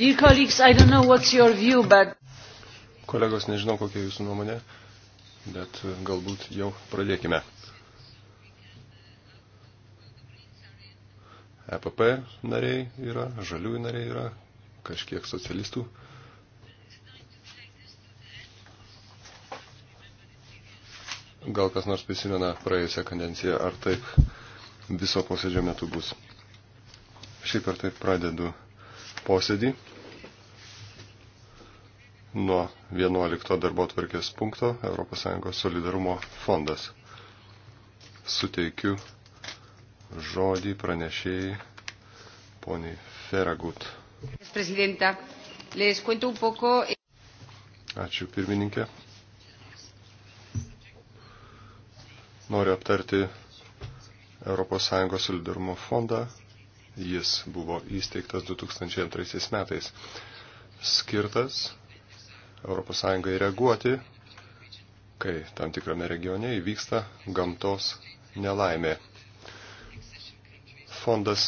View, but... Kolegos, nežinau, kokia jūsų nuomonė, bet e, galbūt jau pradėkime. EPP nariai yra, žaliųjų nariai yra, kažkiek socialistų. Gal kas nors prisimena praėjusią kadenciją, ar taip viso posėdžio metu bus. Šį kartą pradedu posėdį nuo 11 darbo tvarkės punkto ES solidarumo fondas. Suteikiu žodį pranešėjai poniai Feragut. Ačiū pirmininkė. Noriu aptarti ES solidarumo fondą. Jis buvo įsteigtas 2002 metais. Skirtas ES reaguoti, kai tam tikrame regione įvyksta gamtos nelaimė. Fondas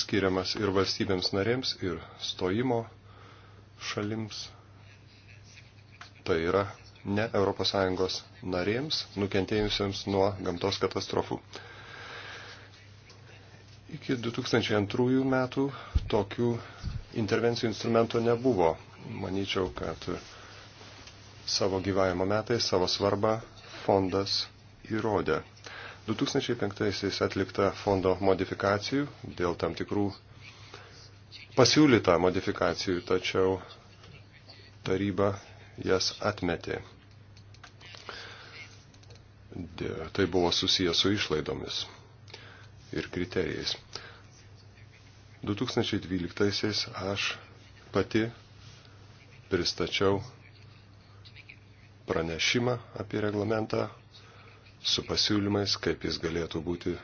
skiriamas ir valstybėms narėms, ir stojimo šalims, tai yra ne ES narėms nukentėjusiems nuo gamtos katastrofų. Iki 2002 metų tokių intervencijų instrumentų nebuvo. Manyčiau, kad savo gyvavimo metais savo svarbą fondas įrodė. 2005-aisiais atlikta fondo modifikacijų dėl tam tikrų pasiūlyta modifikacijų, tačiau taryba jas atmetė. Tai buvo susijęs su išlaidomis ir kriterijais. 2012-aisiais aš pati pristačiau pranešimą apie reglamentą su pasiūlymais, kaip jis galėtų būti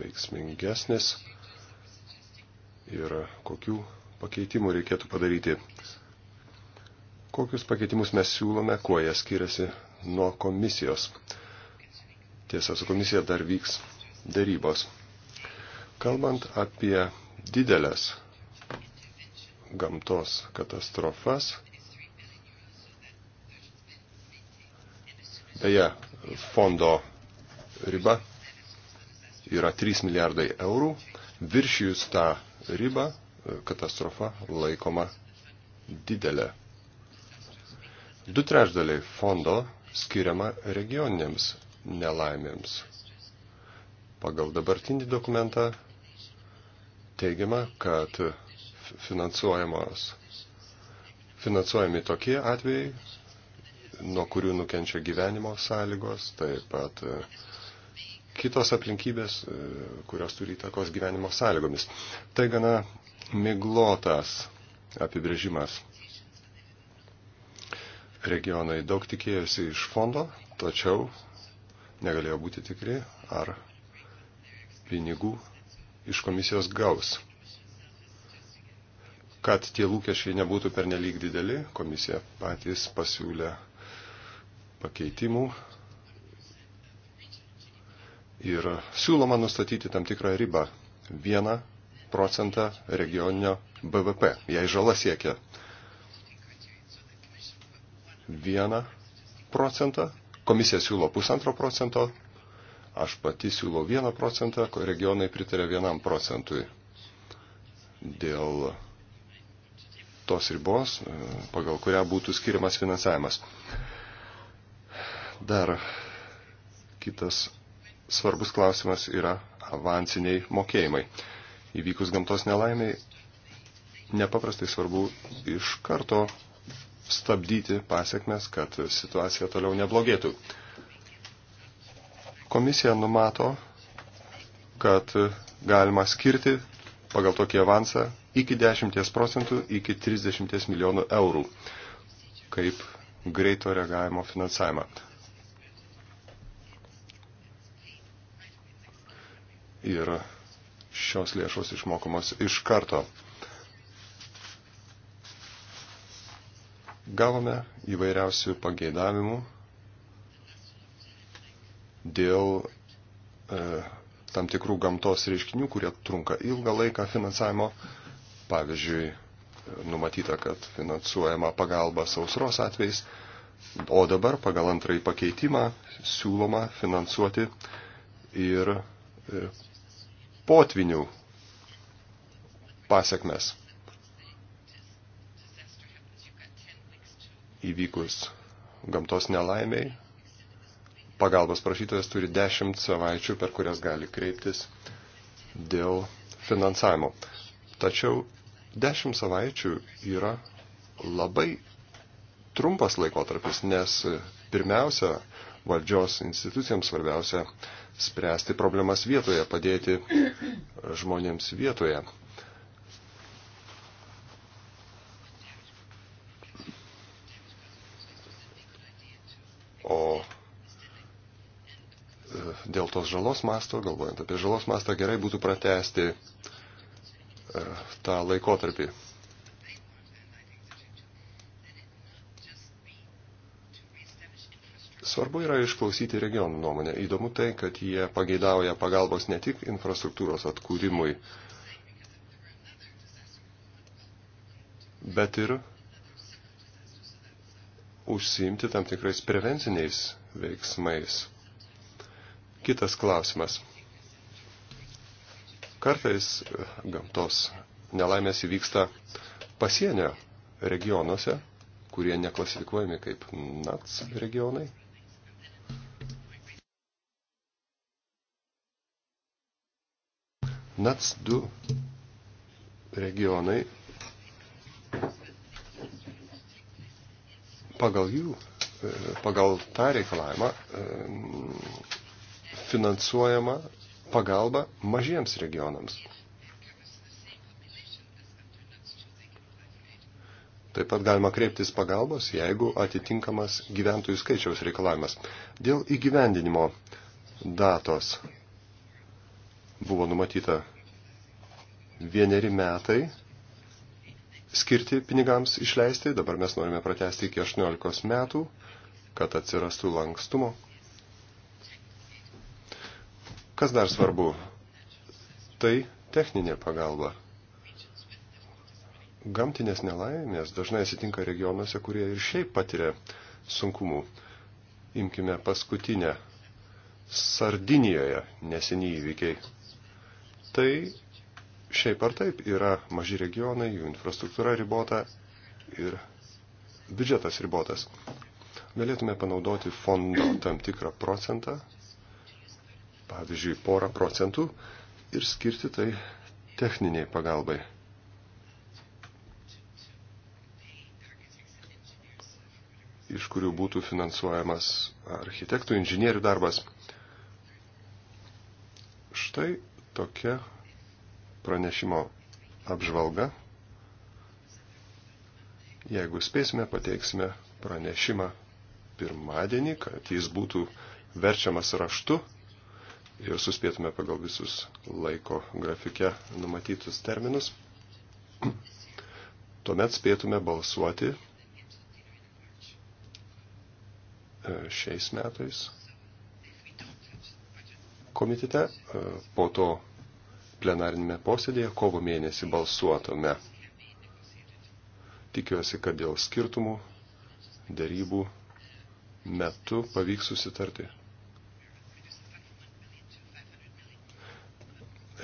veiksmingesnis ir kokių pakeitimų reikėtų padaryti. Kokius pakeitimus mes siūlome, kuo jie skiriasi nuo komisijos. Tiesa, su komisija dar vyks darybos. Kalbant apie didelės gamtos katastrofas, Beje, fondo riba yra 3 milijardai eurų. Viršijus tą ribą e, katastrofa laikoma didelė. Du trešdaliai fondo skiriama regioninėms nelaimėms. Pagal dabartinį dokumentą teigiama, kad finansuojamos, finansuojami tokie atvejai, nuo kurių nukenčia gyvenimo sąlygos, taip pat e, kitos aplinkybės, e, kurios turi įtakos gyvenimo sąlygomis. Tai gana miglotas apibrėžimas. Regionai daug tikėjosi iš fondo, tačiau negalėjo būti tikri, ar pinigų iš komisijos gaus. Kad tie lūkesčiai nebūtų pernelyg dideli, komisija patys pasiūlė pakeitimų ir siūloma nustatyti tam tikrą ribą - 1 procentą regioninio BVP, jei žala siekia 1 procentą, komisija siūlo 1,5 procento, aš pati siūlau 1 procentą, regionai pritarė 1 procentui. Dėl tos ribos, pagal kurią būtų skiriamas finansavimas. Dar kitas svarbus klausimas yra avansiniai mokėjimai. Įvykus gamtos nelaimiai, nepaprastai svarbu iš karto stabdyti pasiekmes, kad situacija toliau neblogėtų. Komisija numato, kad galima skirti pagal tokį avansą iki 10 procentų iki 30 milijonų eurų kaip greito reagavimo finansavimą. ir šios lėšos išmokamos iš karto. Gavome įvairiausių pageidavimų dėl e, tam tikrų gamtos reiškinių, kurie trunka ilgą laiką finansavimo. Pavyzdžiui, numatyta, kad finansuojama pagalba sausros atvejais, o dabar pagal antrąjį pakeitimą siūloma finansuoti ir e, potvinių pasiekmes. Įvykus gamtos nelaimiai, pagalbos prašytojas turi 10 savaičių, per kurias gali kreiptis dėl finansavimo. Tačiau 10 savaičių yra labai trumpas laikotarpis, nes pirmiausia, valdžios institucijams svarbiausia spręsti problemas vietoje, padėti žmonėms vietoje. O e, dėl tos žalos masto, galvojant apie žalos mastą, gerai būtų pratesti e, tą laikotarpį Svarbu yra išklausyti regionų nuomonę. Įdomu tai, kad jie pageidauja pagalbos ne tik infrastruktūros atkūrimui, bet ir užsiimti tam tikrais prevenciniais veiksmais. Kitas klausimas. Kartais gamtos nelaimės įvyksta pasienio regionuose, kurie neklasifikuojami kaip NATS regionai. NATS 2 regionai pagal jų, e, pagal tą reikalavimą e, finansuojama pagalba mažiems regionams. Taip pat galima kreiptis pagalbos, jeigu atitinkamas gyventojų skaičiaus reikalavimas. Dėl įgyvendinimo datos buvo numatyta vieneri metai skirti pinigams išleisti, dabar mes norime pratesti iki 18 metų, kad atsirastų lankstumo. Kas dar svarbu? Tai techninė pagalba. Gamtinės nelaimės dažnai atsitinka regionuose, kurie ir šiaip patiria sunkumų. Imkime paskutinę. Sardinijoje neseniai įvykiai tai šiaip ar taip yra maži regionai, jų infrastruktūra ribota ir biudžetas ribotas. Galėtume panaudoti fondo tam tikrą procentą, pavyzdžiui, porą procentų ir skirti tai techniniai pagalbai. iš kurių būtų finansuojamas architektų, inžinierių darbas. Štai tokia pranešimo apžvalga. Jeigu spėsime, pateiksime pranešimą pirmadienį, kad jis būtų verčiamas raštu ir suspėtume pagal visus laiko grafike numatytus terminus. Tuomet spėtume balsuoti e, šiais metais komitete, e, po to plenarinėme posėdėje kovo mėnesį balsuotume. Tikiuosi, kad dėl skirtumų darybų metu pavyks susitarti.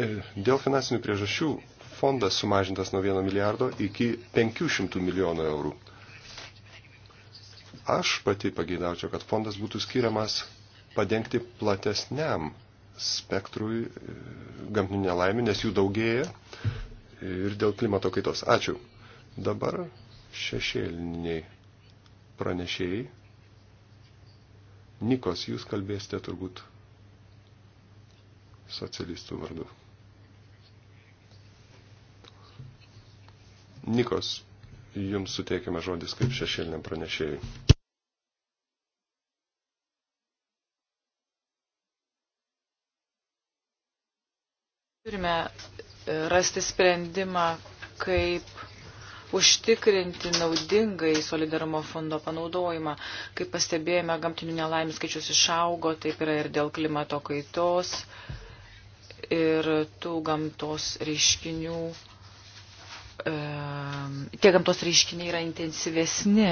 E, dėl finansinių priežasčių fondas sumažintas nuo 1 milijardo iki 500 milijonų eurų. Aš pati pageidaučiau, kad fondas būtų skiriamas padengti platesniam spektrui e, gamtinių nelaimių, nes jų daugėja ir dėl klimato kaitos. Ačiū. Dabar šešėliniai pranešėjai. Nikos, jūs kalbėsite turbūt socialistų vardu. Nikos, jums suteikiame žodis kaip šešėliniam pranešėjui. Turime e, rasti sprendimą, kaip užtikrinti naudingai solidarumo fondo panaudojimą. Kaip pastebėjome, gamtinių nelaimės skaičius išaugo, taip yra ir dėl klimato kaitos ir tų gamtos reiškinių. E, tie gamtos reiškiniai yra intensyvesni.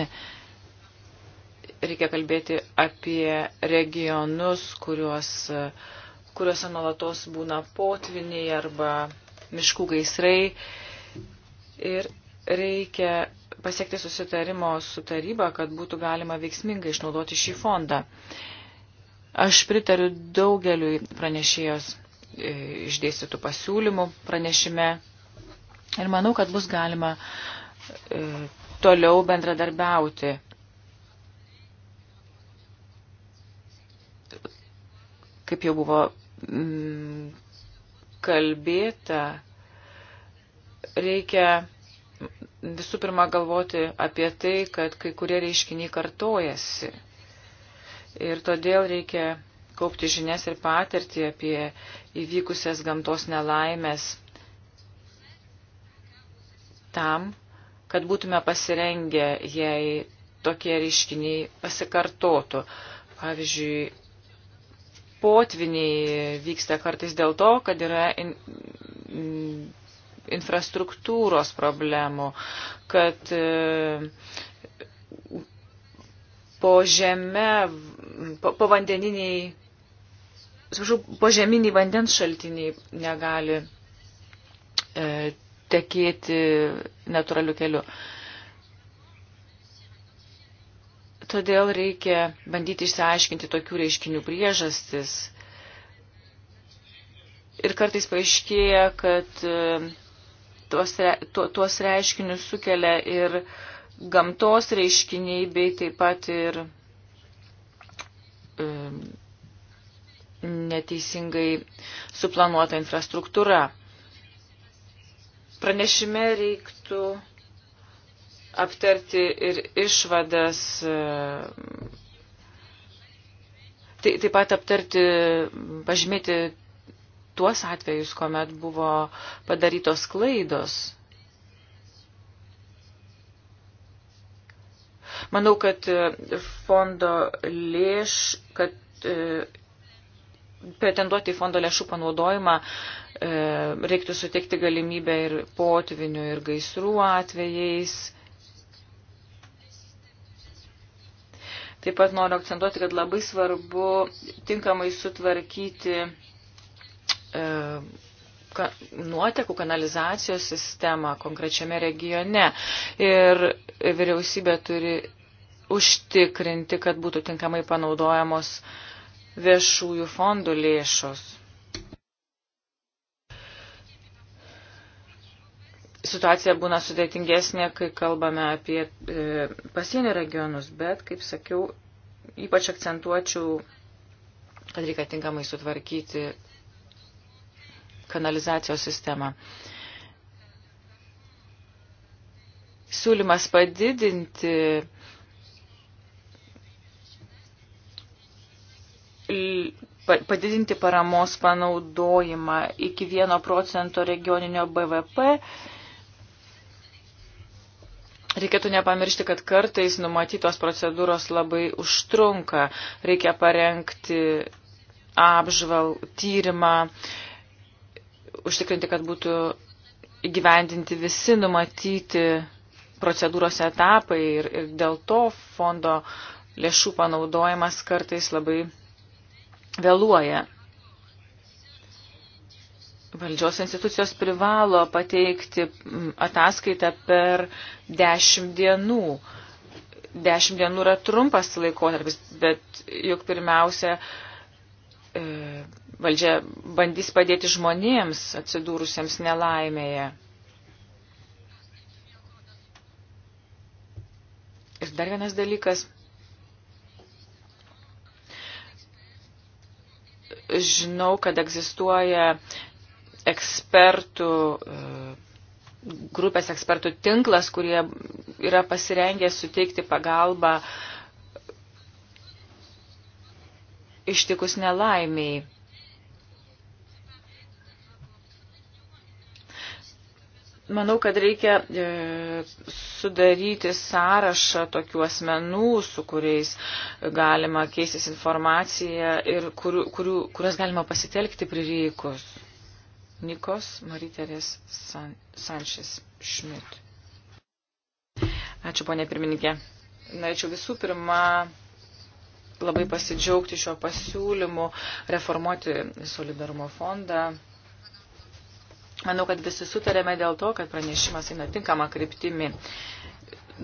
Reikia kalbėti apie regionus, kuriuos kuriuose nuolatos būna potviniai arba miškų gaisrai. Ir reikia pasiekti susitarimo su taryba, kad būtų galima veiksmingai išnaudoti šį fondą. Aš pritariu daugeliu pranešėjos e, išdėstytų pasiūlymų pranešime ir manau, kad bus galima e, toliau bendradarbiauti. Kaip jau buvo Mm, kalbėta, reikia visų pirma galvoti apie tai, kad kai kurie reiškiniai kartojasi. Ir todėl reikia kaupti žinias ir patirtį apie įvykusias gamtos nelaimės tam, kad būtume pasirengę, jei tokie reiškiniai pasikartotų. Pavyzdžiui, potviniai vyksta kartais dėl to, kad yra in, infrastruktūros problemų, kad e, po žeme, po, po vandeniniai, po žeminiai vandens šaltiniai negali e, tekėti natūraliu keliu. E, Todėl reikia bandyti išsiaiškinti tokių reiškinių priežastis. Ir kartais paaiškėja, kad e, tuos, tuos reiškinius sukelia ir gamtos reiškiniai, bei taip pat ir e, neteisingai suplanuota infrastruktūra. Pranešime reiktų aptarti ir išvadas, e, tai, taip pat aptarti, pažymėti tuos atvejus, kuomet buvo padarytos klaidos. Manau, kad e, fondo lėš, kad e, pretenduoti į fondo lėšų panaudojimą reiktų suteikti galimybę ir potvinių, ir gaisrų atvejais. Taip pat noriu akcentuoti, kad labai svarbu tinkamai sutvarkyti e, ka, nuotekų kanalizacijos sistemą konkrečiame regione. Ir vyriausybė turi užtikrinti, kad būtų tinkamai panaudojamos viešųjų fondų lėšos. situacija būna sudėtingesnė, kai kalbame apie e, pasienio regionus, bet, kaip sakiau, ypač akcentuočiau, kad reikia tinkamai sutvarkyti kanalizacijos sistemą. Siūlymas padidinti padidinti paramos panaudojimą iki 1 procento regioninio BVP Reikėtų nepamiršti, kad kartais numatytos procedūros labai užtrunka. Reikia parengti apžval, tyrimą, užtikrinti, kad būtų įgyvendinti visi numatyti procedūros etapai ir, ir dėl to fondo lėšų panaudojimas kartais labai vėluoja. Valdžios institucijos privalo pateikti mm, ataskaitą per dešimt dienų. Dešimt dienų yra trumpas laikotarpis, bet juk pirmiausia e, valdžia bandys padėti žmonėms atsidūrusiems nelaimėje. Ir dar vienas dalykas. Žinau, kad egzistuoja uh, ekspertų, e, grupės ekspertų tinklas, kurie yra pasirengę suteikti pagalbą ištikus nelaimiai. manau, kad reikia e, sudaryti sąrašą tokių asmenų, su kuriais galima keistis informaciją ir kur, kurių, kurias galima pasitelkti prireikus. Nikos Mariterės San Sančes Šmit. Ačiū, ponė pirmininkė. Norėčiau visų pirma labai pasidžiaugti šio pasiūlymu reformuoti solidarumo fondą. Manau, kad visi sutarėme dėl to, kad pranešimas eina tinkama kryptimi. Uh,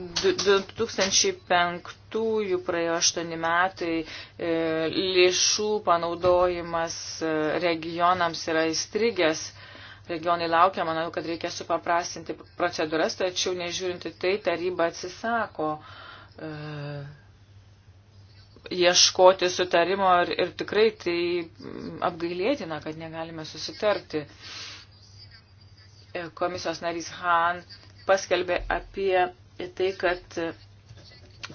2005 praėjo 8 metai, e, lėšų panaudojimas e, regionams yra įstrigęs. Regionai laukia, manau, kad reikia supaprastinti procedūras, tačiau nežiūrinti tai, taryba atsisako e, ieškoti sutarimo ir, ir tikrai tai apgailėtina, kad negalime susitarti. E, komisijos narys Han paskelbė apie tai, kad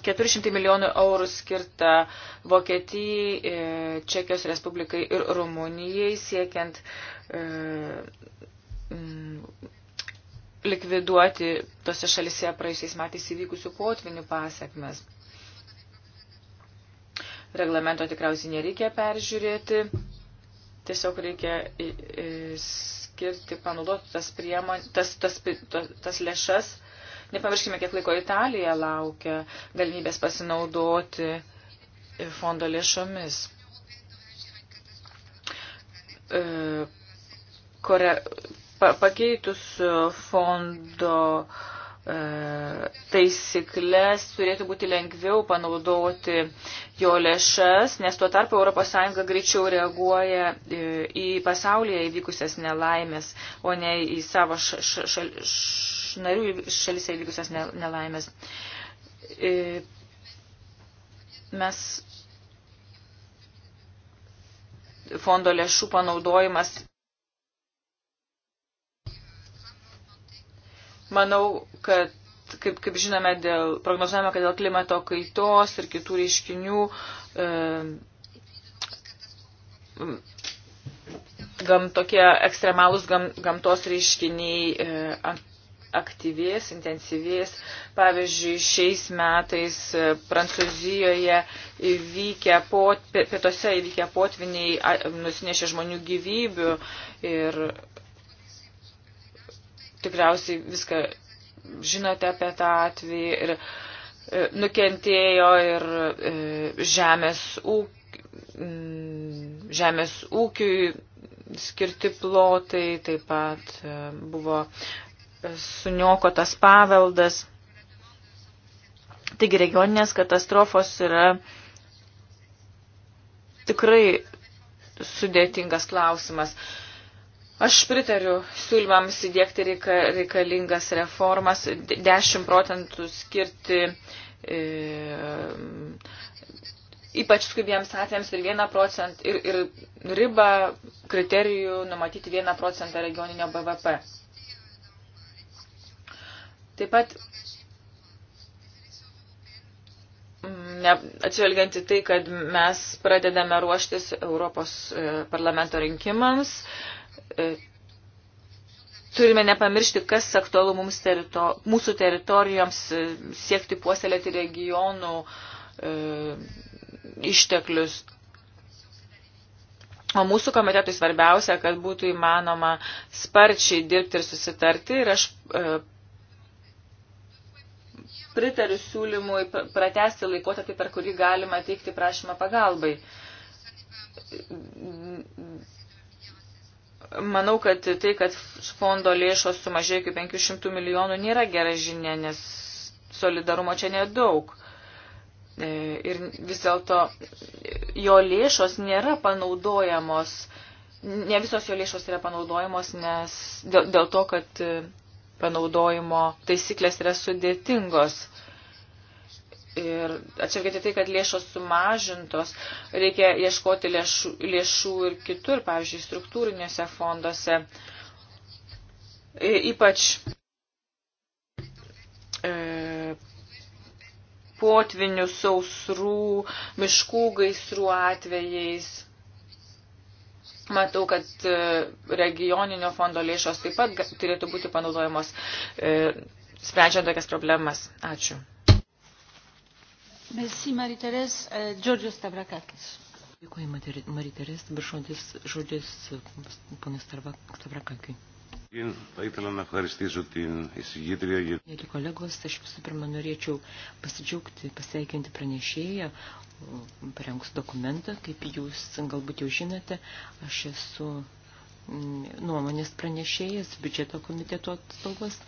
400 milijonų eurų skirta Vokietijai, e, Čekijos Respublikai ir Rumunijai siekiant e, mm, likviduoti tose šalise praėjusiais metais įvykusių potvinių pasiekmes. Reglamento tikriausiai nereikia peržiūrėti, tiesiog reikia skirti, panaudoti tas, priemon, tas, tas, tas, tas lėšas Nepamirškime, kiek laiko Italija laukia galimybės pasinaudoti fondo lėšomis. E, kore, pa, pakeitus fondo e, taisyklės turėtų būti lengviau panaudoti jo lėšas, nes tuo tarpu ES greičiau reaguoja e, į pasaulyje įvykusias nelaimės, o ne į savo šal, šal, šal, iš narių šalise įvykusias nelaimės. E, mes fondo lėšų panaudojimas. Manau, kad kaip, kaip žinome, dėl, prognozuojame, kad dėl klimato kaitos ir kitų reiškinių e, gam, tokie ekstremalūs gam, gamtos reiškiniai e, ant aktyvės, intensyvės. Pavyzdžiui, šiais metais e, Prancūzijoje įvykę pot, pietose įvykę potviniai nusinešė žmonių gyvybių ir tikriausiai viską žinote apie tą atvejį ir e, nukentėjo ir e, žemės, ūk, mm, žemės ūkiui skirti plotai, taip pat buvo suniokotas paveldas. Taigi regioninės katastrofos yra tikrai sudėtingas klausimas. Aš pritariu siūlymams įdėkti reikalingas reformas, 10 procentų skirti e, ypač skubiems atvejams ir 1 procent ir, ir ribą kriterijų numatyti 1 procentą regioninio BVP. Taip pat ne, atsižvelgiant į tai, kad mes pradedame ruoštis Europos e, parlamento rinkimams, e, turime nepamiršti, kas aktualu mums terito, mūsų teritorijoms e, siekti puoselėti regionų e, išteklius. O mūsų komitetui svarbiausia, kad būtų įmanoma sparčiai dirbti ir susitarti. Ir aš e, pritariu siūlymui pratesti laikotarpį, per kurį galima teikti prašymą pagalbai. Manau, kad tai, kad fondo lėšos sumažėjo iki 500 milijonų, nėra gera žinia, nes solidarumo čia nedaug. E, ir vis dėlto jo lėšos nėra panaudojamos, ne visos jo lėšos yra panaudojamos, nes dėl, dėl to, kad panaudojimo taisyklės yra sudėtingos. Ir atsirgėti tai, kad lėšos sumažintos, reikia ieškoti lėšų, lėšų ir kitur, pavyzdžiui, struktūrinėse fonduose. E, ypač e, potvinių, sausrų, miškų gaisrų atvejais. Matau, kad e, regioninio fondo lėšos taip pat turėtų būti panaudojamos e, sprendžiant tokias problemas. Ačiū. Merci, Mariteres. Euh, Džordžius Stavrakakis. Dėkuoju, Mariteres. Dabar žodis, žodis e, ponas Stavrakakiui. Mėly kolegos, aš visų pirma norėčiau pasidžiaugti, pasveikinti pranešėją, parengus dokumentą, kaip jūs galbūt jau žinote, aš esu nuomonės pranešėjas, biudžeto komiteto atstovas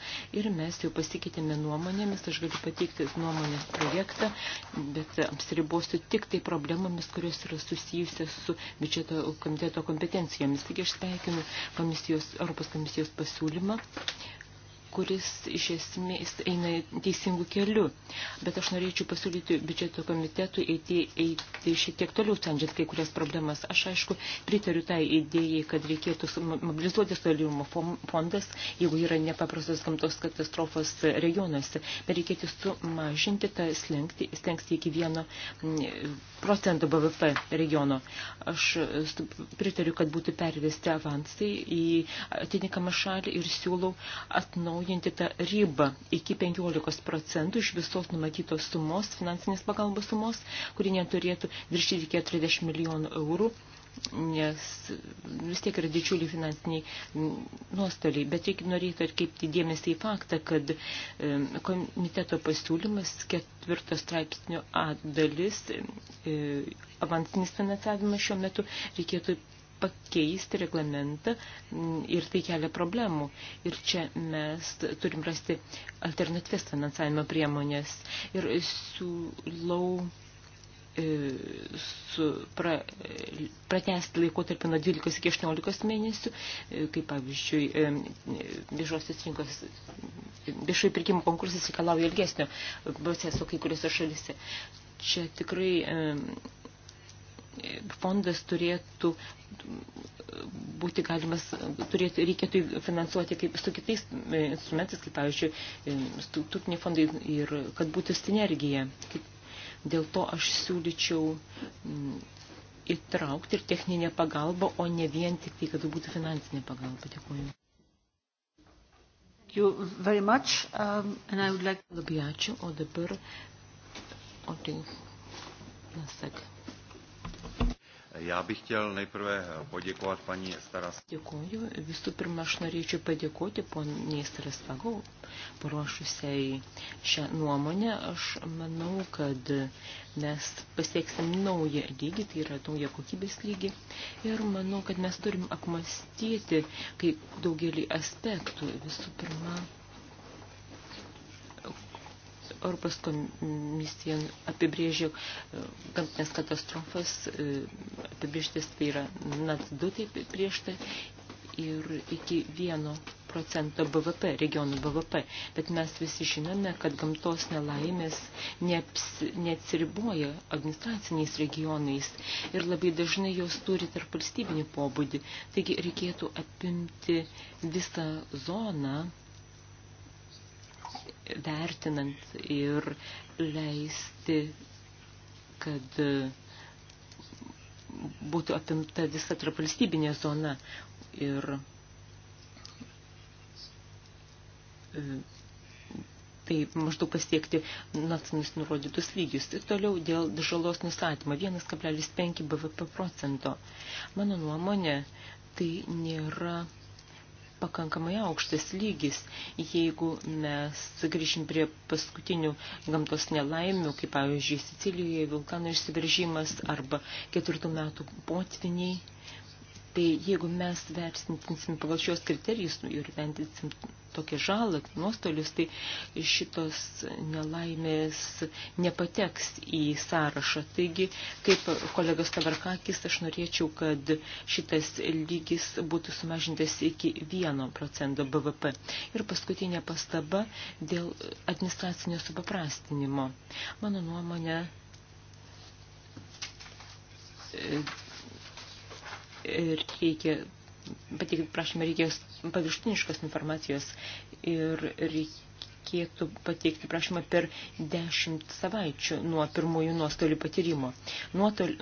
ir mes jau pasikeitėme nuomonėmis, aš galiu pateikti nuomonės projektą, bet apsiribosiu tik tai problemomis, kurios yra susijusios su biudžeto komiteto kompetencijomis. Taigi aš sveikinu komisijos, Europos komisijos pasiūlymą, kuris iš esmės eina teisingų kelių. Bet aš norėčiau pasiūlyti biudžeto komitetui eiti, eiti šiek tiek toliau, sprendžiant kai kurias problemas. Aš, aišku, pritariu tai idėjai, kad reikėtų mobilizuoti solidarumo fondas, jeigu yra nepaprastos gamtos katastrofos regionuose. Bet reikėtų sumažinti tą slengti, slengti iki vieno procento BVP regiono. Aš pritariu, kad būtų pervesti avansai į atitinkamą šalį ir siūlau atnaujinti atnaujinti tą ribą iki 15 procentų iš visos numatytos sumos, finansinės pagalbos sumos, kuri neturėtų viršyti 40 milijonų eurų nes vis tiek yra didžiuliai finansiniai nuostoliai. Bet reikia norėti atkreipti dėmesį į faktą, kad komiteto pasiūlymas ketvirto straipsnio A dalis, e, avansinis finansavimas šiuo metu reikėtų pakeisti reglamentą mm, ir tai kelia problemų. Ir čia mes turim rasti alternatyvės finansavimo priemonės. Ir siūlau e, su pra, pratesti laikotarpį nuo 12 iki 18 mėnesių, e, kaip pavyzdžiui, e, viešosios rinkos, viešųjų pirkimų konkursas reikalauja ilgesnio proceso kai kuriuose šalise. Čia tikrai fondas turėtų būti galimas, turėtų, reikėtų finansuoti kaip su kitais e, instrumentais, kaip pavyzdžiui, e, struktūriniai fondai ir kad būtų sinergija. Kaip, dėl to aš siūlyčiau įtraukti ir techninę pagalbą, o ne vien tik tai, kad būtų finansinė pagalba. Dėkuoju. You very much, um, and I would like... Labai ačiū, o dabar... O tai... Nasak. Já bych chtěl nejprve poděkovat paní Staras. Dėkuoju. Visų pirma, aš norėčiau padėkoti poniai Staras Vagau, paruošusiai šią nuomonę. Aš manau, kad mes pasieksim naują lygį, tai yra naują kokybės lygį. Ir manau, kad mes turim apmastyti kaip daugelį aspektų. Visų pirma, Europos komisija apibrėžė e, gamtinės katastrofas, e, apibrėžtis tai yra NAT 2 taip priešta ir iki vieno procento BVP, regionų BVP. Bet mes visi žinome, kad gamtos nelaimės neaps, neatsiriboja administraciniais regionais ir labai dažnai jos turi tarp valstybinį pobūdį. Taigi reikėtų apimti visą zoną vertinant ir leisti, kad e, būtų apimta visa tarpvalstybinė zona ir e, tai maždaug pasiekti nacionalinis nurodytus lygius. Ir toliau dėl žalos nustatymo 1,5 BVP procento. Mano nuomonė, tai nėra pakankamai aukštas lygis. Jeigu mes grįžim prie paskutinių gamtos nelaimių, kaip pavyzdžiui Sicilijoje vulkano išsiveržimas arba ketvirtų metų potviniai, tai jeigu mes vertinsim pagal šios kriterijus nu, ir vertinsim tokią žalą, nuostolius, tai šitos nelaimės nepateks į sąrašą. Taigi, kaip kolegas Tavarkakis, aš norėčiau, kad šitas lygis būtų sumažintas iki 1 procento BVP. Ir paskutinė pastaba dėl administracinio supaprastinimo. Mano nuomonė, e, e, reikia pateikti, prašome, reikės paviršutiniškos informacijos ir reikėtų pateikti prašymą per 10 savaičių nuo pirmųjų nuostolių patyrimo. Nuotol,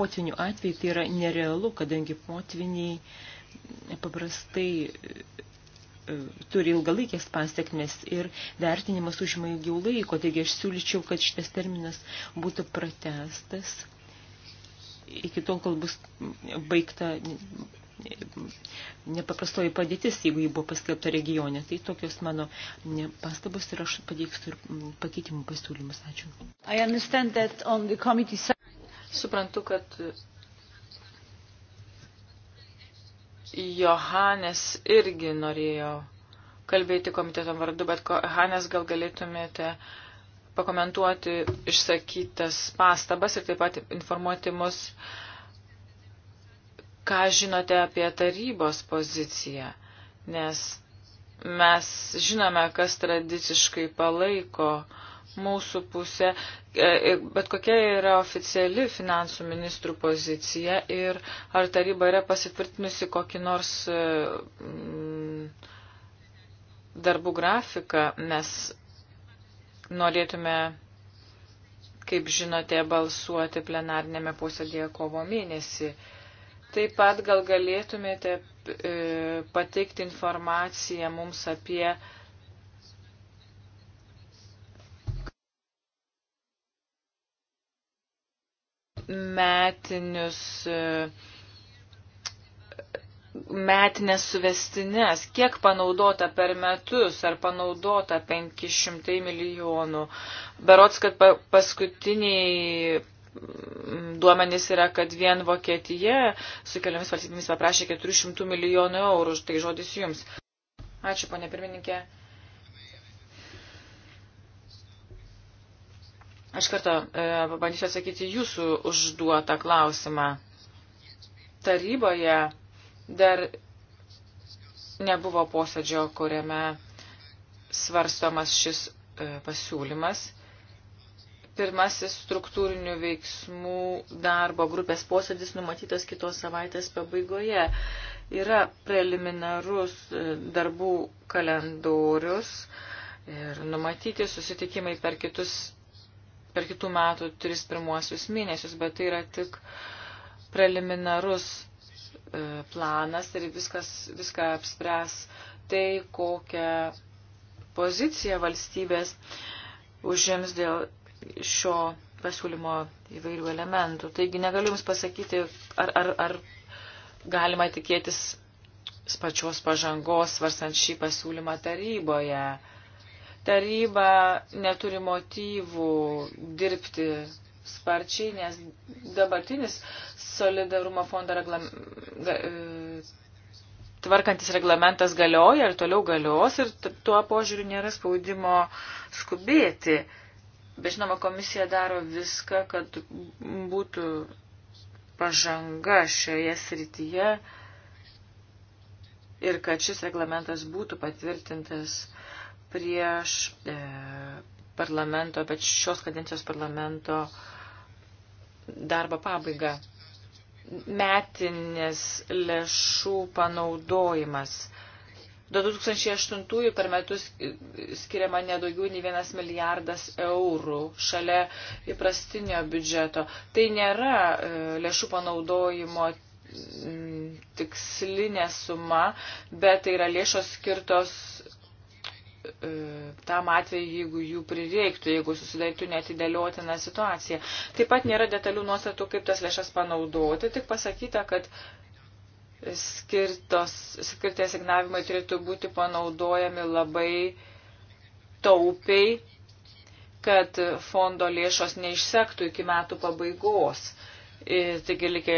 potvinių atveju tai yra nerealu, kadangi potviniai paprastai e, turi ilgalaikės pasiekmes ir vertinimas užima ilgiau laiko, taigi aš siūlyčiau, kad šitas terminas būtų pratestas iki tol, kol bus baigta nepaprastoji padėtis, jeigu ji buvo paskelbta regione. Tai tokios mano pastabos ir aš pateiksiu ir pakeitimų pasiūlymus. Ačiū. Committee... Suprantu, kad Johannes irgi norėjo kalbėti komiteto vardu, bet Hanes gal galėtumėte pakomentuoti išsakytas pastabas ir taip pat informuoti mus uh, ką žinote apie tarybos poziciją, nes mes žinome, kas tradiciškai palaiko mūsų pusę, e, e, bet kokia yra oficiali finansų ministrų pozicija ir ar taryba yra pasitvirtinusi kokį nors e, mm, darbų grafiką, nes norėtume, kaip žinote, balsuoti plenarnėme posėdėje kovo mėnesį. Taip pat gal galėtumėte e, pateikti informaciją mums apie metinius e, metinės suvestinės, kiek panaudota per metus, ar panaudota 500 milijonų. Berots, kad paskutiniai duomenys yra, kad vien Vokietija su keliomis valstybėmis paprašė 400 milijonų eurų. Tai žodis jums. Ačiū, ponė pirmininkė. Aš kartą e, pabandysiu atsakyti jūsų užduotą klausimą. Taryboje dar nebuvo posėdžio, kuriame svarstomas šis e, pasiūlymas Pirmasis struktūrinių veiksmų darbo grupės posėdis numatytas kitos savaitės pabaigoje. Yra preliminarus e, darbų kalendorius ir numatyti susitikimai per, kitus, per kitų metų tris pirmuosius mėnesius, bet tai yra tik preliminarus e, planas ir viskas, viską apspręs tai, kokią poziciją valstybės užims dėl šio pasiūlymo įvairių elementų. Taigi negaliu Jums pasakyti, ar, ar, ar galima tikėtis pačios pažangos svarstant šį pasiūlymą taryboje. Taryba neturi motyvų dirbti sparčiai, nes dabartinis solidarumo fondo reglam... E, tvarkantis reglamentas galioja ir toliau galios ir tuo požiūriu nėra spaudimo skubėti. Uh, Bet žinoma, komisija daro viską, kad būtų pažanga šioje srityje ir kad šis reglamentas būtų patvirtintas prieš e, parlamento, bet šios kadencijos parlamento darbo pabaigą. Metinės lėšų panaudojimas. E, 2008 per metus skiriama nedaugiau nei vienas milijardas eurų šalia įprastinio biudžeto. Tai nėra e, lėšų panaudojimo tikslinė suma, bet tai yra lėšos skirtos e, tam atveju, jeigu jų prireiktų, jeigu susidarytų netidėliotina situacija. Taip pat nėra detalių nuostatų, kaip tas lėšas panaudoti, tik pasakyta, kad skirtos, skirti asignavimai turėtų būti panaudojami labai taupiai, kad fondo lėšos neišsektų iki metų pabaigos. Ir taigi likė,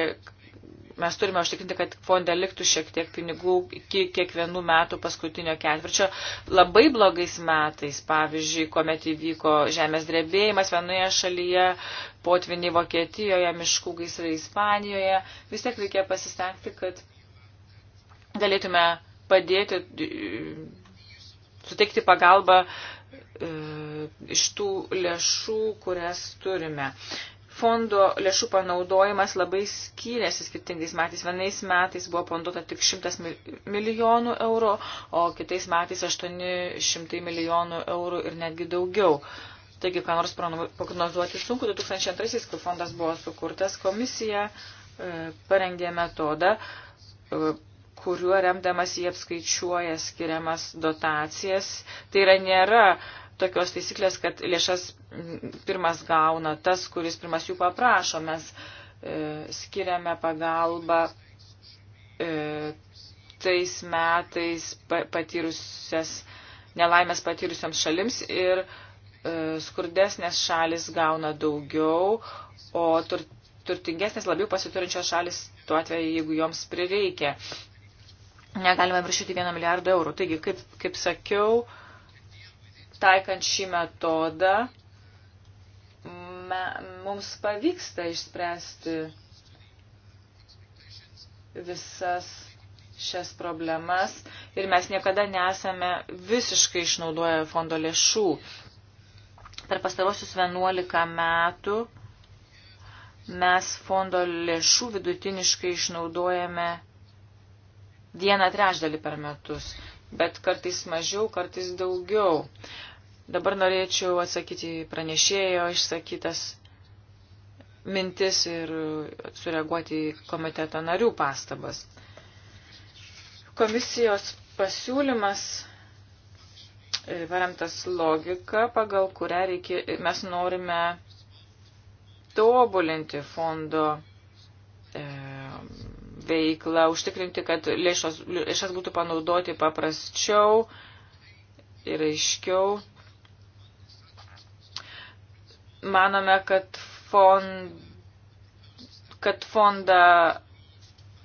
mes turime užtikrinti, kad fonde liktų šiek tiek pinigų iki kiekvienų metų paskutinio ketvirčio. Labai blogais metais, pavyzdžiui, kuomet įvyko žemės drebėjimas vienoje šalyje, potviniai Vokietijoje, miškų gaisrai Ispanijoje, vis tiek reikia pasistengti, kad galėtume padėti, e, suteikti pagalbą e, iš tų lėšų, kurias turime. Fondo lėšų panaudojimas labai skyrėsi skirtingais metais. Vienais metais buvo panduota tik 100 milijonų eurų, o kitais metais 800 milijonų eurų ir netgi daugiau. Taigi, ką nors prognozuoti sunku, 2002-aisiais, kai fondas buvo sukurtas, komisija e, parengė metodą, e, kuriuo remdamas jie apskaičiuoja skiriamas dotacijas. Tai yra nėra tokios taisyklės, kad lėšas pirmas gauna tas, kuris pirmas jų paprašo. Mes e, skiriame pagalbą e, tais metais patyrusias nelaimės patyrusiams šalims ir e, skurdesnės šalis gauna daugiau, o tur, turtingesnės labiau pasiturinčios šalis tuo atveju, jeigu joms prireikia negalime viršyti 1 milijardo eurų. Taigi, kaip, kaip sakiau, taikant šį metodą, me, mums pavyksta išspręsti visas šias problemas ir mes niekada nesame visiškai išnaudoję fondo lėšų. Per pastarosius 11 metų mes fondo lėšų vidutiniškai išnaudojame vieną trešdalį per metus, bet kartais mažiau, kartais daugiau. Dabar norėčiau atsakyti pranešėjo išsakytas mintis ir sureaguoti į komiteto narių pastabas. Komisijos pasiūlymas e, paremtas logika, pagal kurią reikia, mes norime tobulinti fondo veiklą, užtikrinti, kad lėšos, lėšas būtų panaudoti paprasčiau ir aiškiau. Manome, kad, fond, kad fondą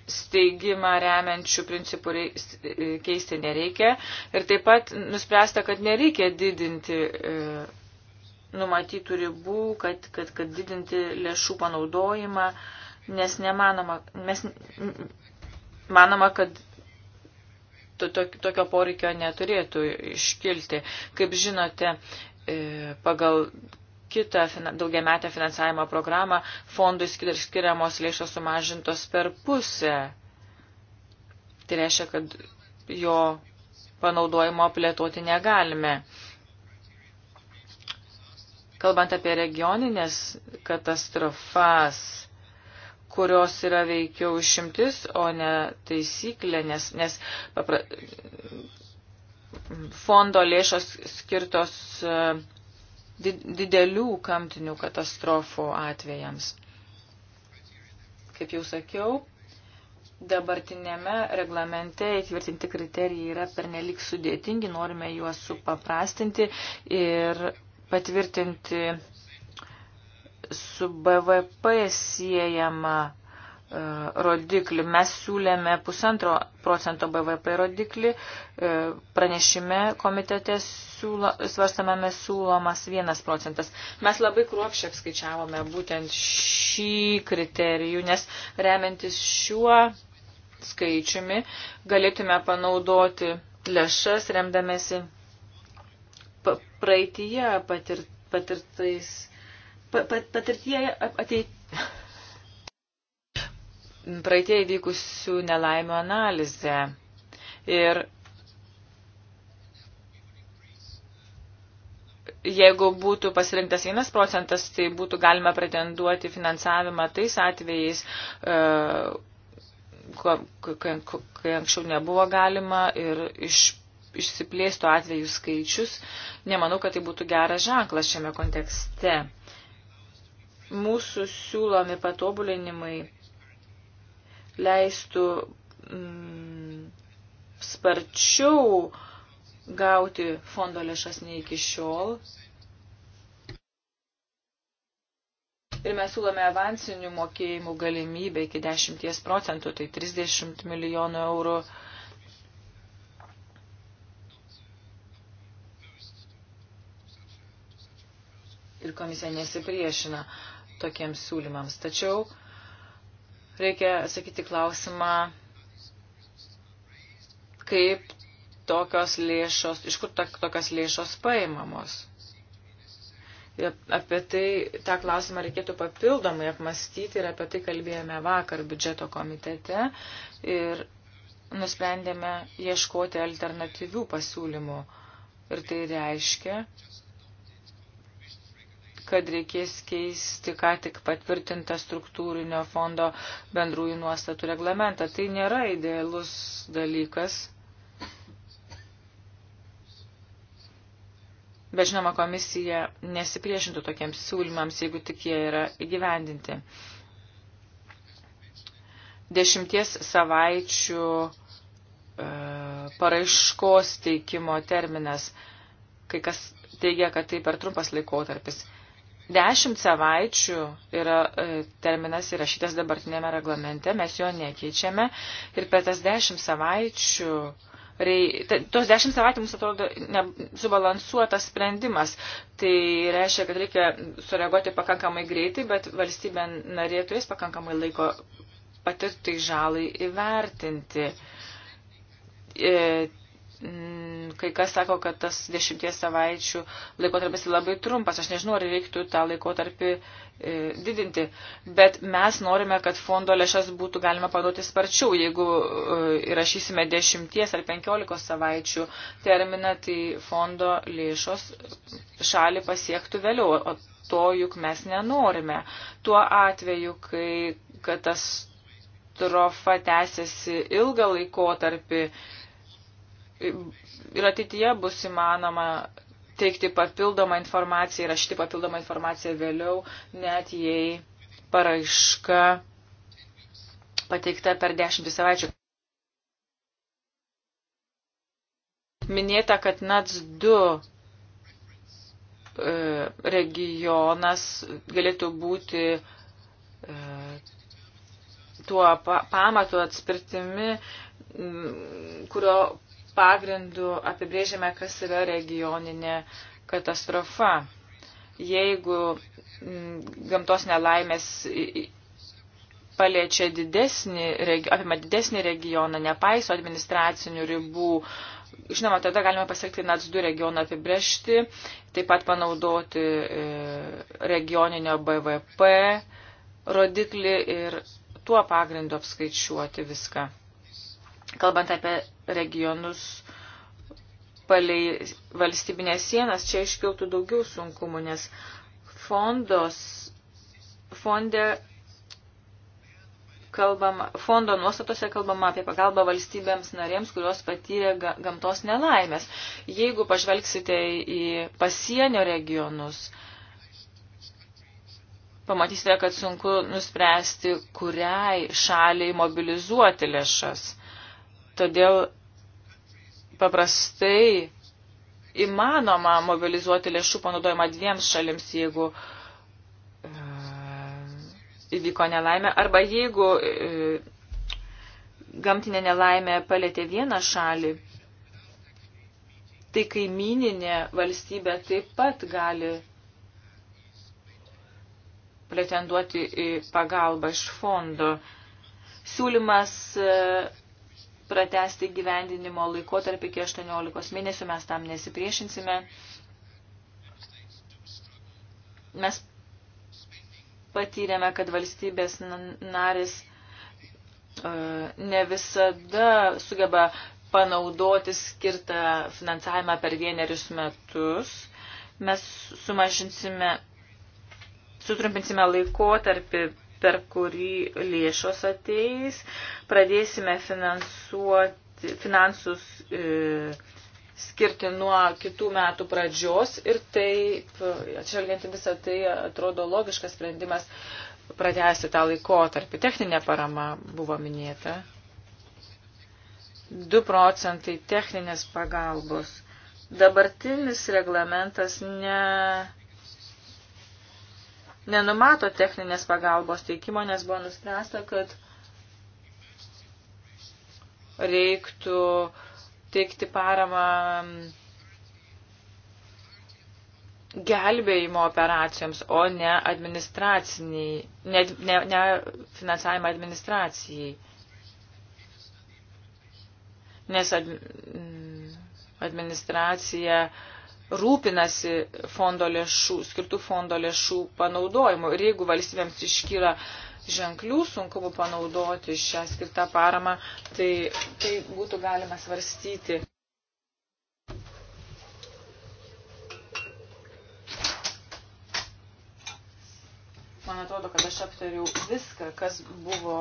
steigimą remiančių principų e, keisti nereikia. Ir taip pat nuspręsta, kad nereikia didinti e, numatytų ribų, kad, kad, kad didinti lėšų panaudojimą. E, nes nemanoma, mes manoma, kad tokio poreikio neturėtų iškilti. Kaip žinote, e, pagal kitą daugiametę finansavimo programą fondui skiriamos lėšos sumažintos per pusę. Tai reiškia, kad jo panaudojimo plėtoti negalime. Kalbant apie regioninės katastrofas, kurios yra veikiau išimtis, o ne taisyklė, nes, nes papra, fondo lėšos skirtos e, didelių kamtinių katastrofų atvejams. Kaip jau sakiau, dabartinėme reglamente įtvirtinti kriterijai yra pernelik sudėtingi, norime juos supaprastinti ir patvirtinti su BVP siejama e, rodiklį. Mes siūlėme pusantro procento BVP rodiklį, e, pranešime komitete siūlo, svarstame mes siūlomas vienas procentas. Mes labai kruopšiai apskaičiavome būtent šį kriterijų, nes remiantis šiuo skaičiumi galėtume panaudoti lėšas, remdamėsi praeitie patirt, patirtais patirtie ateit... praeitie įvykusių nelaimio analizę. Ir jeigu būtų pasirinktas 1 procentas, tai būtų galima pretenduoti finansavimą tais atvejais, e, kai anksčiau nebuvo galima ir iš išsiplėstų atvejų skaičius, nemanau, kad tai būtų geras ženklas šiame kontekste. Mūsų siūlomi patobulinimai leistų mm, sparčiau gauti fondo lėšas nei iki šiol. Ir mes siūlome avansinių mokėjimų galimybę iki 10 procentų, tai 30 milijonų eurų. Ir komisija nesipriešina tokiems siūlymams. Tačiau reikia sakyti klausimą, kaip tokios lėšos, iš kur tokios lėšos paimamos. Ir apie tai, tą klausimą reikėtų papildomai apmastyti ir apie tai kalbėjome vakar biudžeto komitete ir nusprendėme ieškoti alternatyvių pasiūlymų. Ir tai reiškia, kad reikės keisti ką tik patvirtintą struktūrinio fondo bendrųjų nuostatų reglamentą. Tai nėra idealus dalykas. Bet žinoma, komisija nesipriešintų tokiems siūlymams, jeigu tik jie yra įgyvendinti. Dešimties savaičių e, paraiškos teikimo terminas, kai kas teigia, kad tai per trumpas laikotarpis. Dešimt savaičių yra e, terminas įrašytas dabartinėme reglamente, mes jo nekeičiame ir per tas dešimt savaičių rei, ta, tos dešimt savaitė mums atrodo ne, subalansuotas sprendimas. Tai reiškia, kad reikia sureaguoti pakankamai greitai, bet valstybė narė turės pakankamai laiko patirtai žalai įvertinti. E, n, kai kas sako, kad tas dešimties savaičių laikotarpis labai trumpas. Aš nežinau, ar reiktų tą laikotarpį e, didinti, bet mes norime, kad fondo lėšas būtų galima panaudoti sparčiau. Jeigu e, įrašysime dešimties ar penkiolikos savaičių terminą, tai fondo lėšos šalį pasiektų vėliau, o to juk mes nenorime. Tuo atveju, kai katastrofa katastrofa tęsiasi ilgą laikotarpį, ir ateityje bus įmanoma teikti papildomą informaciją, rašyti papildomą informaciją vėliau, net jei paraiška pateikta per dešimtį savaičių. Minėta, kad NATS 2 e, regionas galėtų būti e, tuo pamatu atspirtimi, kurio pagrindų apibrėžiame, kas yra regioninė katastrofa. Jeigu mm, gamtos nelaimės paliečia didesnį, apima didesnį regioną, nepaiso administracinių ribų, žinoma, tada galima pasiekti NAC 2 regioną apibrėžti, taip pat panaudoti e, regioninio BVP rodiklį ir tuo pagrindu apskaičiuoti viską. Kalbant apie regionus palei valstybinės sienas, čia iškiltų daugiau sunkumų, nes fondos, fonde kalbama, fondo nuostatose kalbama apie pagalbą valstybėms narėms, kurios patyrė ga, gamtos nelaimės. Jeigu pažvelgsite į pasienio regionus, pamatysite, kad sunku nuspręsti, kuriai šaliai mobilizuoti lėšas. Todėl paprastai įmanoma mobilizuoti lėšų panaudojimą dviems šalims, jeigu e, įvyko nelaimė, arba jeigu e, gamtinė nelaimė palėtė vieną šalį, tai kaimininė valstybė taip pat gali pretenduoti į pagalbą iš fondo. Siūlymas e, pratesti gyvendinimo laikotarpį iki 18 mėnesių, mes tam nesipriešinsime. Mes patyrėme, kad valstybės narės e, ne visada sugeba panaudoti skirtą finansavimą per vienerius metus. Mes sumažinsime, sutrumpinsime laikotarpį per kurį lėšos ateis. Pradėsime finansuoti, finansus e, skirti nuo kitų metų pradžios ir taip, atšvelgiant visą tai, atrodo logiškas sprendimas pratęsti tą laikotarpį. Techninė parama buvo minėta. 2 procentai techninės pagalbos. Dabartinis reglamentas ne nenumato techninės pagalbos teikimo, nes buvo nuspręsta, kad reiktų teikti paramą gelbėjimo operacijoms, o ne administraciniai, ne, ne, ne finansavimą administracijai. Nes ad, administracija uh, rūpinasi fondo lėšų, skirtų fondo lėšų panaudojimu. Ir jeigu valstybėms iškyra ženklių sunkumų panaudoti šią skirtą paramą, tai, tai būtų galima svarstyti. Man atrodo, kad aš aptariau viską, kas buvo,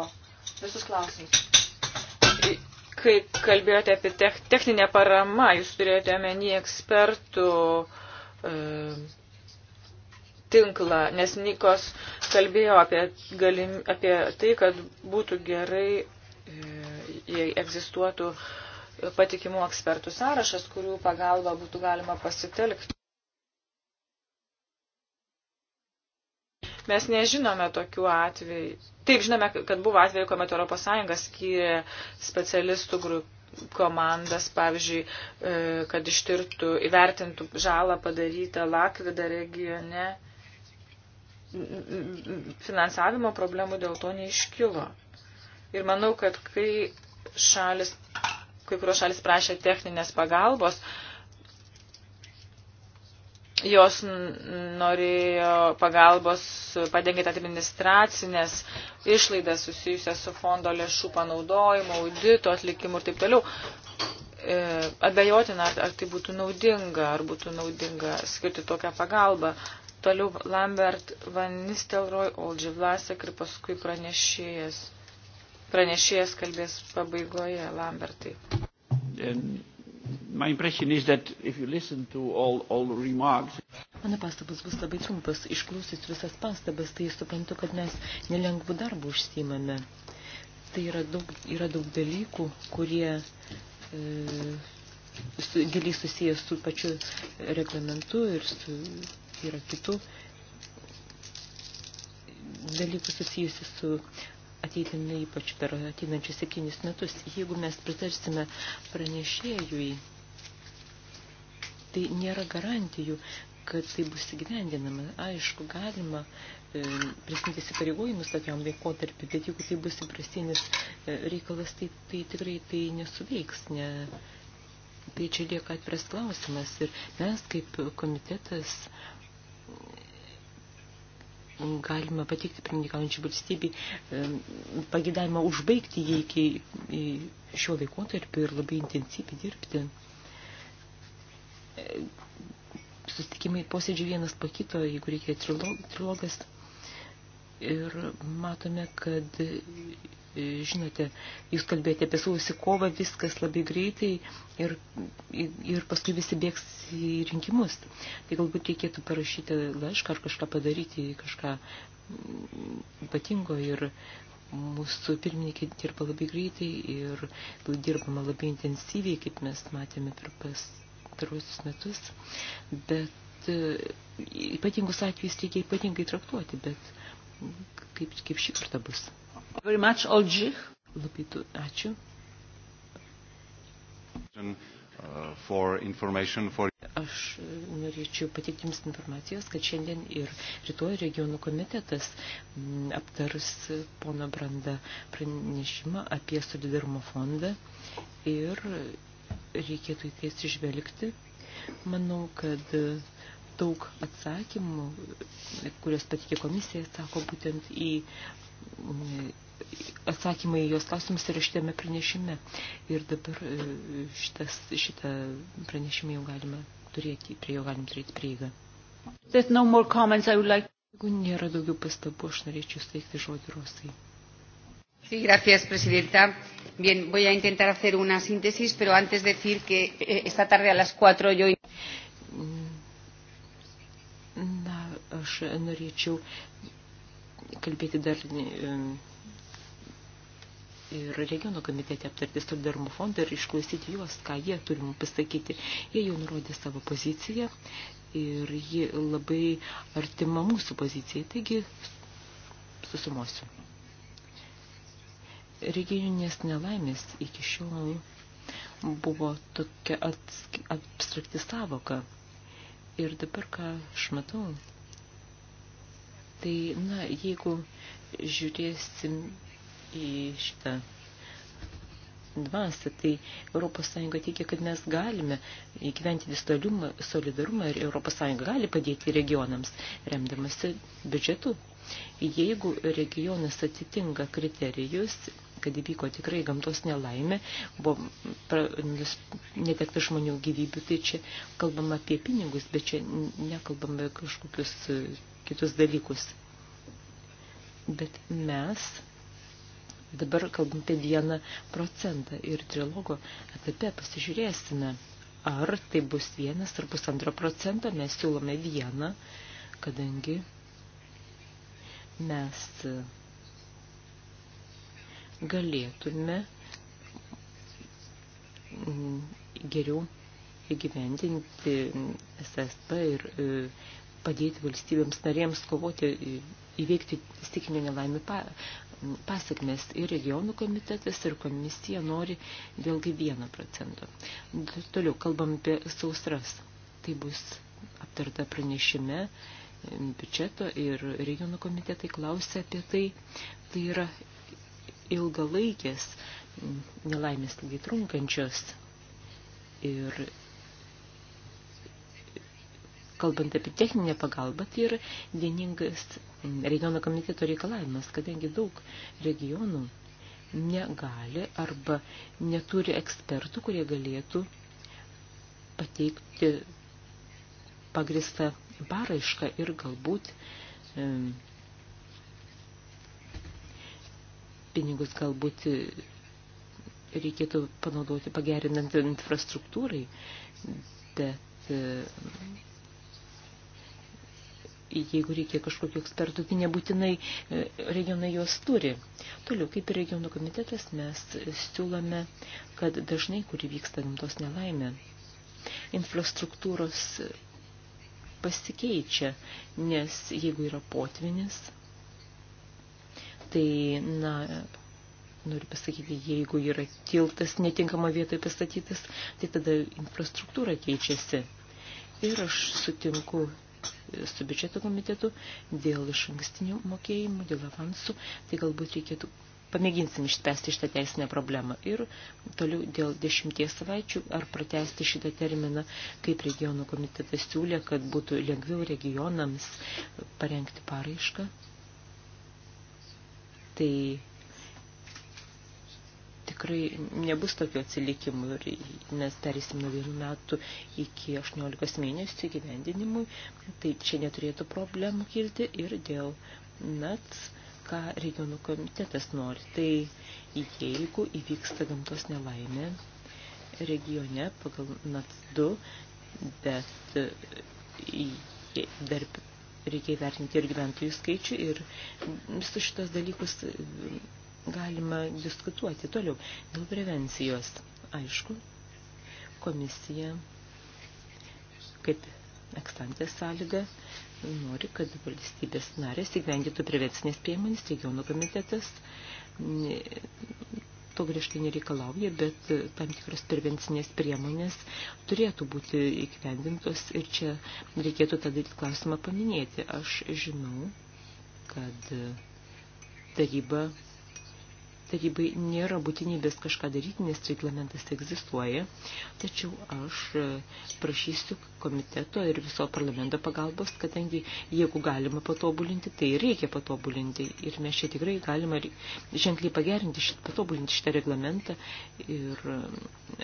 visus klausimus kai kalbėjote apie tech, techninę paramą, jūs turėjote omeny ekspertų e, tinklą, nes Nikos kalbėjo apie, galim, apie tai, kad būtų gerai, e, jei egzistuotų patikimų ekspertų sąrašas, kurių pagalba būtų galima pasitelkti. Mes nežinome tokių atvejų. Taip, žinome, kad buvo atvejų, kuomet ES skyrė specialistų grupę komandas, pavyzdžiui, e, kad ištirtų, įvertintų žalą padarytą Lakvida regione. Finansavimo problemų dėl to neiškilo. Ir manau, kad kai šalis, kai kurios šalis prašė techninės pagalbos, uh, Jos norėjo pagalbos padengti administracinės išlaidas susijusias su fondo lėšų panaudojimu, audito atlikimu ir taip toliau. E, abejotina, ar, ar tai būtų naudinga, ar būtų naudinga skirti tokią pagalbą. Toliau Lambert Van Nistelrooy, Olgi Vlasek ir paskui pranešėjas. Pranešėjas kalbės pabaigoje, Lambertai. And My impression is that if you listen to all, all remarks... Mano pastabas bus labai trumpas. Išklausys visas pastabas, tai suprantu, kad mes nelengvų darbų užsimame. Tai yra daug, yra daug dalykų, kurie e, su, giliai susijęs su pačiu reglamentu ir su yra kitų dalykų susijusių su ateitinai, ypač per ateinančius septynis metus, jeigu mes pritarsime pranešėjui, tai nėra garantijų, kad tai bus įgyvendinama. Aišku, galima e, prisimti įsipareigojimus tokiam laikotarpiu, bet jeigu tai bus įprastinis e, reikalas, tai, tai tikrai tai nesuveiks. Ne, tai čia lieka atpras klausimas ir mes kaip komitetas galima patikti pirmininkaujančiai valstybei pagidavimą užbaigti jį iki šio laikotarpio ir labai intensyviai dirbti. Sustikimai posėdžiai vienas pakito, jeigu reikia trilog, trilogas, Ir matome, kad, e, žinote, jūs kalbėjote apie sausį kovą, viskas labai greitai ir, ir paskui visi bėgs į rinkimus. Tai galbūt reikėtų parašyti laišką ar kažką padaryti, kažką mm, ypatingo ir mūsų pirmininkė dirba labai greitai ir dirbama labai intensyviai, kaip mes matėme per pastaruosius metus, bet e, ypatingus atvejus reikia ypatingai traktuoti, bet kaip, kaip šį kartą bus. Very much, Olžich. Labai tu, ačiū. Uh, for information for... Aš norėčiau pateikti Jums informacijos, kad šiandien ir rytoj regionų komitetas mm, aptars pono Branda pranešimą apie solidarumo fondą ir reikėtų į tai atsižvelgti. Manau, kad daug atsakymų, kurios patikė komisija, atsako būtent į atsakymai į jos klausimus yra šitame pranešime. Ir dabar e, šitas, šitą pranešimą jau galima turėti, prie jo galim turėti prieigą. No more comments, I would like... Jeigu nėra daugiau pastabų, aš norėčiau steigti žodį Rosai. Sí, gracias, presidenta. Bien, voy a intentar hacer una síntesis, pero antes decir que eh, esta tarde a las 4 yo... Aš norėčiau kalbėti dar e, ir regiono komitete aptarti solidarumo fondą ir išklausyti juos, ką jie turi mums pasakyti. Jie jau nurodė savo poziciją ir ji labai artima mūsų pozicijai, taigi susumosiu. Regioninės nelaimės iki šiol buvo tokia abstrakti savoka. Ir dabar, ką aš matau, Tai, na, jeigu žiūrėsim į šitą dvasę, tai ES teikia, kad mes galime įgyventi visoliumą, solidarumą ir ES gali padėti regionams, remdamasi biudžetu. Jeigu regionas atitinka kriterijus, kad įvyko tikrai gamtos nelaimė, buvo pra, netekta žmonių gyvybių, tai čia kalbama apie pinigus, bet čia nekalbama kažkokius kitus dalykus. Bet mes dabar kalbam apie vieną procentą ir trilogo etape pasižiūrėsime, ar tai bus vienas ar pusantro procento, mes siūlome vieną, kadangi mes galėtume geriau įgyvendinti SSP ir padėti valstybėms narėms kovoti, įveikti stikinio nelaimį pasakmes. Ir regionų komitetas, ir komisija nori vėlgi 1 procento. Toliau kalbam apie sausras. Tai bus aptarta pranešime biudžeto ir regionų komitetai klausia apie tai. Tai yra ilgalaikės nelaimės ilgai trunkančios ir kalbant apie techninę pagalbą, tai yra vieningas regiono komiteto reikalavimas, kadangi daug regionų negali arba neturi ekspertų, kurie galėtų pateikti pagristą paraišką ir galbūt e, pinigus galbūt reikėtų panaudoti pagerinant infrastruktūrai, bet e, jeigu reikia kažkokių ekspertų, tai nebūtinai e, regionai juos turi. Toliau, kaip ir regionų komitetas, mes siūlome, kad dažnai, kuri vyksta gamtos nelaimė, infrastruktūros pasikeičia, nes jeigu yra potvinis, tai, na, noriu pasakyti, jeigu yra tiltas netinkama vietoje pastatytas, tai tada infrastruktūra keičiasi. Ir aš sutinku su biudžeto komitetu dėl iš ankstinių mokėjimų, dėl avansų, tai galbūt reikėtų pamėginsim išspręsti šitą teisinę problemą. Ir toliau dėl dešimties savaičių ar pratesti šitą terminą, kaip regionų komitetas siūlė, kad būtų lengviau regionams parengti paraišką. Tai tikrai nebus tokio atsilikimų ir mes darysim nuo vienų metų iki 18 mėnesių gyvendinimui, tai čia neturėtų problemų kilti ir dėl NATS, ką regionų komitetas nori. Tai jeigu įvyksta gamtos nelaimė regione pagal NATS 2, bet e, dar reikia įvertinti ir gyventojų skaičių ir visus šitos dalykus galima diskutuoti toliau dėl prevencijos. Aišku, komisija kaip ekstantės sąlyga nori, kad valstybės narės įgyvendytų prevencinės priemonės, regionų komitetas to griežtai nereikalauja, bet tam tikros prevencinės priemonės turėtų būti įgyvendintos ir čia reikėtų tada klausimą paminėti. Aš žinau, kad taryba tarybai nėra būtinybės kažką daryti, nes reglamentas egzistuoja. Tačiau aš e, prašysiu komiteto ir viso parlamento pagalbos, kadangi jeigu galima patobulinti, tai reikia patobulinti. Ir mes čia tikrai galima ženkliai pagerinti, šit, patobulinti šitą reglamentą. Ir e,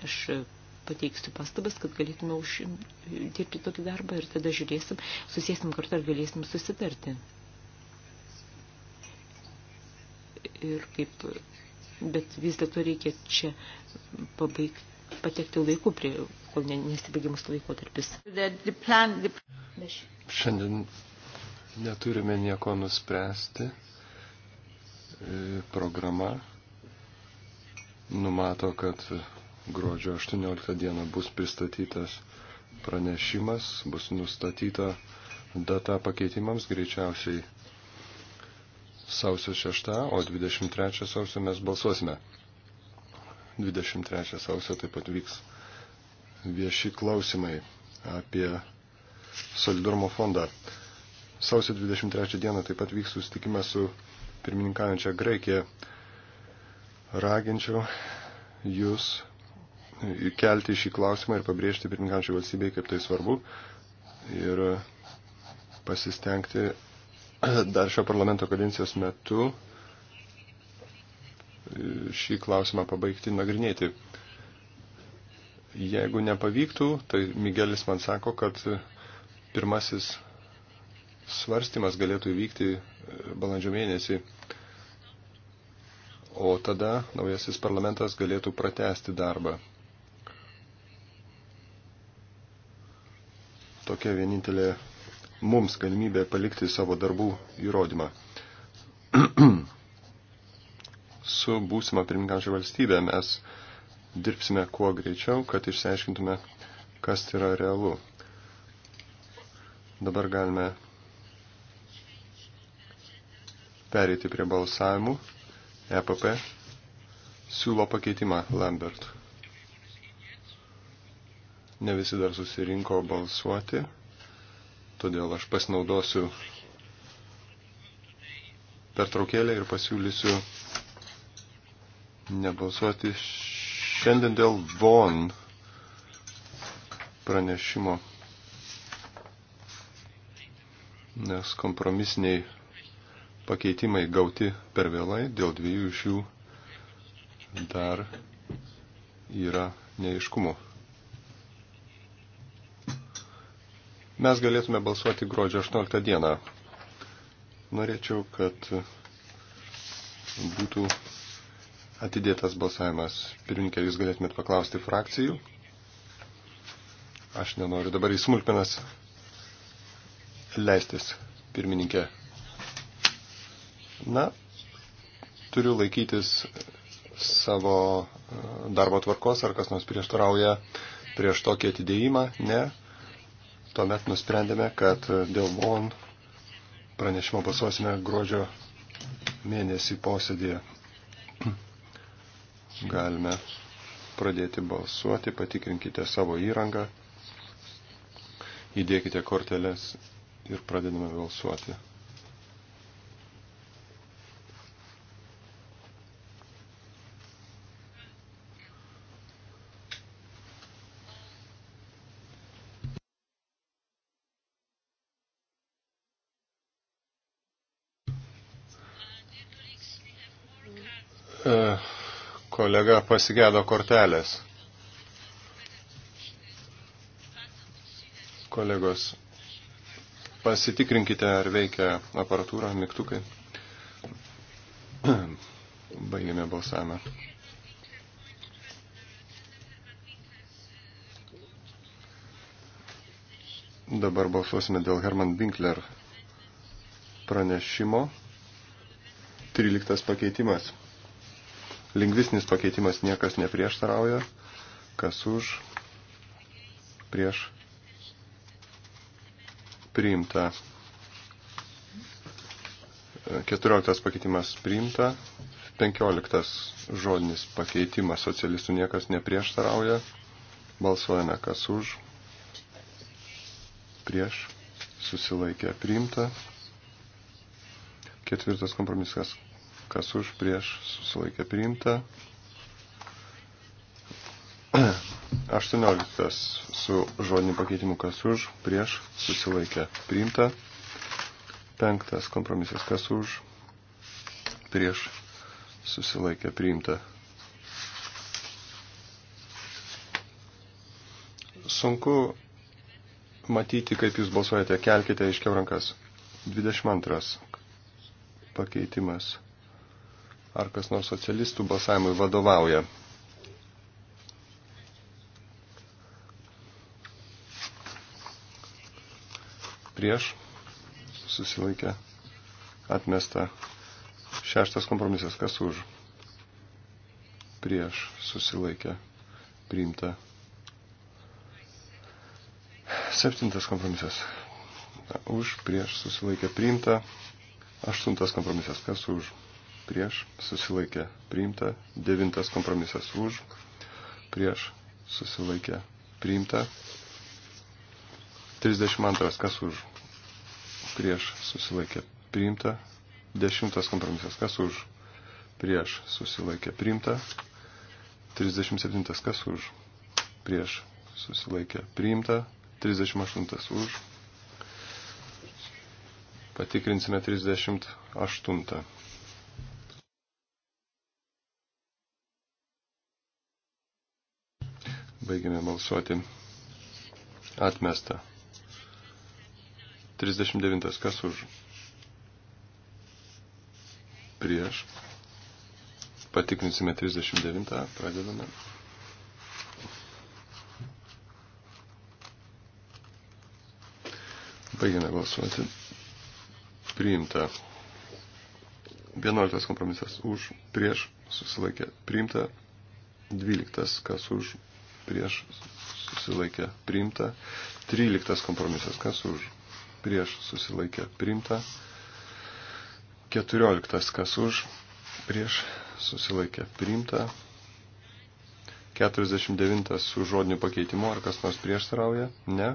aš e, pateiksiu pastabas, kad galėtume dirbti tokį darbą ir tada žiūrėsim, susėsim kartu ar galėsim susitarti. Ir kaip bet vis dėlto reikia čia pabaigti patekti laiku, prie, kol nesibaigia mūsų laikotarpis. Šiandien neturime nieko nuspręsti. E, programa numato, kad gruodžio 18 dieną bus pristatytas pranešimas, bus nustatyta data pakeitimams, greičiausiai sausio 6, o 23 sausio mes balsuosime. 23 sausio taip pat vyks vieši klausimai apie solidarumo fondą. Sausio 23 dieną taip pat vyks susitikimas su pirmininkaujančia Graikija. Raginčiau jūs kelti šį klausimą ir pabrėžti pirmininkaujančiai valstybei, kaip tai svarbu ir pasistengti dar šio parlamento kadencijos metu e, šį klausimą pabaigti nagrinėti. Jeigu nepavyktų, tai Miguelis man sako, kad pirmasis svarstymas galėtų įvykti e, balandžio mėnesį, o tada naujasis parlamentas galėtų pratesti darbą. Tokia vienintelė mums galimybę palikti savo darbų įrodymą. Su būsima pirmininkančia valstybė mes dirbsime kuo greičiau, kad išsiaiškintume, kas yra realu. Dabar galime pereiti prie balsavimų. EPP siūlo pakeitimą Lambert. Ne visi dar susirinko balsuoti. Todėl aš pasinaudosiu pertraukėlę ir pasiūlysiu nebalsuoti šiandien dėl VON pranešimo, nes kompromisiniai pakeitimai gauti per vėlai, dėl dviejų iš jų dar yra neiškumo. mes galėtume balsuoti gruodžio 18 dieną. Norėčiau, kad būtų atidėtas balsavimas. Pirminkė, jūs galėtumėt paklausti frakcijų. Aš nenoriu dabar į smulkmenas leistis, pirmininkė. Na, turiu laikytis savo e, darbo tvarkos, ar kas nors prieštarauja prieš tokį atidėjimą. Ne, Tuomet nusprendėme, kad dėl MON pranešimo pasuosime gruodžio mėnesį posėdėje. Galime pradėti balsuoti, patikrinkite savo įrangą, įdėkite korteles ir pradedame balsuoti. kolega pasigėdo kortelės. Kolegos, pasitikrinkite, ar veikia aparatūra, mygtukai. Baigėme balsavimą. Dabar balsuosime dėl Herman Winkler pranešimo. 13 pakeitimas. Lingvistinis pakeitimas niekas neprieštarauja. Kas už? Prieš. Priimta. 14 pakeitimas priimta. 15 žodinis pakeitimas socialistų niekas neprieštarauja. Balsuojame kas už. Prieš. Susilaikė priimta. Ketvirtas kompromisas kas už prieš susilaikė priimta. 18 su žodiniu pakeitimu kas už prieš susilaikė priimta. 5 kompromisas kas už prieš susilaikė priimta. Sunku matyti, kaip jūs balsuojate. Kelkite aiškiau rankas. 22 pakeitimas ar kas nors socialistų balsavimui vadovauja. Prieš susilaikė atmesta šeštas kompromisas, kas už. Prieš susilaikė priimta. Septintas kompromisas. Už, prieš susilaikė priimta. Aštuntas kompromisas, kas už prieš susilaikė priimta, devintas kompromisas už, prieš susilaikė priimta, 32 kas už, prieš susilaikė priimta, dešimtas kompromisas kas už, prieš susilaikė priimta, 37 kas už, prieš susilaikė priimta, 38 už, patikrinsime 38. Baigėme balsuoti. Atmesta. 39. Kas už? Prieš. Patikrinsime 39. Pradedame. Baigėme balsuoti. Priimta. 11 kompromisas už, prieš, susilaikė. Priimta. 12 kas už, prieš susilaikę priimta. 13 kompromisas, kas už, prieš susilaikę priimta. 14 kas už, prieš susilaikę priimta. 49 su žodiniu pakeitimu, ar kas nors prieštarauja? Ne.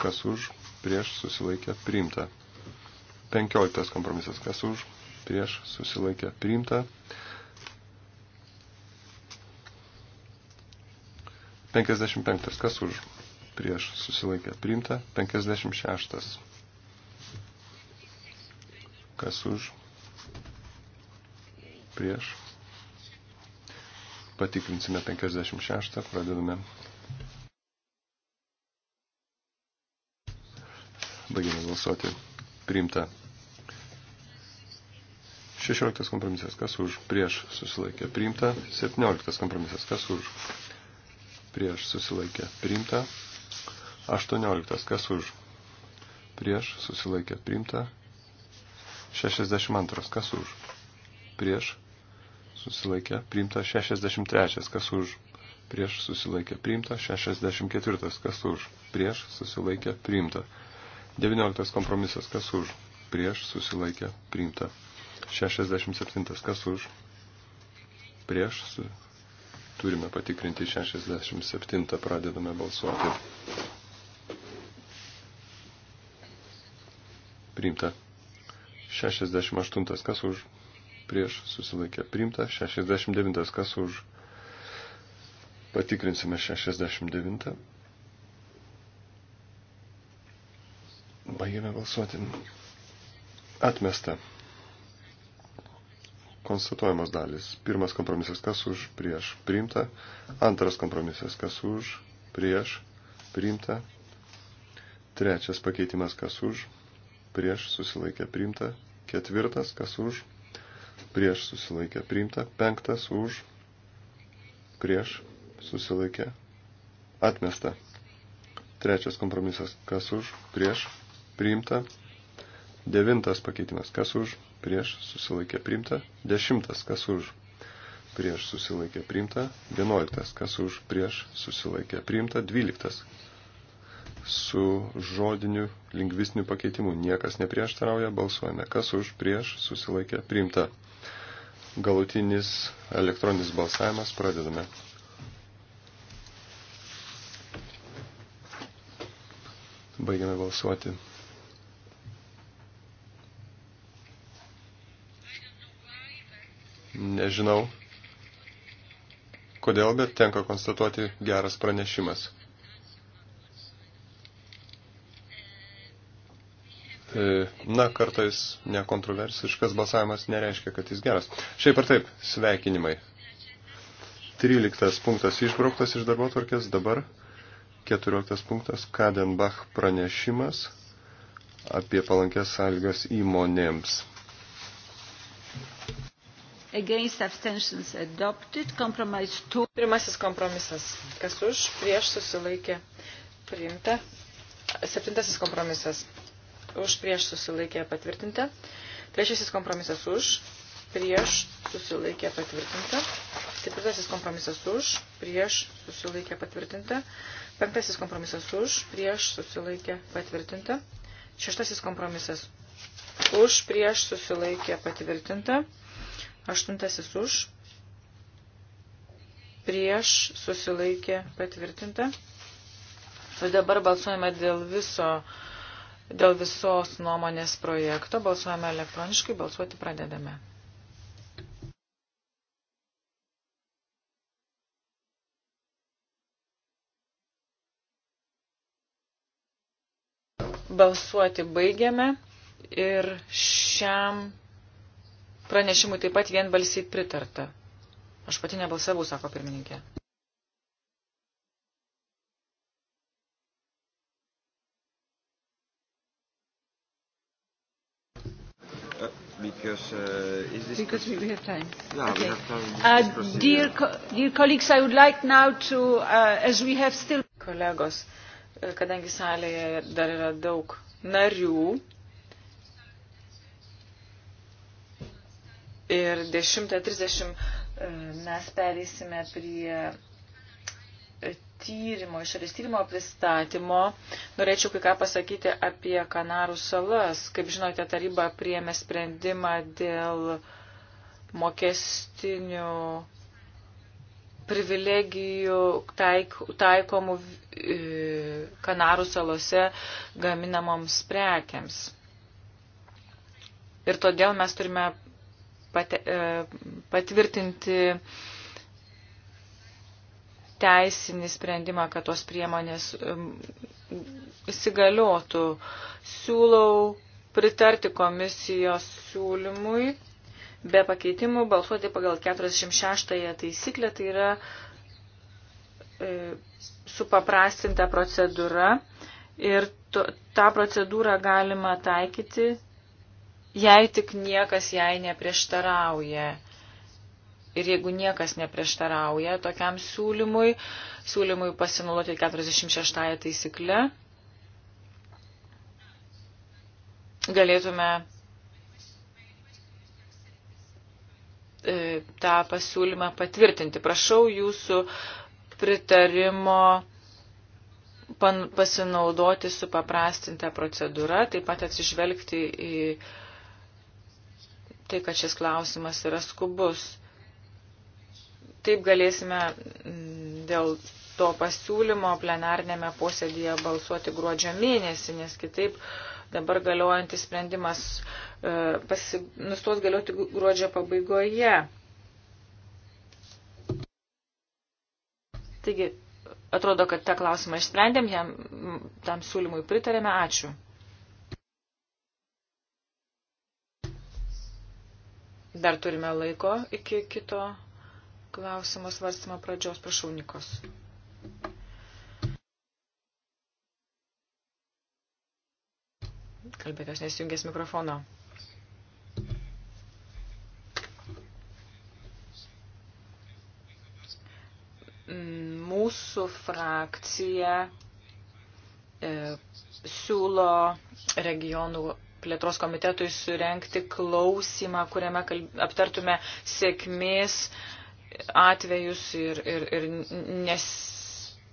Kas už, prieš susilaikę priimta. 15 kompromisas, kas už, prieš susilaikę priimta. 55. Kas už? Prieš susilaikė priimta. 56. Kas už? Prieš. Patikrinsime 56. Pradedame. Baigėme balsuoti. Priimta. 16 kompromisas, kas už, prieš susilaikė priimta, 17 kompromisas, kas už, prieš susilaikę priimta. 18. Kas už? Prieš susilaikę priimta. 62. Kas už? Prieš susilaikę priimta. 63. Kas už? Prieš susilaikę priimta. 64. Kas už? Prieš susilaikę priimta. 19. Kompromisas. Kas už? Prieš susilaikę priimta. 67. Kas už? Prieš Turime patikrinti 67, pradedame balsuoti. Priimta. 68, kas už prieš susilaikė priimta, 69 kas už. Patikrinsime 69. Baigėme balsuoti. Atmesta konstatuojamos dalis. Pirmas kompromisas, kas už, prieš, priimta. Antras kompromisas, kas už, prieš, priimta. Trečias pakeitimas, kas už, prieš, susilaikė, priimta. Ketvirtas, kas už, prieš, susilaikė, priimta. Penktas, už, prieš, susilaikė, atmesta. Trečias kompromisas, kas už, prieš, priimta. Devintas pakeitimas, kas už, prieš susilaikė priimta. Dešimtas, kas už, prieš susilaikė priimta. Vienuoliktas, kas už, prieš susilaikė priimta. Dvyliktas, su žodiniu lingvistiniu pakeitimu niekas neprieštarauja, balsuojame, kas už, prieš susilaikė priimta. Galutinis elektroninis balsavimas pradedame. Baigiame balsuoti. Nežinau, kodėl, bet tenka konstatuoti geras pranešimas. E, na, kartais nekontroversiškas balsavimas nereiškia, kad jis geras. Šiaip ar taip, sveikinimai. 13 punktas išbrauktas iš darbo tvarkės, dabar 14 punktas Kadenbach pranešimas apie palankės sąlygas įmonėms against abstentions adopted. Compromise 2. Pirmasis kompromisas. Kas už, prieš susilaikė priimta. Septintasis kompromisas. Už, prieš susilaikė patvirtinta. Trečiasis kompromisas už, prieš susilaikė patvirtinta. Ketvirtasis kompromisas už, prieš susilaikė patvirtinta. Penktasis kompromisas už, prieš susilaikė patvirtinta. Šeštasis kompromisas už, prieš susilaikė patvirtinta. Aštuntasis už. Prieš susilaikė patvirtinta. Ir dabar balsuojame dėl viso, dėl visos nuomonės projekto. Balsuojame elektroniškai, balsuoti pradedame. Balsuoti baigiame ir šiam Pranešimui taip pat vienbalsiai pritarta. Aš pati nebalsavau, sako pirmininkė. Uh, because uh, is this because we have time. Yeah, okay. we have time. Uh, dear, co dear colleagues, I would like now to, uh, as we have still kolegos, uh, kadangi salėje dar yra daug narių, ir 10.30 e, mes pereisime prie e, tyrimo, išorės tyrimo pristatymo. Norėčiau kai ką pasakyti apie Kanarų salas. Kaip žinote, taryba priėmė sprendimą dėl mokestinių privilegijų taik, taikomų e, Kanarų salose gaminamoms prekiams. Ir todėl mes turime pate, e, patvirtinti teisinį sprendimą, kad tos priemonės e, įsigaliotų. Siūlau pritarti komisijos siūlymui be pakeitimų balsuoti pagal 46 taisyklę, tai yra e, supaprastinta procedūra ir to, tą procedūrą galima taikyti jei tik niekas jai neprieštarauja. Ir jeigu niekas neprieštarauja tokiam siūlymui, siūlymui pasinaudoti 46 taisykle, galėtume e, tą pasiūlymą patvirtinti. Prašau jūsų pritarimo pasinaudoti su paprastinta procedūra, taip pat atsižvelgti į tai, kad šis klausimas yra skubus. Taip galėsime mm, dėl to pasiūlymo plenarnėme posėdėje balsuoti gruodžio mėnesį, nes kitaip dabar galiojantis sprendimas e, pasi, nustos galioti gruodžio pabaigoje. Taigi, atrodo, kad tą klausimą išsprendėm, jam tam siūlymui pritarėme. Ačiū. Dar turime laiko iki kito klausimo svarstymo pradžios. Prašau, Nikos. Kalbėtas nesijungęs mikrofono. Mūsų frakcija e, siūlo regionų plėtros komitetui surenkti klausimą, kuriame aptartume sėkmės atvejus ir, ir, ir nes,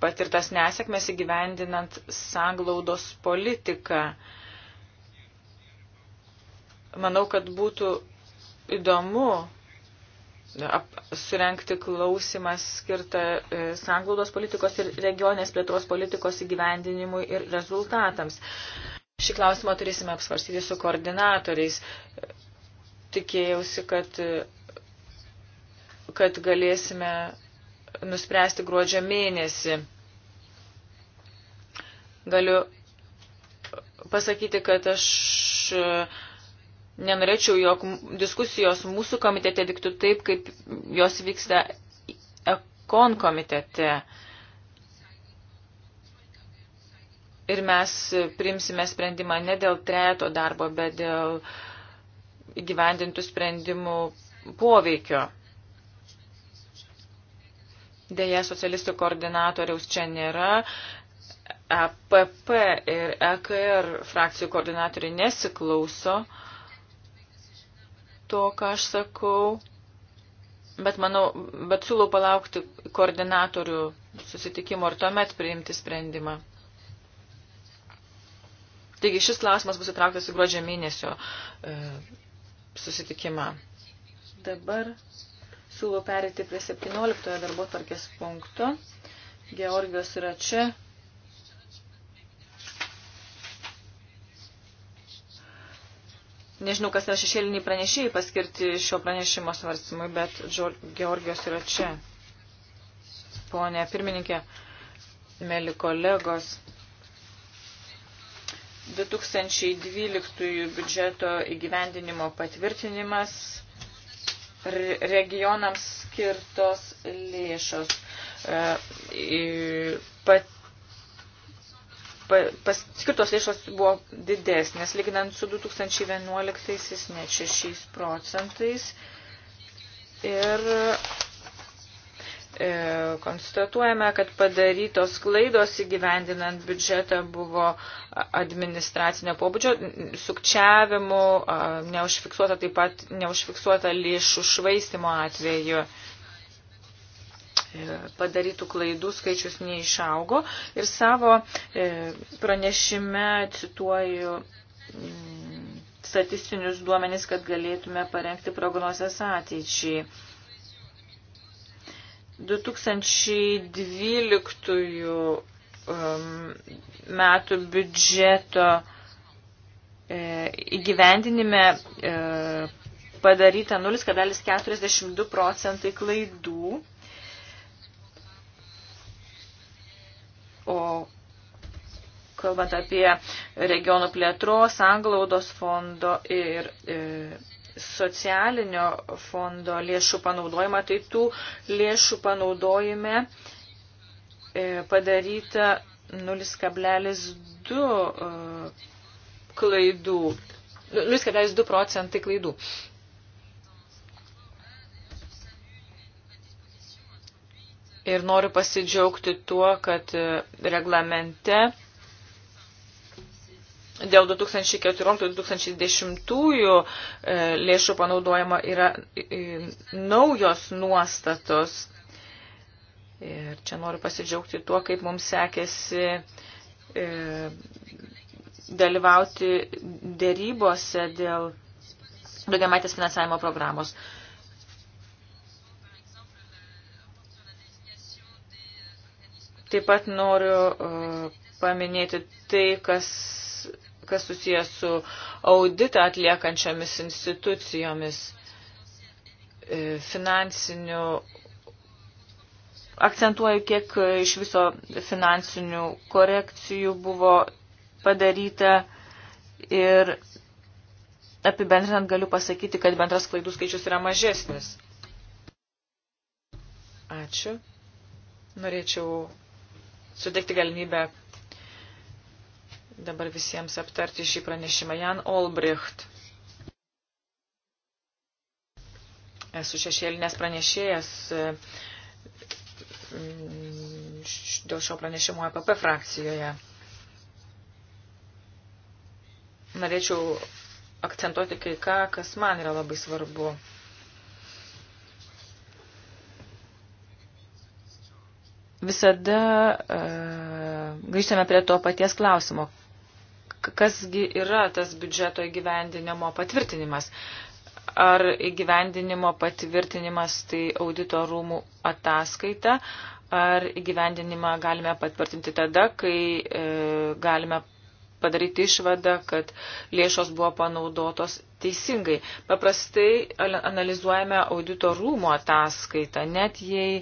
patirtas nesėkmės įgyvendinant sanglaudos politiką. Manau, kad būtų įdomu surenkti klausimą skirtą e, sanglaudos politikos ir regionės plėtros politikos įgyvendinimui ir rezultatams. Šį klausimą turėsime apsvarstyti su koordinatoriais. Tikėjausi, kad, kad galėsime nuspręsti gruodžio mėnesį. Galiu pasakyti, kad aš nenorėčiau, jog diskusijos mūsų komitete vyktų taip, kaip jos vyksta kon komitete. ir mes primsime sprendimą ne dėl trejato darbo, bet dėl gyvendintų sprendimų poveikio. Deja, socialistų koordinatoriaus čia nėra. APP e ir EKR frakcijų koordinatoriai nesiklauso to, ką aš sakau, bet, manau, bet siūlau palaukti koordinatorių susitikimo ir tuomet priimti sprendimą. Taigi šis klausimas bus įtrauktas į gruodžio mėnesio e, susitikimą. Dabar siūlau perėti prie 17 darbo tvarkės punkto. Georgijos yra čia. Nežinau, kas yra šešėliniai pranešėjai paskirti šio pranešimo svarstymui, bet Georgijos yra čia. Pone pirmininkė, mėly kolegos, 2012 biudžeto įgyvendinimo patvirtinimas regionams skirtos lėšos. E, pat, pa, paskirtos lėšos buvo didesnės, lyginant su 2011 net 6 procentais. Ir E, konstatuojame, kad padarytos klaidos įgyvendinant biudžetą buvo administracinio pobūdžio, sukčiavimų, e, neužfiksuota taip pat neužfiksuota lėšų švaistimo atveju. E, padarytų klaidų skaičius neišaugo ir savo pranešime cituoju mm, statistinius duomenis, kad galėtume parengti prognozes ateičiai. 2012 um, metų biudžeto e, įgyvendinime e, padaryta 0,42 procentai klaidų, o kalbant apie regionų plėtros, anglaudos fondo ir, ir e, socialinio fondo lėšų panaudojimą, tai tų lėšų panaudojime e, padaryta 0,2 e, klaidų. 0,2 procentai klaidų. Ir noriu pasidžiaugti tuo, kad e, reglamente dėl 2014-2010 e, lėšų panaudojama yra e, e, naujos nuostatos. Ir čia noriu pasidžiaugti tuo, kaip mums sekėsi dalyvauti dėrybose dėl daugiamatės finansavimo programos. Taip pat noriu paminėti tai, kas kas susijęs su auditą atliekančiomis institucijomis, e, finansinių, akcentuoju, kiek iš viso finansinių korekcijų buvo padaryta ir apibendrinant galiu pasakyti, kad bendras klaidų skaičius yra mažesnis. Ačiū. Norėčiau suteikti galimybę dabar visiems aptarti šį pranešimą. Jan Olbricht. Esu šešėlinės pranešėjas e, dėl šio pranešimo EPP frakcijoje. Norėčiau akcentuoti kai ką, kas man yra labai svarbu. Visada e, grįžtame prie to paties klausimo, kasgi yra tas biudžeto įgyvendinimo patvirtinimas. Ar įgyvendinimo patvirtinimas tai audito rūmų ataskaita, ar įgyvendinimą galime patvirtinti tada, kai e, galime padaryti išvadą, kad lėšos buvo panaudotos teisingai. Paprastai analizuojame audito rūmo ataskaitą, net jei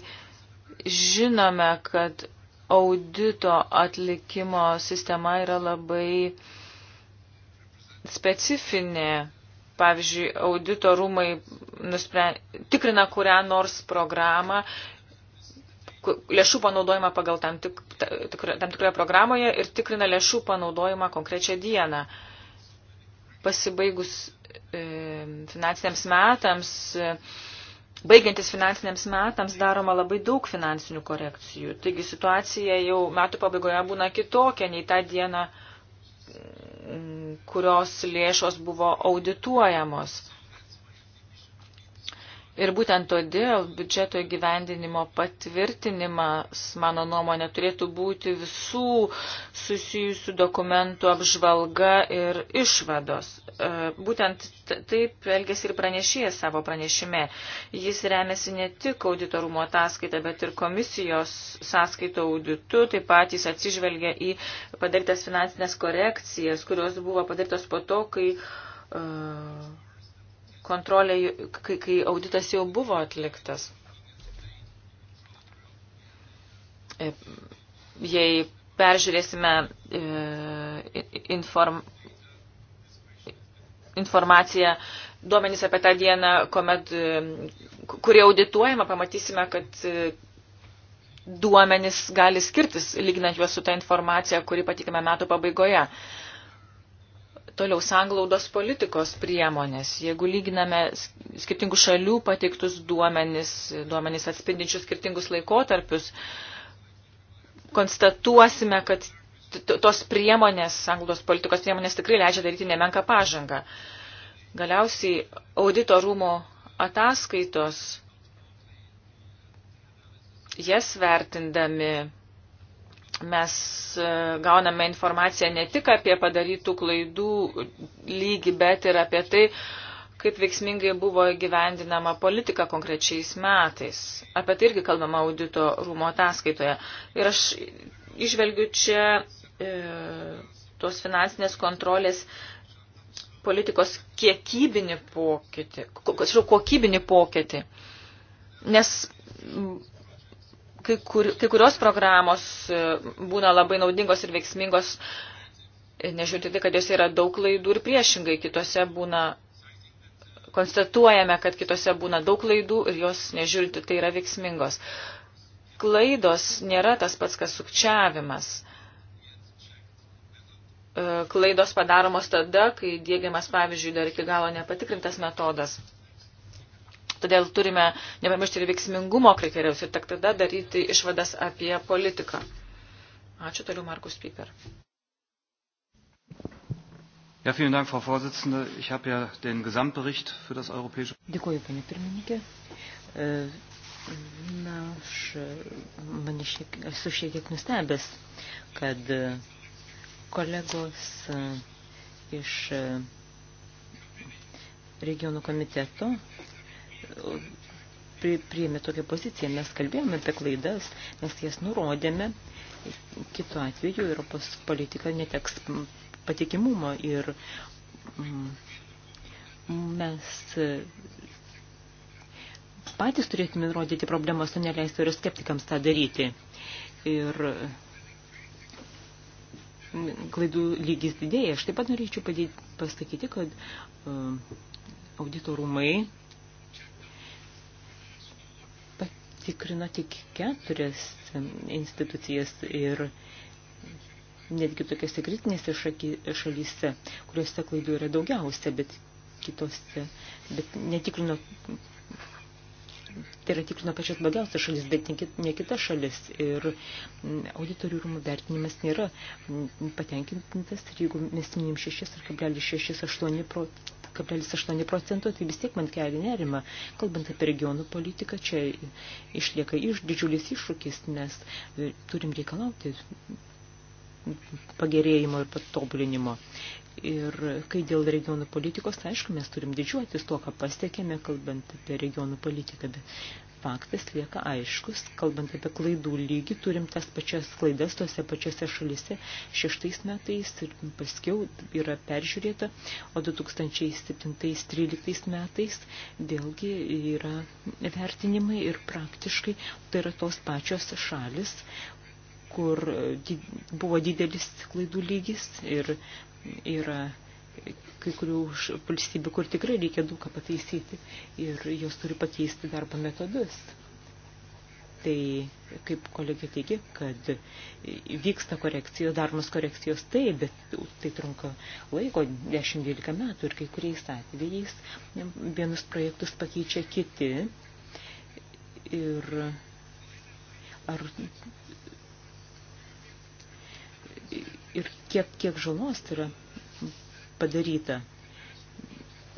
žinome, kad audito atlikimo sistema yra labai specifinė. Pavyzdžiui, audito rūmai nuspren... tikrina kurią nors programą, lėšų panaudojimą pagal tam, tik... tam tikroje programoje ir tikrina lėšų panaudojimą konkrečią dieną. Pasibaigus e, finansiniams metams e, baigiantis finansiniams metams daroma labai daug finansinių korekcijų. Taigi situacija jau metų pabaigoje būna kitokia nei tą dieną, mm, kurios lėšos buvo audituojamos. Ir būtent todėl biudžeto įgyvendinimo patvirtinimas, mano nuomonė, turėtų būti visų susijusių dokumentų apžvalga ir išvados. E, būtent taip elgesi ir pranešėjas savo pranešime. Jis remiasi ne tik auditorumo ataskaitą, bet ir komisijos sąskaito auditu. Taip pat jis atsižvelgia į padarytas finansinės korekcijas, kurios buvo padarytos po to, kai. Uh, kontrolė, kai, kai auditas jau buvo atliktas. E, jei peržiūrėsime e, inform, informaciją, duomenys apie tą dieną, kuomet, e, kurie audituojama, pamatysime, kad duomenys gali skirtis, lyginant juos su tą informacija, kuri patikime metų pabaigoje. Toliau sanglaudos politikos priemonės. Jeigu lyginame skirtingų šalių pateiktus duomenis, duomenis atspindinčius skirtingus laikotarpius, konstatuosime, kad tos priemonės, sanglaudos politikos priemonės tikrai leidžia daryti nemenką pažangą. Galiausiai audito rūmo ataskaitos, jas vertindami Mes e, gauname informaciją ne tik apie padarytų klaidų lygį, bet ir apie tai, kaip veiksmingai buvo gyvendinama politika konkrečiais metais. Apie tai irgi kalbama audito rūmo ataskaitoje. Ir aš išvelgiu čia e, tos finansinės kontrolės politikos kiekybinį pokytį, kokybinį pokytį. Nes kai, kur, kai kurios programos e, būna labai naudingos ir veiksmingos, e, nežiūrint tai, kad jos yra daug klaidų ir priešingai, kitose būna, konstatuojame, kad kitose būna daug klaidų ir jos, nežiūrint tai, yra veiksmingos. Klaidos nėra tas pats, kas sukčiavimas. E, klaidos padaromos tada, kai dėgiamas, pavyzdžiui, dar iki galo nepatikrintas metodas. Todėl turime nepamiršti ir veiksmingumo kriterijus ir tik tada daryti išvadas apie politiką. Ačiū toliau, Markus Piper. Ja, vielen Dank, Frau Vorsitzende. Ich habe ja den Gesamtbericht für das europäische. Dėkuoju, panė pirmininkė. E, na, aš e, man šiek, esu šiek tiek nustebęs, kad e, kolegos iš regionų komiteto pri, priėmė tokią poziciją. Mes kalbėjome apie klaidas, mes jas nurodėme. Kitu atveju Europos politika neteks patikimumo ir mm, mes e, patys turėtume nurodyti problemas, o neleisti ir skeptikams tą daryti. Ir mm, klaidų lygis didėja. Aš taip pat norėčiau pasakyti, kad e, audito rūmai tikrino tik keturias institucijas ir netgi tokiose kritinėse šalyse, kuriuose klaidų yra daugiausia, bet kitose, bet netikrino, tai yra tikrino pačias blogiausias šalis, bet ne, ne kita šalis. Ir auditorių rūmų vertinimas nėra patenkintas, ir jeigu mes minim 6,68 procentų 2,8 procento, tai vis tiek man kelia nerima. Kalbant apie regionų politiką, čia išlieka iš didžiulis iššūkis, nes e, turim reikalauti pagerėjimo ir patobulinimo. Ir kai dėl regionų politikos, tai aišku, mes turim didžiuotis to, ką pasiekėme, kalbant apie regionų politiką, bet, faktas lieka aiškus, kalbant apie klaidų lygį, turim tas pačias klaidas tose pačiose šalise šeštais metais ir paskiau yra peržiūrėta, o 2007-2013 metais vėlgi yra vertinimai ir praktiškai tai yra tos pačios šalis, kur buvo didelis klaidų lygis ir yra kai kurių valstybių, kur tikrai reikia daug ką pataisyti ir jos turi pakeisti darbo metodus. Tai, kaip kolegė teigia, kad vyksta korekcijos, daromos korekcijos taip, bet tai trunka laiko 10-12 metų ir kai kuriais atvejais vienus projektus pakeičia kiti. Ir ar ir kiek, kiek žalos tai yra padaryta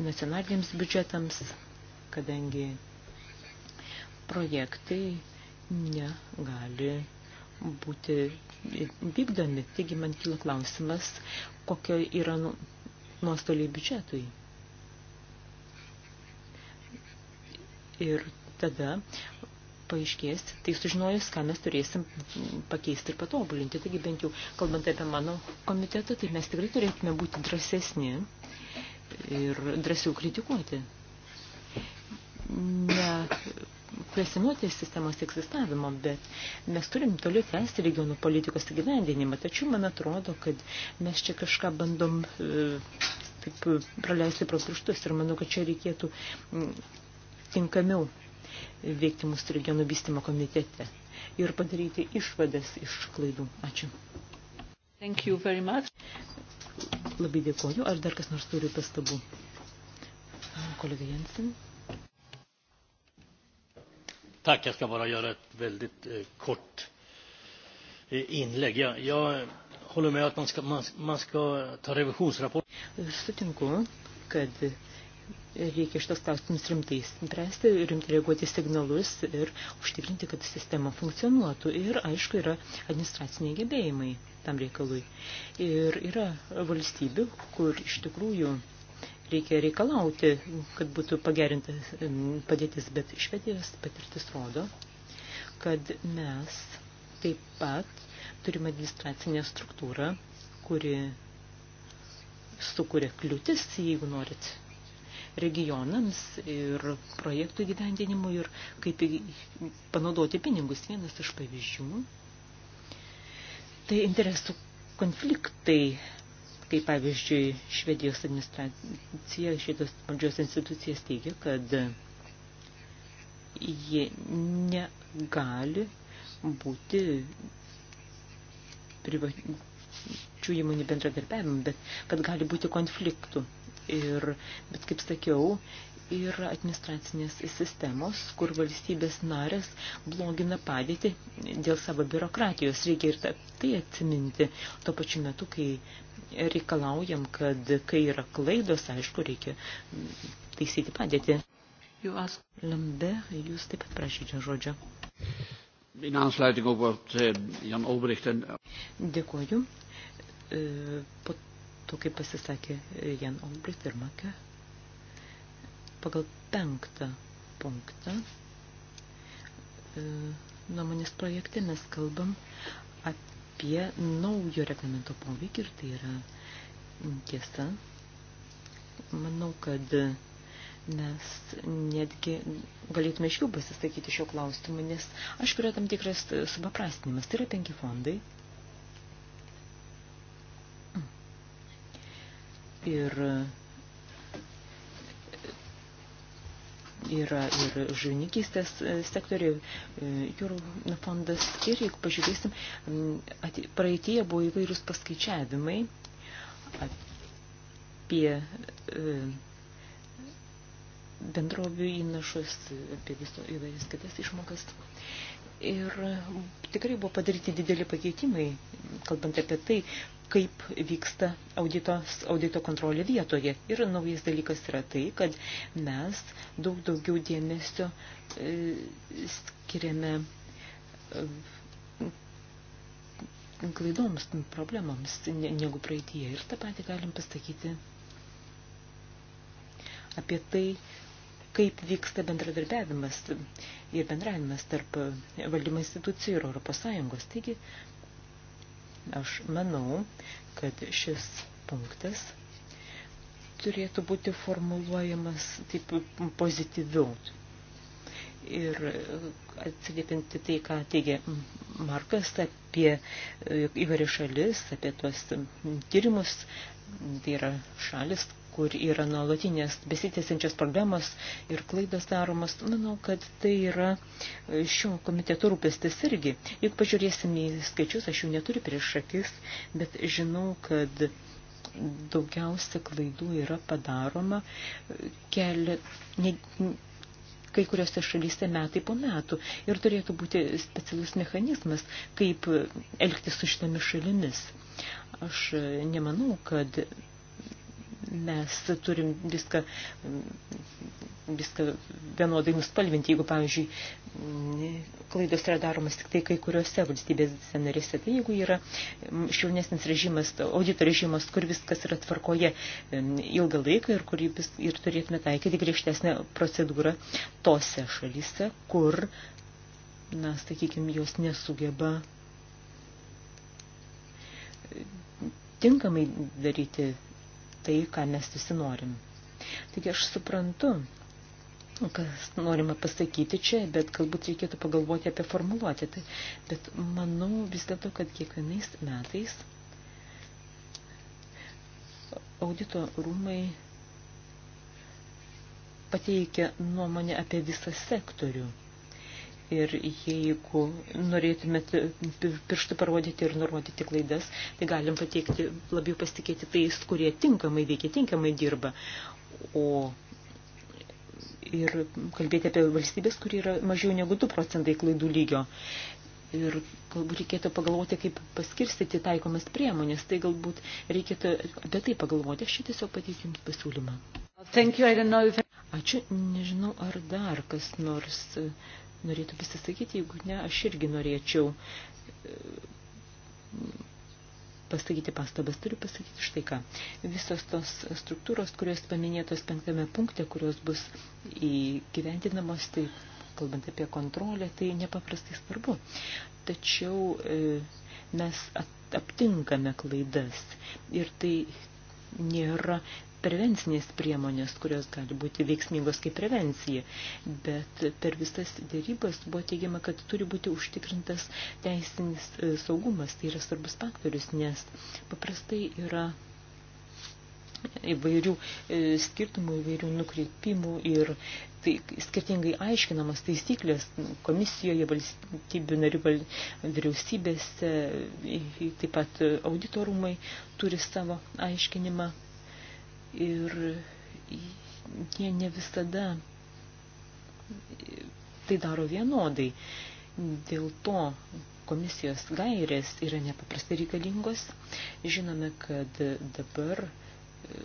nacionaliniams biudžetams, kadangi projektai negali būti vykdomi. Taigi man kyla klausimas, kokio yra nu, nuostoliai biudžetui. Ir tada paaiškės, tai sužinojus, ką mes turėsim pakeisti ir patobulinti. Taigi bent jau kalbant apie mano komitetą, tai mes tikrai turėtume būti drąsesni ir drąsiau kritikuoti. Ne kvesinuoti sistemos egzistavimo, bet mes turim toliau tęsti regionų politikos įgyvendinimą. Tačiau man atrodo, kad mes čia kažką bandom e, taip praleisti pro pirštus ir manau, kad čia reikėtų tinkamiau veikti mūsų regionų vystimo komitete ir padaryti išvadas iš klaidų. Ačiū. Thank you very much. Labai dėkoju. Ar dar kas nors turi pastabų? Kolega Jensen. Tack, jag ska bara göra ett väldigt eh, kort eh, inlägg. Jag, jag håller med att man ska, man, man ska ta revisionsrapporten. Sutinku, kad reikia šitos klausimus rimtai spręsti, rimtai reaguoti signalus ir užtikrinti, kad sistema funkcionuotų. Ir, aišku, yra administraciniai gebėjimai tam reikalui. Ir yra valstybių, kur iš tikrųjų reikia reikalauti, kad būtų pagerinta padėtis, bet Švedijos patirtis rodo, kad mes taip pat turime administracinę struktūrą, kuri sukuria kliūtis, jeigu norit regionams ir projektų gyvendinimui ir kaip panaudoti pinigus. Vienas iš pavyzdžių. Tai interesų konfliktai, kaip pavyzdžiui Švedijos administracija, šitas valdžios institucijas teigia, kad jie negali būti privačių įmonių bendradarbiavimu, bet kad gali būti konfliktų ir, bet kaip sakiau, ir administracinės sistemos, kur valstybės narės blogina padėtį dėl savo biurokratijos. Reikia ir tai atsiminti tuo pačiu metu, kai reikalaujam, kad kai yra klaidos, aišku, reikia taisyti padėtį. Jūs, Lambe, jūs taip pat prašyčiau žodžio. Eh, Dėkuoju. Eh, po metų, kaip pasisakė Jan Olbricht ir Makė, pagal penktą punktą e, nuomonės projekte mes kalbam apie naujo reglamento poveikį ir tai yra tiesa. Manau, kad mes netgi galėtume iš jų pasisakyti šio klausimu, nes aišku yra tam tikras supaprastinimas. Tai yra penki fondai Ir yra ir žuvininkystės e, sektoriai, e, jūrų fondas. Ir jeigu pažiūrėsim, praeitie buvo įvairūs paskaičiavimai apie e, bendrovių įnašus, apie viso įvairias kitas išmokas. Ir tikrai buvo padaryti dideli pakeitimai, kalbant apie tai, kaip vyksta auditos, audito kontrolė vietoje. Ir naujas dalykas yra tai, kad mes daug daugiau dėmesio e, skiriame e, klaidoms, problemams negu praeitie. Ir tą patį galim pasakyti apie tai, kaip vyksta bendradarbiavimas ir bendravimas tarp valdymo institucijų ir Europos Sąjungos. Taigi, aš manau, kad šis punktas turėtų būti formuluojamas taip pozityviau. Ir atsiliepinti tai, ką teigia Markas apie įvairias šalis, apie tuos tyrimus, tai yra šalis, kur yra nuolatinės besitėsiančios problemos ir klaidos daromos, manau, kad tai yra šio komiteto rūpestis irgi. Juk pažiūrėsim į skaičius, aš jų neturiu prieš akis, bet žinau, kad daugiausia klaidų yra padaroma keli, ne, kai kuriuose šalyse metai po metų. Ir turėtų būti specialus mechanizmas, kaip elgtis su šitomis šalimis. Aš nemanau, kad mes turim viską, viską vienodai nuspalvinti. Jeigu, pavyzdžiui, klaidos yra daromas tik tai kai kuriuose valstybės narėse, tai jeigu yra šiaunesnis režimas, audito režimas, kur viskas yra tvarkoje ilgą laiką ir kur ir turėtume taikyti griežtesnę procedūrą tose šalyse, kur, na, sakykime, jos nesugeba e, tinkamai daryti tai, ką mes visi norim. Taigi aš suprantu, kas norima pasakyti čia, bet galbūt reikėtų pagalvoti apie formuluotę. Tai, bet manau vis dėlto, kad kiekvienais metais audito rūmai pateikia nuomonę apie visą sektorių Ir jeigu norėtumėte pirštų parodyti ir nurodyti klaidas, tai galim pateikti labiau pasitikėti tais, kurie tinkamai veikia, tinkamai dirba. O ir kalbėti apie valstybės, kur yra mažiau negu 2 procentai klaidų lygio. Ir galbūt reikėtų pagalvoti, kaip paskirstyti taikomas priemonės. Tai galbūt reikėtų apie tai pagalvoti. Aš čia tiesiog pateiksiu Jums pasiūlymą. Thank you, I don't know if... Ačiū. Nežinau, ar dar kas nors. Uh, norėtų pasisakyti, jeigu ne, aš irgi norėčiau e, pasakyti pastabas, turiu pasakyti štai ką. Visos tos struktūros, kurios paminėtos penktame punkte, kurios bus įgyvendinamos, tai kalbant apie kontrolę, tai nepaprastai svarbu. Tačiau e, mes aptinkame klaidas ir tai nėra prevencinės priemonės, kurios gali būti veiksmingos kaip prevencija, bet per visas dėrybas buvo teigiama, kad turi būti užtikrintas teisinis e, saugumas, tai yra svarbus faktorius, nes paprastai yra įvairių e, skirtumų, įvairių nukreipimų ir tai skirtingai aiškinamas taisyklės komisijoje, valstybių narių vyriausybėse, taip pat auditorumai turi savo aiškinimą ir jie ne visada tai daro vienodai. Dėl to komisijos gairės yra nepaprastai reikalingos. Žinome, kad dabar e,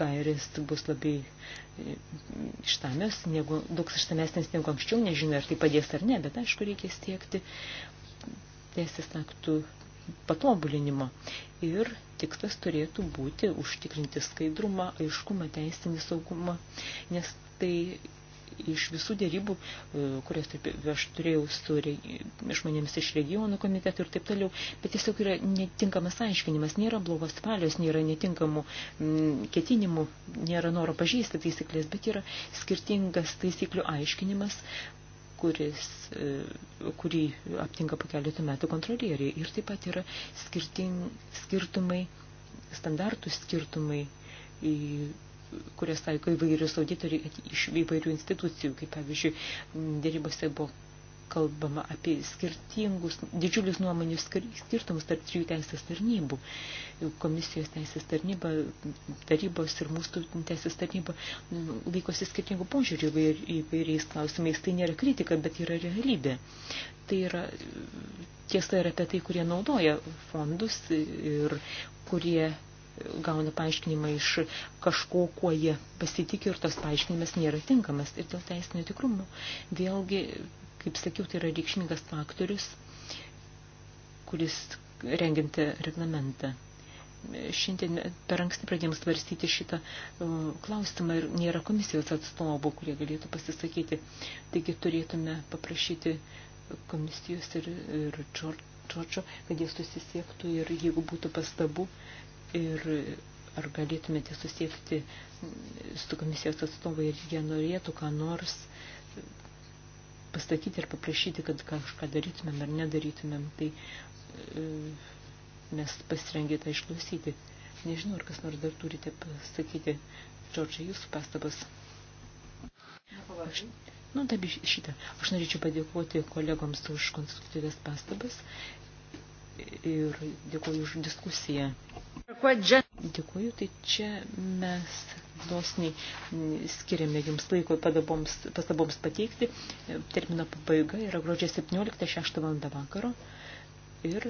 gairės bus labai e, ištamios, negu, daug ištamesnės negu anksčiau, nežinau, ar tai padės ar ne, bet aišku, reikia siekti teisės aktų patobulinimo. Ir tikslas turėtų būti užtikrinti skaidrumą, aiškumą, teisinį saugumą, nes tai iš visų dėrybų, e, kurias taip, aš turėjau su žmonėmis iš regionų komitetų ir taip toliau, bet tiesiog yra netinkamas aiškinimas, nėra blogos valios, nėra netinkamų mm, ketinimų, nėra noro pažįsti taisyklės, bet yra skirtingas taisyklių aiškinimas, kuris, e, kurį aptinka po keletą metų kontrolieriai. Ir taip pat yra skirting, skirtumai, standartų skirtumai, į, kurias taiko įvairius auditoriai iš įvairių institucijų, kaip pavyzdžiui, dėrybose buvo kalbama apie skirtingus, didžiulius nuomonių skirtumus tarp trijų teisės tarnybų. Komisijos teisės tarnyba, tarybos ir mūsų teisės tarnyba laikosi skirtingų požiūrių įvairiais klausimais. Tai nėra kritika, bet yra realybė. Tai yra tiesa ir apie tai, kurie naudoja fondus ir kurie gauna paaiškinimą iš kažko, kuo jie pasitikė ir tas paaiškinimas nėra tinkamas. Ir dėl teisinio tikrumo vėlgi Kaip sakiau, tai yra reikšmingas faktorius, kuris renginti reglamentą. Šiandien per anksti pradėjom svarstyti šitą e, klausimą ir nėra komisijos atstovų, kurie galėtų pasisakyti. Taigi turėtume paprašyti komisijos ir, ir Čorčio, kad jie susisiektų ir jeigu būtų pastabų ir ar galėtumėte susiekti su komisijos atstovai ir jie norėtų ką nors uh, pasakyti ir paprašyti, kad kažką darytumėm ar nedarytumėm, tai e, mes pasirengę tą išklausyti. Nežinau, ar kas nors dar turite pasakyti, Džordžiai, jūsų pastabas. Aš, nu, taip, šitą. Aš norėčiau padėkoti kolegoms už konstruktyvės pastabas ir dėkuoju už diskusiją. Dėkuoju, tai čia mes dosniai mm, skiriame jums laiko padaboms, pastaboms pateikti. Termino pabaiga yra gruodžio 17.06 val. vakaro ir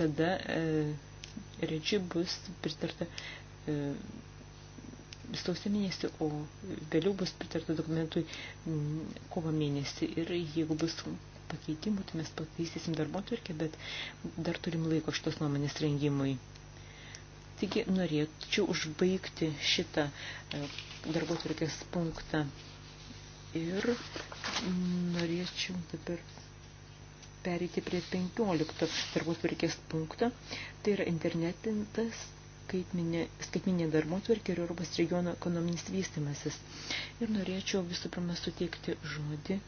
tada e, rečiai bus pritarta e, sausio mėnesį, o vėliau bus pritarta dokumentui mm, kovo mėnesį. Ir jeigu bus pakeitimų, tai mes pataisysim darbo tvarkę, bet dar turim laiko šitos nuomonės rengimui. Taigi norėčiau užbaigti šitą e, darbo tvarkės punktą ir norėčiau dabar pereiti prie 15 darbo tvarkės punktą. Tai yra internetintas skaitminė, skaitminė darbotvarkė ir Europos regiono ekonominis vystimasis. Ir norėčiau visų pirma suteikti žodį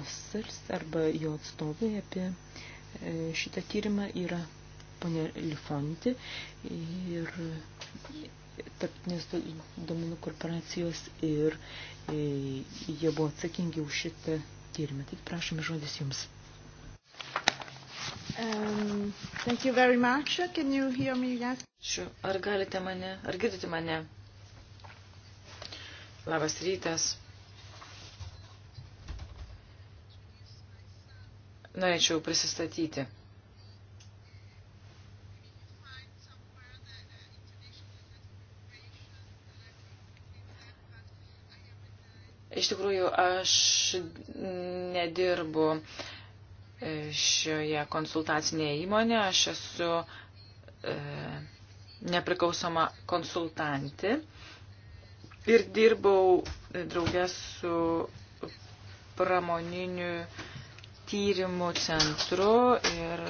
OSERS arba jo atstovai apie e, šitą tyrimą yra ponė Lifonti ir tarptinės domenų korporacijos ir e, jie buvo atsakingi už šitą tyrimą. Tik prašome žodis jums. Um, thank you very much. Can you hear me? Yes. Šiu, ar galite mane, ar girdite mane? Labas rytas. Norėčiau prisistatyti. Iš tikrųjų, aš nedirbu e, šioje konsultacinėje įmonėje, aš esu e, nepriklausoma konsultanti ir dirbau e, draugės su pramoniniu tyrimų centru ir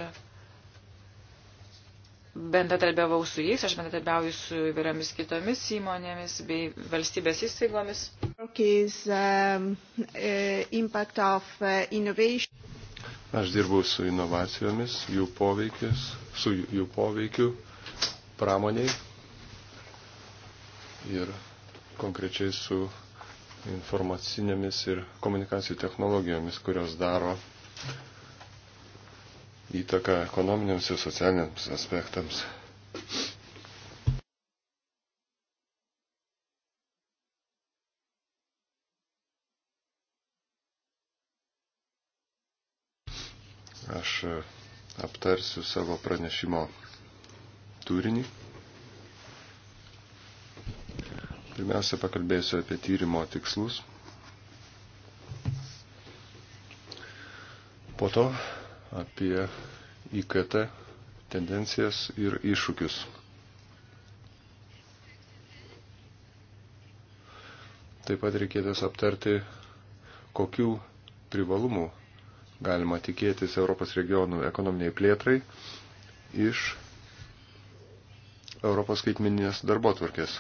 bendradarbiavau su jais, aš bendradarbiauju su įvairiomis kitomis įmonėmis bei valstybės įstaigomis. Um, uh, uh, aš dirbau su inovacijomis, jų poveikis, su jų poveikiu pramoniai ir konkrečiai su informacinėmis ir komunikacijų technologijomis, kurios daro uh, įtaką ekonominiams ir socialiniams aspektams. Aš e, aptarsiu savo pranešimo turinį. Pirmiausia, pakalbėsiu apie tyrimo tikslus. Po to apie IKT tendencijas ir iššūkius. Taip pat reikėtės aptarti, kokių privalumų galima tikėtis Europos regionų ekonominiai plėtrai iš Europos skaitmininės darbotvarkės.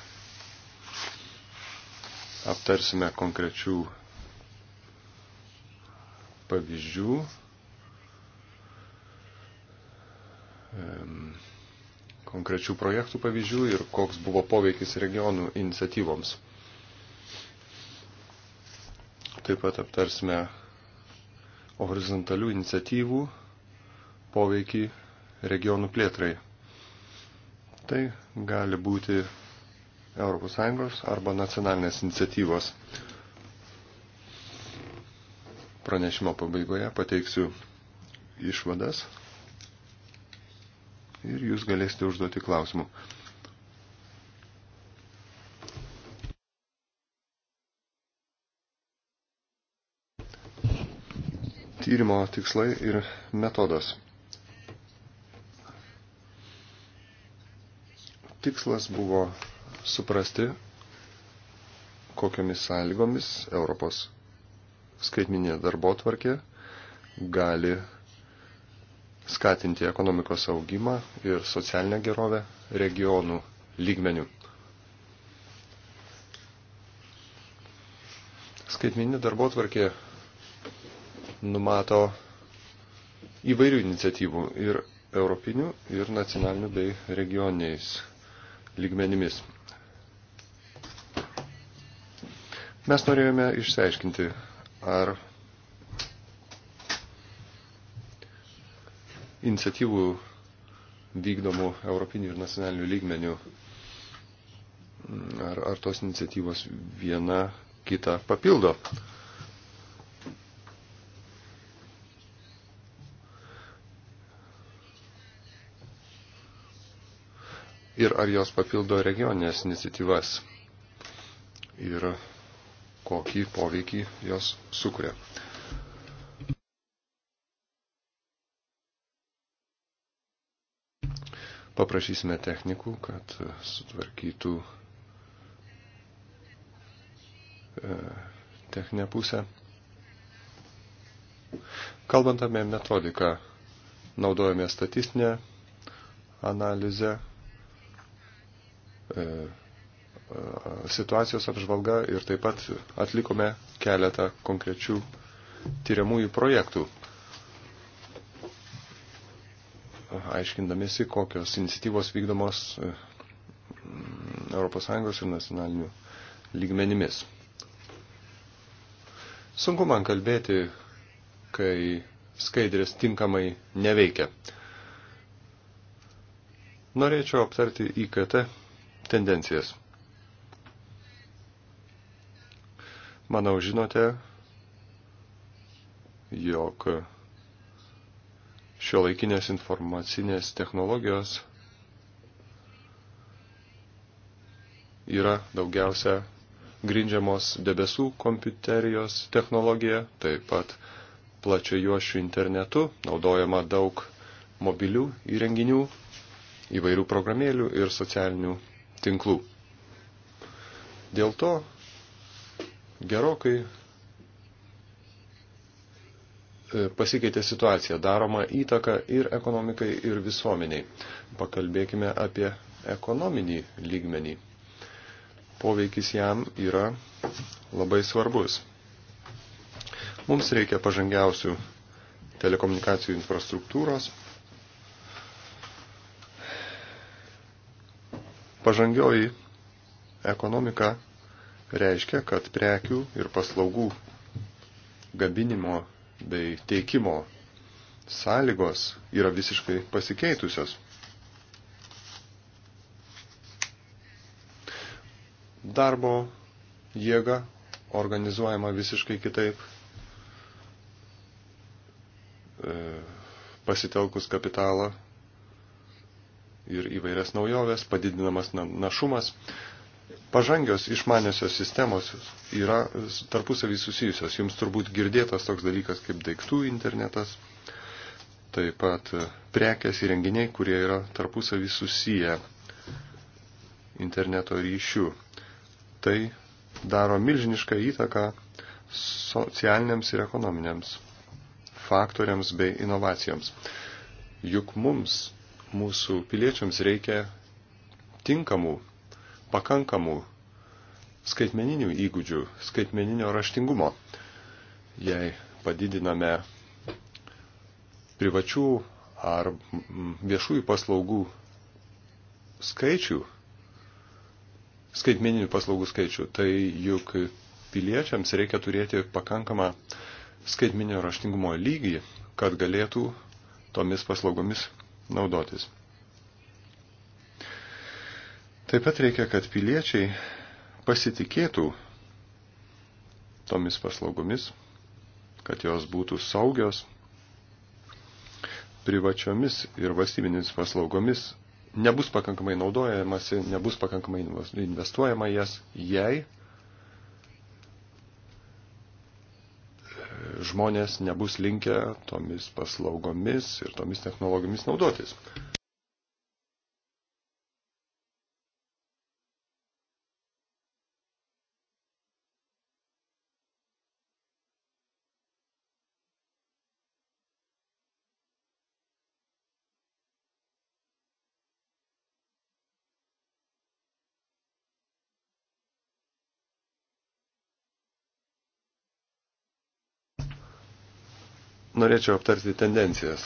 Aptarsime konkrečių pavyzdžių konkrečių projektų pavyzdžių ir koks buvo poveikis regionų iniciatyvoms. Taip pat aptarsime horizontalių iniciatyvų poveikį regionų plėtrai. Tai gali būti ES arba nacionalinės iniciatyvos. Pranešimo pabaigoje pateiksiu išvadas ir jūs galėsite užduoti klausimų. Tyrimo tikslai ir metodas. Tikslas buvo suprasti, kokiamis sąlygomis Europos skaitminė darbo tvarkė gali skatinti ekonomikos augimą ir socialinę gerovę regionų lygmenių. Skaitmeninė darbo tvarkė numato įvairių iniciatyvų ir europinių, ir nacionalinių bei regioniais lygmenimis. Mes norėjome išsiaiškinti, ar iniciatyvų vykdomų europinių ir nacionalinių lygmenių. Ar, ar tos iniciatyvos viena kitą papildo? ir ar jos papildo regioninės iniciatyvas ir kokį poveikį jos sukuria. Paprašysime technikų, kad e, sutvarkytų e, techninę pusę. Kalbant apie metodiką, naudojame statistinę analizę, e, situacijos apžvalga ir taip pat atlikome keletą konkrečių tyriamųjų projektų. aiškindamėsi, kokios iniciatyvos vykdomos ES ir nacionalinių lygmenimis. Sunku man kalbėti, kai skaidrės tinkamai neveikia. Norėčiau aptarti IKT tendencijas. Manau, žinote, jog šio laikinės informacinės technologijos yra daugiausia grindžiamos debesų kompiuterijos technologija, taip pat plačio juošių internetu, naudojama daug mobilių įrenginių, įvairių programėlių ir socialinių tinklų. Dėl to gerokai E, pasikeitė situacija, daroma įtaka ir ekonomikai, ir visuomeniai. Pakalbėkime apie ekonominį lygmenį. Poveikis jam yra labai svarbus. Mums reikia pažangiausių telekomunikacijų infrastruktūros, pažangioji ekonomika reiškia, kad prekių ir paslaugų gabinimo bei teikimo sąlygos yra visiškai pasikeitusios. Darbo jėga organizuojama visiškai kitaip, e, pasitelkus kapitalą ir įvairias naujoves, padidinamas našumas. Na Pažangios išmaniosios sistemos yra tarpusavį susijusios. Jums turbūt girdėtas toks dalykas kaip daiktų internetas, taip pat prekės įrenginiai, kurie yra tarpusavį susiję interneto ryšių. Tai daro milžinišką įtaką socialiniams ir ekonominiams faktoriams bei inovacijoms. Juk mums, mūsų piliečiams, reikia tinkamų pakankamų skaitmeninių įgūdžių, skaitmeninio raštingumo. Jei padidiname privačių ar viešųjų paslaugų skaičių, skaitmeninių paslaugų skaičių, tai juk piliečiams reikia turėti pakankamą skaitminio raštingumo lygį, kad galėtų tomis paslaugomis naudotis. Taip pat reikia, kad piliečiai pasitikėtų tomis paslaugomis, kad jos būtų saugios, privačiomis ir valstybinėmis paslaugomis nebus pakankamai naudojamasi, nebus pakankamai investuojama jas, jei e, žmonės nebus linkę tomis paslaugomis ir tomis technologijomis naudotis. norėčiau aptarti tendencijas.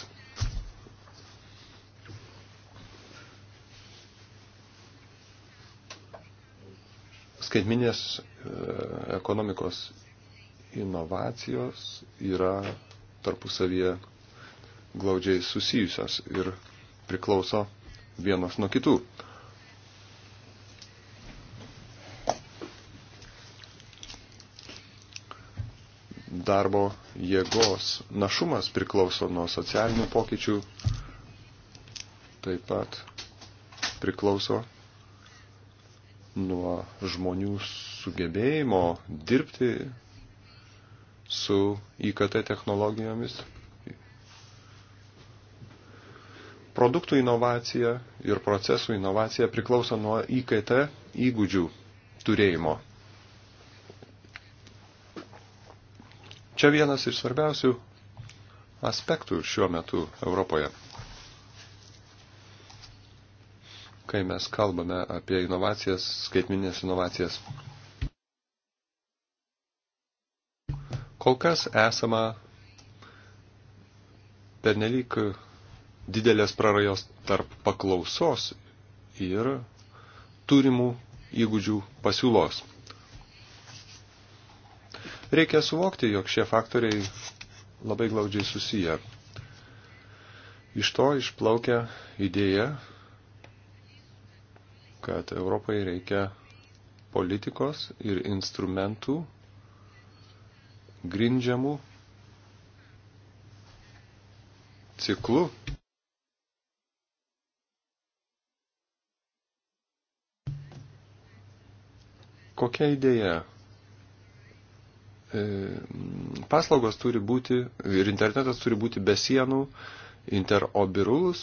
Skaitminės e, ekonomikos inovacijos yra tarpusavyje glaudžiai susijusios ir priklauso vienos nuo kitų. darbo jėgos našumas priklauso nuo socialinių pokyčių, taip pat priklauso nuo žmonių sugebėjimo dirbti su IKT technologijomis. Produktų inovacija ir procesų inovacija priklauso nuo IKT įgūdžių turėjimo. Čia vienas iš svarbiausių aspektų šiuo metu Europoje. Kai mes kalbame apie inovacijas, skaitminės inovacijas. Kol kas esama pernelyg didelės prarajos tarp paklausos ir turimų įgūdžių pasiūlos. Reikia suvokti, jog šie faktoriai labai glaudžiai susiję. Iš to išplaukia idėja, kad Europai reikia politikos ir instrumentų grindžiamų ciklu. Kokia idėja E, paslaugos turi būti ir internetas turi būti be sienų, interobirulus,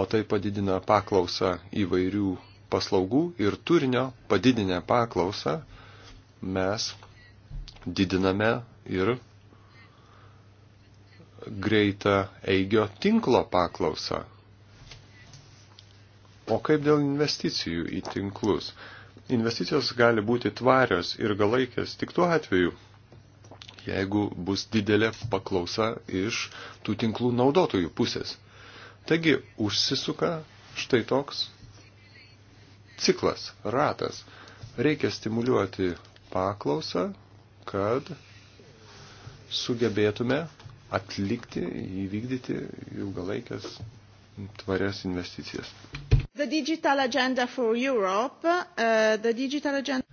o tai padidina paklausą įvairių paslaugų ir turinio padidinę paklausą mes didiname ir greitą eigio tinklo paklausą. O kaip dėl investicijų į tinklus? investicijos gali būti tvarios ir galaikės tik tuo atveju, jeigu bus didelė paklausa iš tų tinklų naudotojų pusės. Taigi užsisuka štai toks ciklas, ratas. Reikia stimuliuoti paklausą, kad sugebėtume atlikti, įvykdyti ilgalaikės tvarias investicijas. Europe, uh, agenda...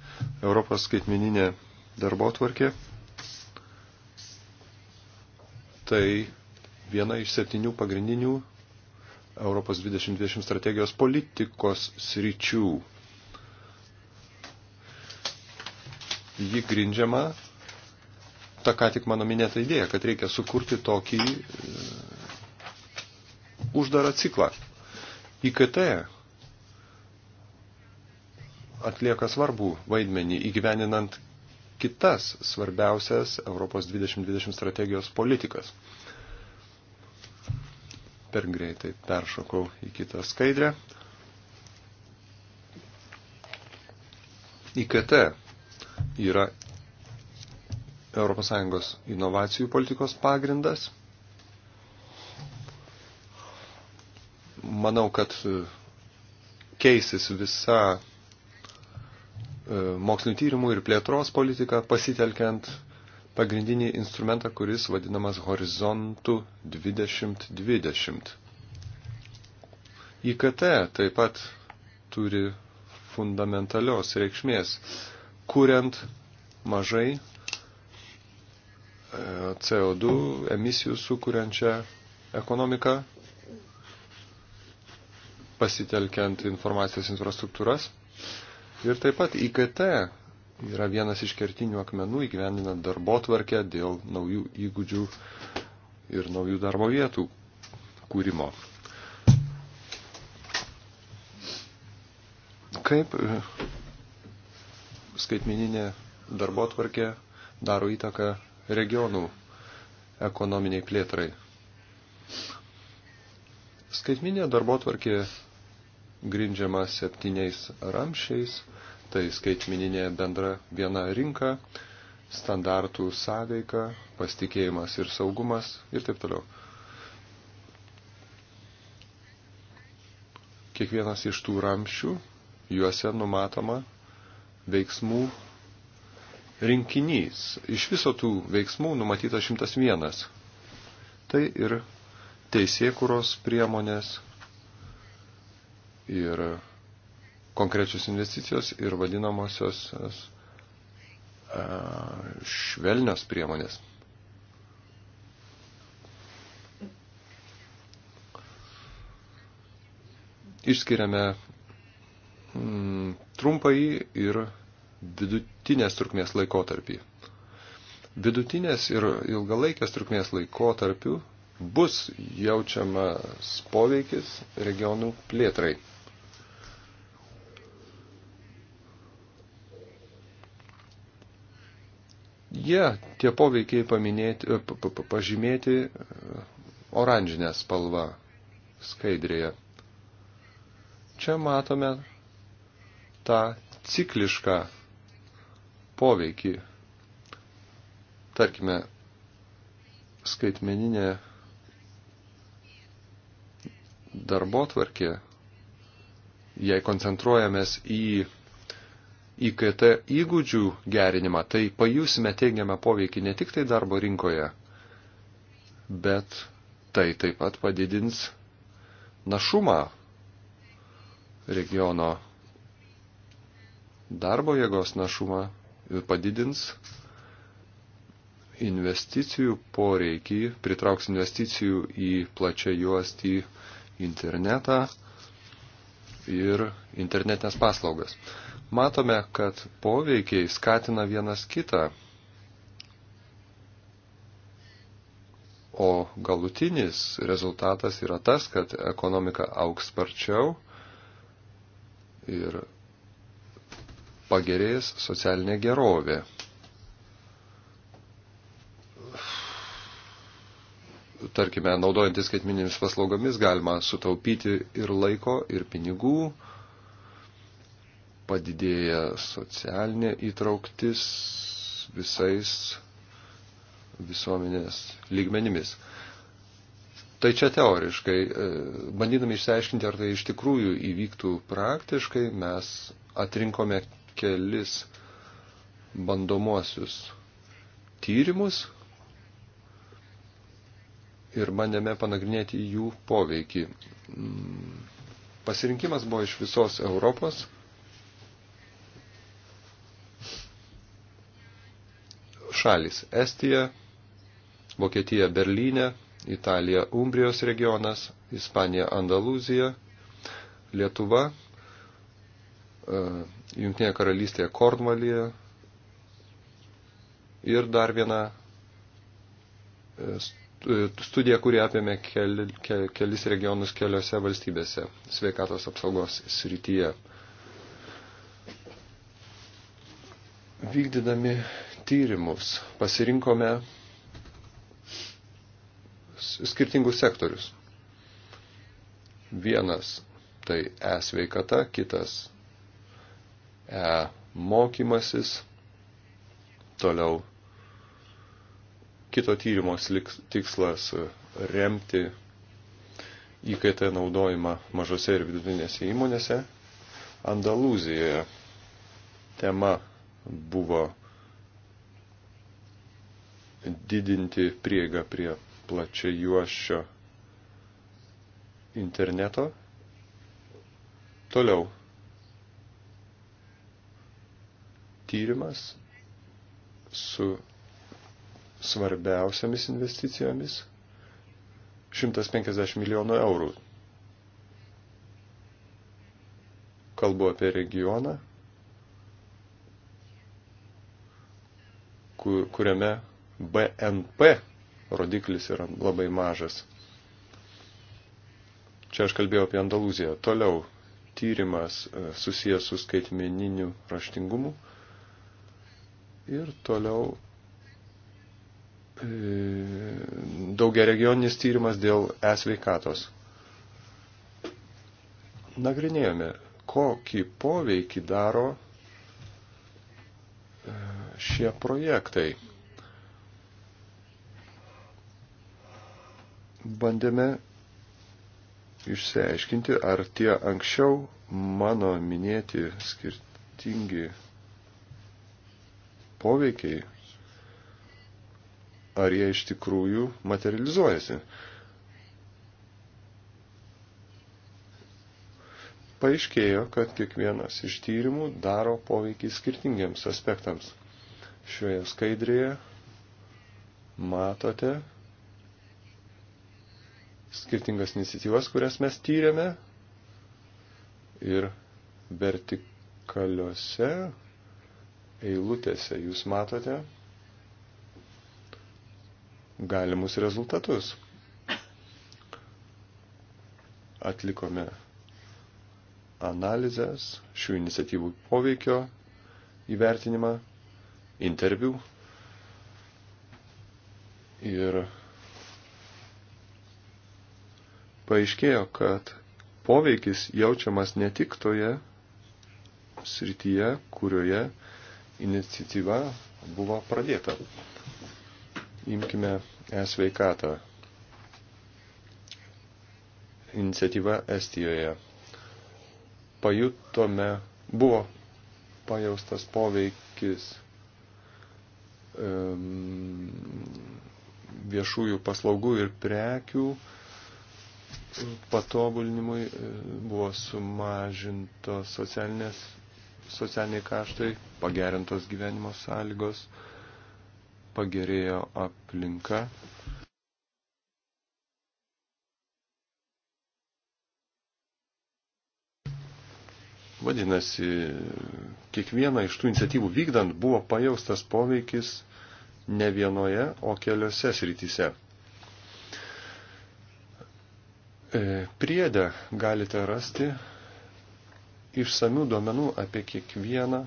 Europos skaitmeninė darbo tvarkė. Tai viena iš septynių pagrindinių Europos 2020 strategijos politikos sričių. Ji grindžiama ta ką tik mano minėta idėja, kad reikia sukurti tokį e, uždarą ciklą. IKT atlieka svarbų vaidmenį įgyveninant kitas svarbiausias Europos 2020 strategijos politikas. Per greitai peršokau į kitą skaidrę. IKT yra ES inovacijų politikos pagrindas. Manau, kad keisis visa E, mokslinio tyrimų ir plėtros politiką pasitelkiant pagrindinį instrumentą, kuris vadinamas horizontų 2020. IKT taip pat turi fundamentalios reikšmės, kuriant mažai e, CO2 emisijų sukūrenčią ekonomiką, pasitelkiant informacijos infrastruktūras Ir taip pat IKT yra vienas iš kertinių akmenų įgyvendinant darbo tvarkę dėl naujų įgūdžių ir naujų darbo vietų kūrimo. Kaip e, skaitmininė darbo tvarkė daro įtaką regionų ekonominiai plėtrai. Skaitminė darbo tvarkė grindžiama septyniais ramšiais, tai skaitmininė bendra viena rinka, standartų sąveika, pasitikėjimas ir saugumas ir taip toliau. Kiekvienas iš tų ramščių, juose numatoma veiksmų rinkinys. Iš viso tų veiksmų numatyta 101. Tai ir teisėkuros priemonės, ir konkrečios investicijos ir vadinamosios švelnios priemonės. Išskiriame mm, trumpąjį ir vidutinės trukmės laikotarpį. Vidutinės ir ilgalaikės trukmės laikotarpių bus jaučiamas poveikis regionų plėtrai. Jie tie poveikiai paminėti, e, pažymėti e, oranžinę spalvą skaidrėje. Čia matome tą ciklišką poveikį. Tarkime, skaitmeninė darbo tvarkė, jei koncentruojamės į IKT įgūdžių gerinimą, tai pajusime teigiamą poveikį ne tik tai darbo rinkoje, bet tai taip pat padidins našumą regiono darbo jėgos našumą ir padidins investicijų poreikį, pritrauks investicijų į plačią juostį internetą ir internetinės paslaugas. Matome, kad poveikiai skatina vienas kitą, o galutinis rezultatas yra tas, kad ekonomika auks sparčiau ir pagerės socialinė gerovė. Tarkime, naudojantis skaitminėmis paslaugomis galima sutaupyti ir laiko, ir pinigų, padidėja socialinė įtrauktis visais visuomenės lygmenimis. Tai čia teoriškai, e, bandydami išsiaiškinti, ar tai iš tikrųjų įvyktų praktiškai, mes atrinkome kelis bandomuosius tyrimus ir bandėme panagrinėti jų poveikį. Mm, pasirinkimas buvo iš visos Europos šalis – Estija, Vokietija Berlyne, Italija Umbrijos regionas, Ispanija Andalūzija, Lietuva, e, Junktinėje karalystėje Kornvalyje ir dar viena e, e, studija, kuri apėmė keli, kelis regionus keliose valstybėse sveikatos apsaugos srityje. Vykdydami tyrimus. Pasirinkome skirtingus sektorius. Vienas tai e-sveikata, kitas e-mokymasis, toliau kito tyrimo tikslas remti IKT naudojimą mažose ir vidutinėse įmonėse. Andalūzijoje tema buvo didinti prieigą prie plačia juošio interneto. Toliau. Tyrimas su svarbiausiamis investicijomis 150 milijonų eurų. Kalbu apie regioną, kuriame BNP rodiklis yra labai mažas. Čia aš kalbėjau apie Andalūziją. Toliau tyrimas e, susijęs su skaitmeniniu raštingumu. Ir toliau e, daugia regioninis tyrimas dėl esveikatos. Nagrinėjome, kokį poveikį daro e, šie projektai. bandėme išsiaiškinti, ar tie anksčiau mano minėti skirtingi poveikiai, ar jie iš tikrųjų materializuojasi. Paaiškėjo, kad kiekvienas iš tyrimų daro poveikį skirtingiams aspektams. Šioje skaidrėje matote skirtingas iniciatyvas, kurias mes tyrėme ir vertikaliuose eilutėse jūs matote galimus rezultatus. Atlikome analizės šių iniciatyvų poveikio įvertinimą, interviu ir paaiškėjo, kad poveikis jaučiamas ne tik toje srityje, kurioje iniciatyva buvo pradėta. Imkime e-sveikatą. Iniciatyva Estijoje. Pajutome, buvo pajaustas poveikis um, viešųjų paslaugų ir prekių patobulinimui e, buvo sumažintos socialinės, socialiniai kaštai, pagerintos gyvenimo sąlygos, pagerėjo aplinka. Vadinasi, kiekvieną iš tų iniciatyvų vykdant buvo pajaustas poveikis ne vienoje, o keliose srityse. E, priedę galite rasti išsamių duomenų apie kiekvieną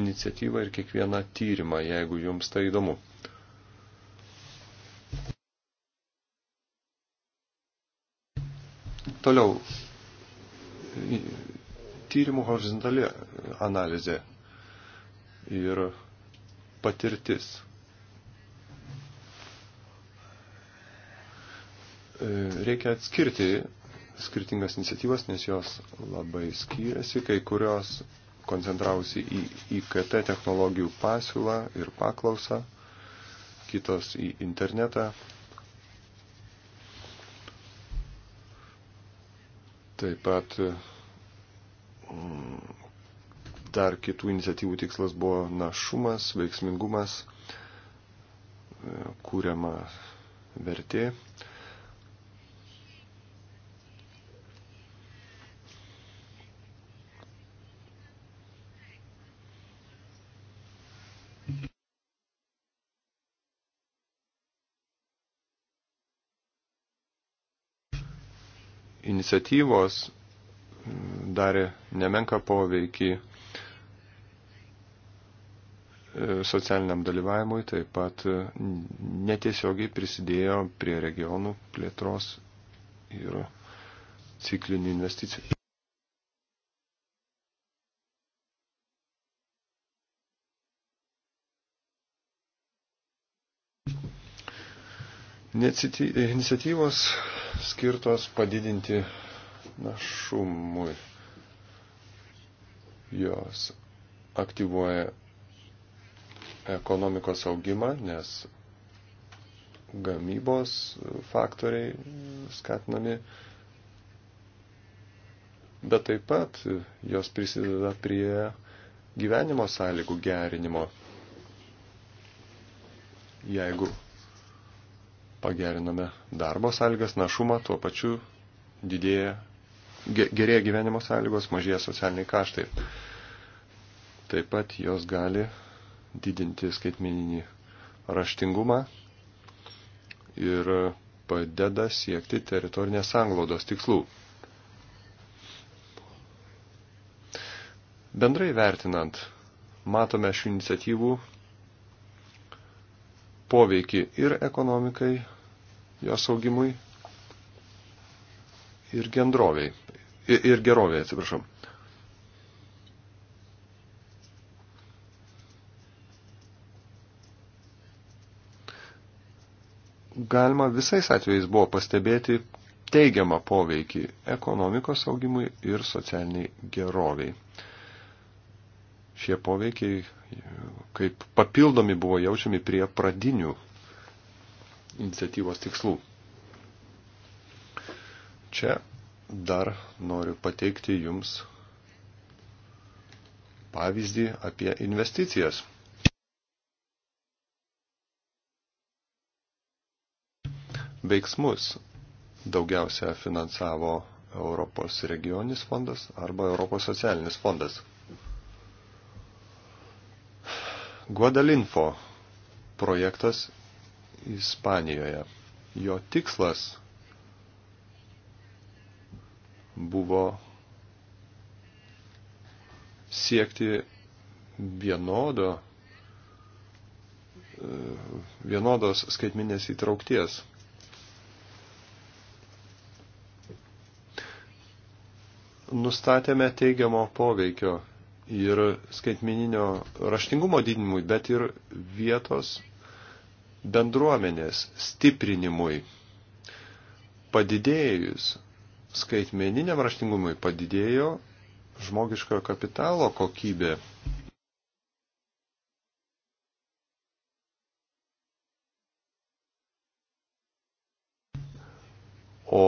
iniciatyvą ir kiekvieną tyrimą, jeigu jums tai įdomu. Toliau. E, tyrimų horizontali analizė ir patirtis. E, reikia atskirti skirtingas iniciatyvas, nes jos labai skiriasi, kai kurios koncentrausi į IKT technologijų pasiūlą ir paklausą, kitos į internetą. Taip pat mm, dar kitų iniciatyvų tikslas buvo našumas, veiksmingumas, e, kūriama vertė. iniciatyvos darė nemenka poveikį e, socialiniam dalyvavimui, taip pat e, netiesiogiai prisidėjo prie regionų plėtros ir ciklinių investicijų. Iniciatyvos skirtos padidinti našumui. Jos aktyvuoja ekonomikos augimą, nes gamybos faktoriai skatinami, bet taip pat jos prisideda prie gyvenimo sąlygų gerinimo. Jeigu pageriname darbo sąlygas, našumą, tuo pačiu didėja, gerėja gyvenimo sąlygos, mažėja socialiniai kaštai. Taip pat jos gali didinti skaitmeninį raštingumą ir padeda siekti teritorinės sanglaudos tikslų. Bendrai vertinant, matome šių iniciatyvų poveikį ir ekonomikai, jos augimui ir gendroviai. Ir, ir geroviai, atsiprašau. Galima visais atvejais buvo pastebėti teigiamą poveikį ekonomikos augimui ir socialiniai geroviai. Šie poveikiai kaip papildomi buvo jaučiami prie pradinių iniciatyvos tikslų. Čia dar noriu pateikti Jums pavyzdį apie investicijas. Veiksmus daugiausia finansavo Europos regioninis fondas arba Europos socialinis fondas. Guadalinfo projektas Ispanijoje. Jo tikslas buvo siekti vienodo, e, vienodos skaitminės įtraukties. Nustatėme teigiamo poveikio ir skaitmininio raštingumo didinimui, bet ir vietos bendruomenės stiprinimui padidėjus skaitmeniniam raštingumui padidėjo žmogiškojo kapitalo kokybė. O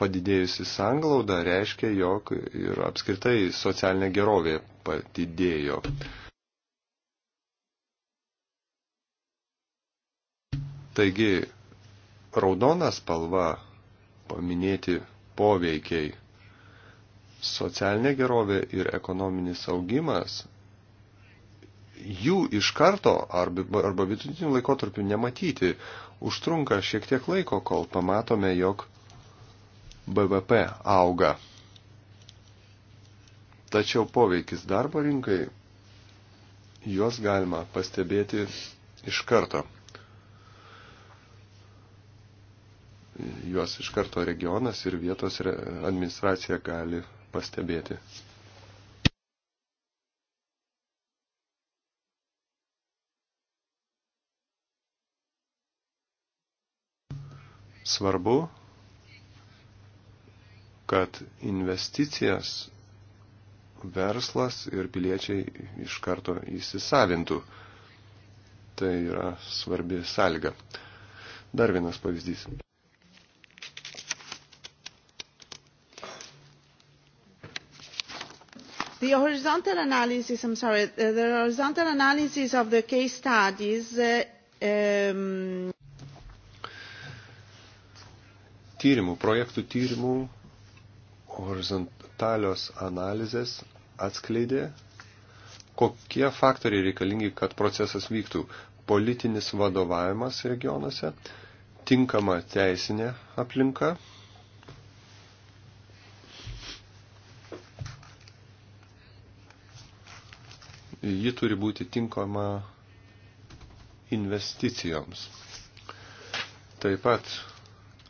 padidėjusi sanglauda reiškia, jog ir apskritai socialinė gerovė padidėjo. Taigi, raudona spalva paminėti poveikiai socialinė gerovė ir ekonominis augimas, jų iš karto arba, arba vidutiniu laikotarpiu nematyti, užtrunka šiek tiek laiko, kol pamatome, jog BVP auga. Tačiau poveikis darbo rinkai, juos galima pastebėti iš karto. juos iš karto regionas ir vietos administracija gali pastebėti. Svarbu, kad investicijas verslas ir piliečiai iš karto įsisavintų. Tai yra svarbi sąlyga. Dar vienas pavyzdys. the horizontal analysis i'm sorry uh, the horizontal analysis of the case studies uh, um, tyrimų projektų tyrimų horizontalios analizės atskleidė kokie faktoriai reikalingi kad procesas vyktų politinis vadovavimas regionuose tinkama teisinė aplinka ji turi būti tinkama investicijoms. Taip pat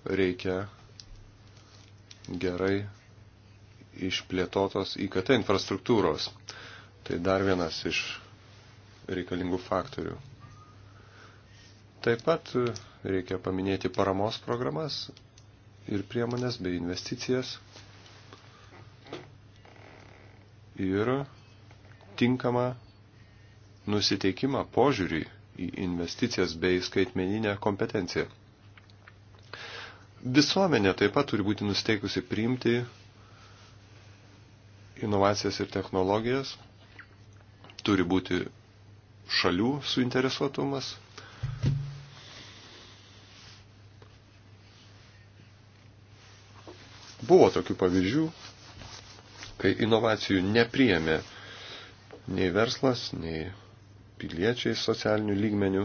reikia gerai išplėtotos IKT infrastruktūros. Tai dar vienas iš reikalingų faktorių. Taip pat reikia paminėti paramos programas ir priemonės bei investicijas ir tinkamą nusiteikimą požiūrį į investicijas bei skaitmeninę kompetenciją. Visuomenė taip pat turi būti nusteikusi priimti inovacijas ir technologijas, turi būti šalių suinteresuotumas. Buvo tokių pavyzdžių, kai inovacijų nepriėmė nei verslas, nei piliečiais socialinių lygmenių.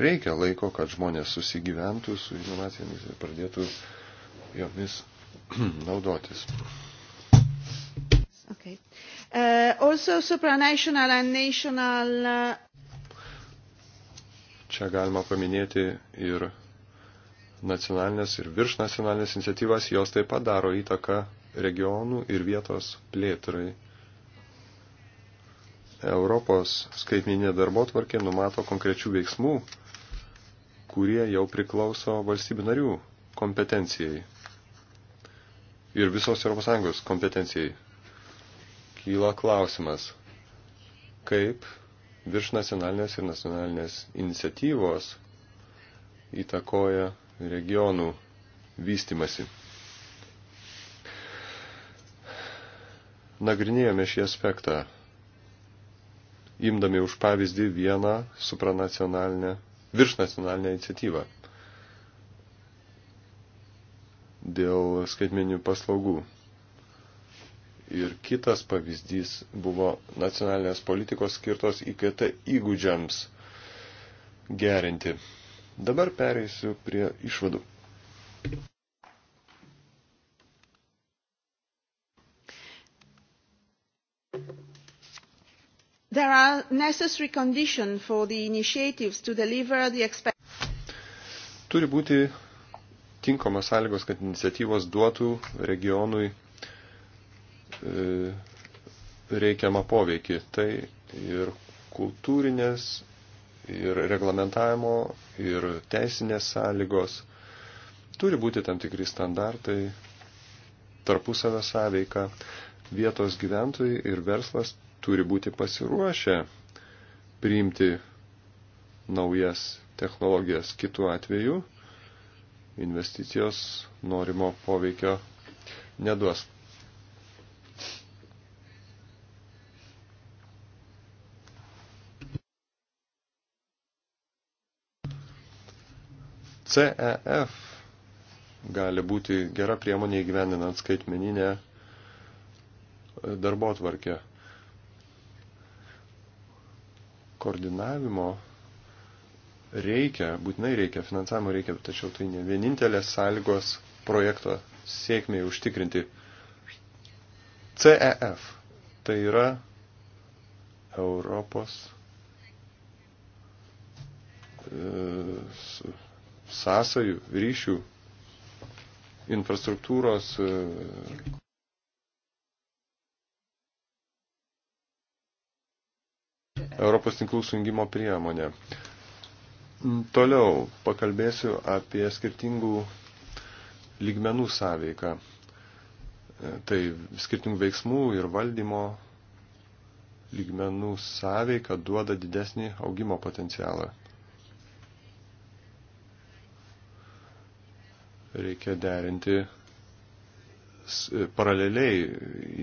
Reikia laiko, kad žmonės susigyventų su inovacijomis ir pradėtų jomis naudotis. Okay. Uh, also supranational and national. Uh, Čia galima paminėti ir nacionalinės ir viršnacionalinės iniciatyvas, jos taip pat daro įtaką regionų ir vietos plėtrai. Europos skaitminė darbo tvarkė numato konkrečių veiksmų, kurie jau priklauso valstybių narių kompetencijai ir visos ES kompetencijai. Kyla klausimas, kaip virš nacionalinės ir nacionalinės iniciatyvos įtakoja regionų vystimasi. Nagrinėjome šį aspektą imdami už pavyzdį vieną supranacionalinę, viršnacionalinę iniciatyvą dėl skaitmeninių paslaugų. Ir kitas pavyzdys buvo nacionalinės politikos skirtos IKT įgūdžiams gerinti. Dabar pereisiu prie išvadų. There are necessary conditions for the initiatives to deliver the expected. Turi būti tinkamos sąlygos, kad iniciatyvos duotų regionui e, reikiamą poveikį. Tai ir kultūrinės, ir reglamentavimo, ir teisinės sąlygos. Turi būti tam tikri standartai, tarpusavę sąveiką. Vietos gyventojai ir verslas turi būti pasiruošę priimti naujas technologijas. Kitu atveju investicijos norimo poveikio neduos. CEF gali būti gera priemonė įgyvendinant skaitmeninę darbo tvarkę. koordinavimo reikia, būtinai reikia, finansavimo reikia, tačiau tai ne vienintelės sąlygos projekto sėkmiai užtikrinti. CEF tai yra Europos e, sąsajų, ryšių, infrastruktūros e, Europos tinklų sujungimo priemonė. Toliau pakalbėsiu apie skirtingų lygmenų sąveiką. Tai skirtingų veiksmų ir valdymo lygmenų sąveika duoda didesnį augimo potencialą. Reikia derinti paraleliai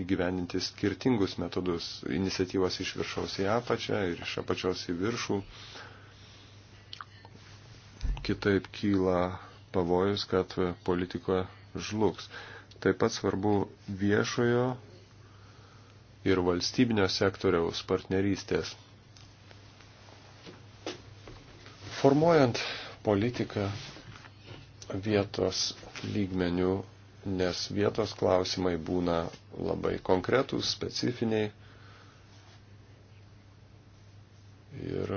įgyvendinti skirtingus metodus, iniciatyvas iš viršaus į apačią ir iš apačios į viršų. Kitaip kyla pavojus, kad politika žlugs. Taip pat svarbu viešojo ir valstybinio sektoriaus partnerystės. Formuojant politiką vietos lygmenių nes vietos klausimai būna labai konkretūs, specifiniai. Ir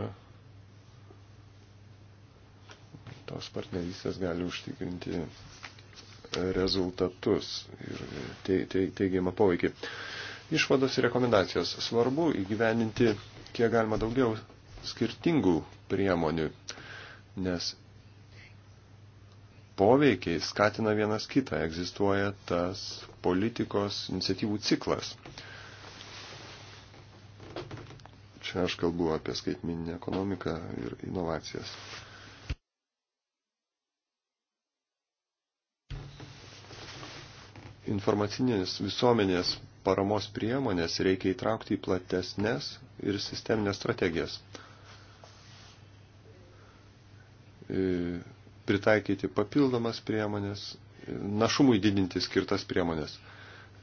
tos partnerystės gali užtikrinti rezultatus ir teigiamą poveikį. Išvados ir rekomendacijos. Svarbu įgyveninti kiek galima daugiau skirtingų priemonių, nes poveikiai skatina vienas kitą, egzistuoja tas politikos iniciatyvų ciklas. Čia aš kalbu apie skaitmininę ekonomiką ir inovacijas. Informacinės visuomenės paramos priemonės reikia įtraukti į platesnės ir sisteminės strategijas. E pritaikyti papildomas priemonės, našumui didinti skirtas priemonės.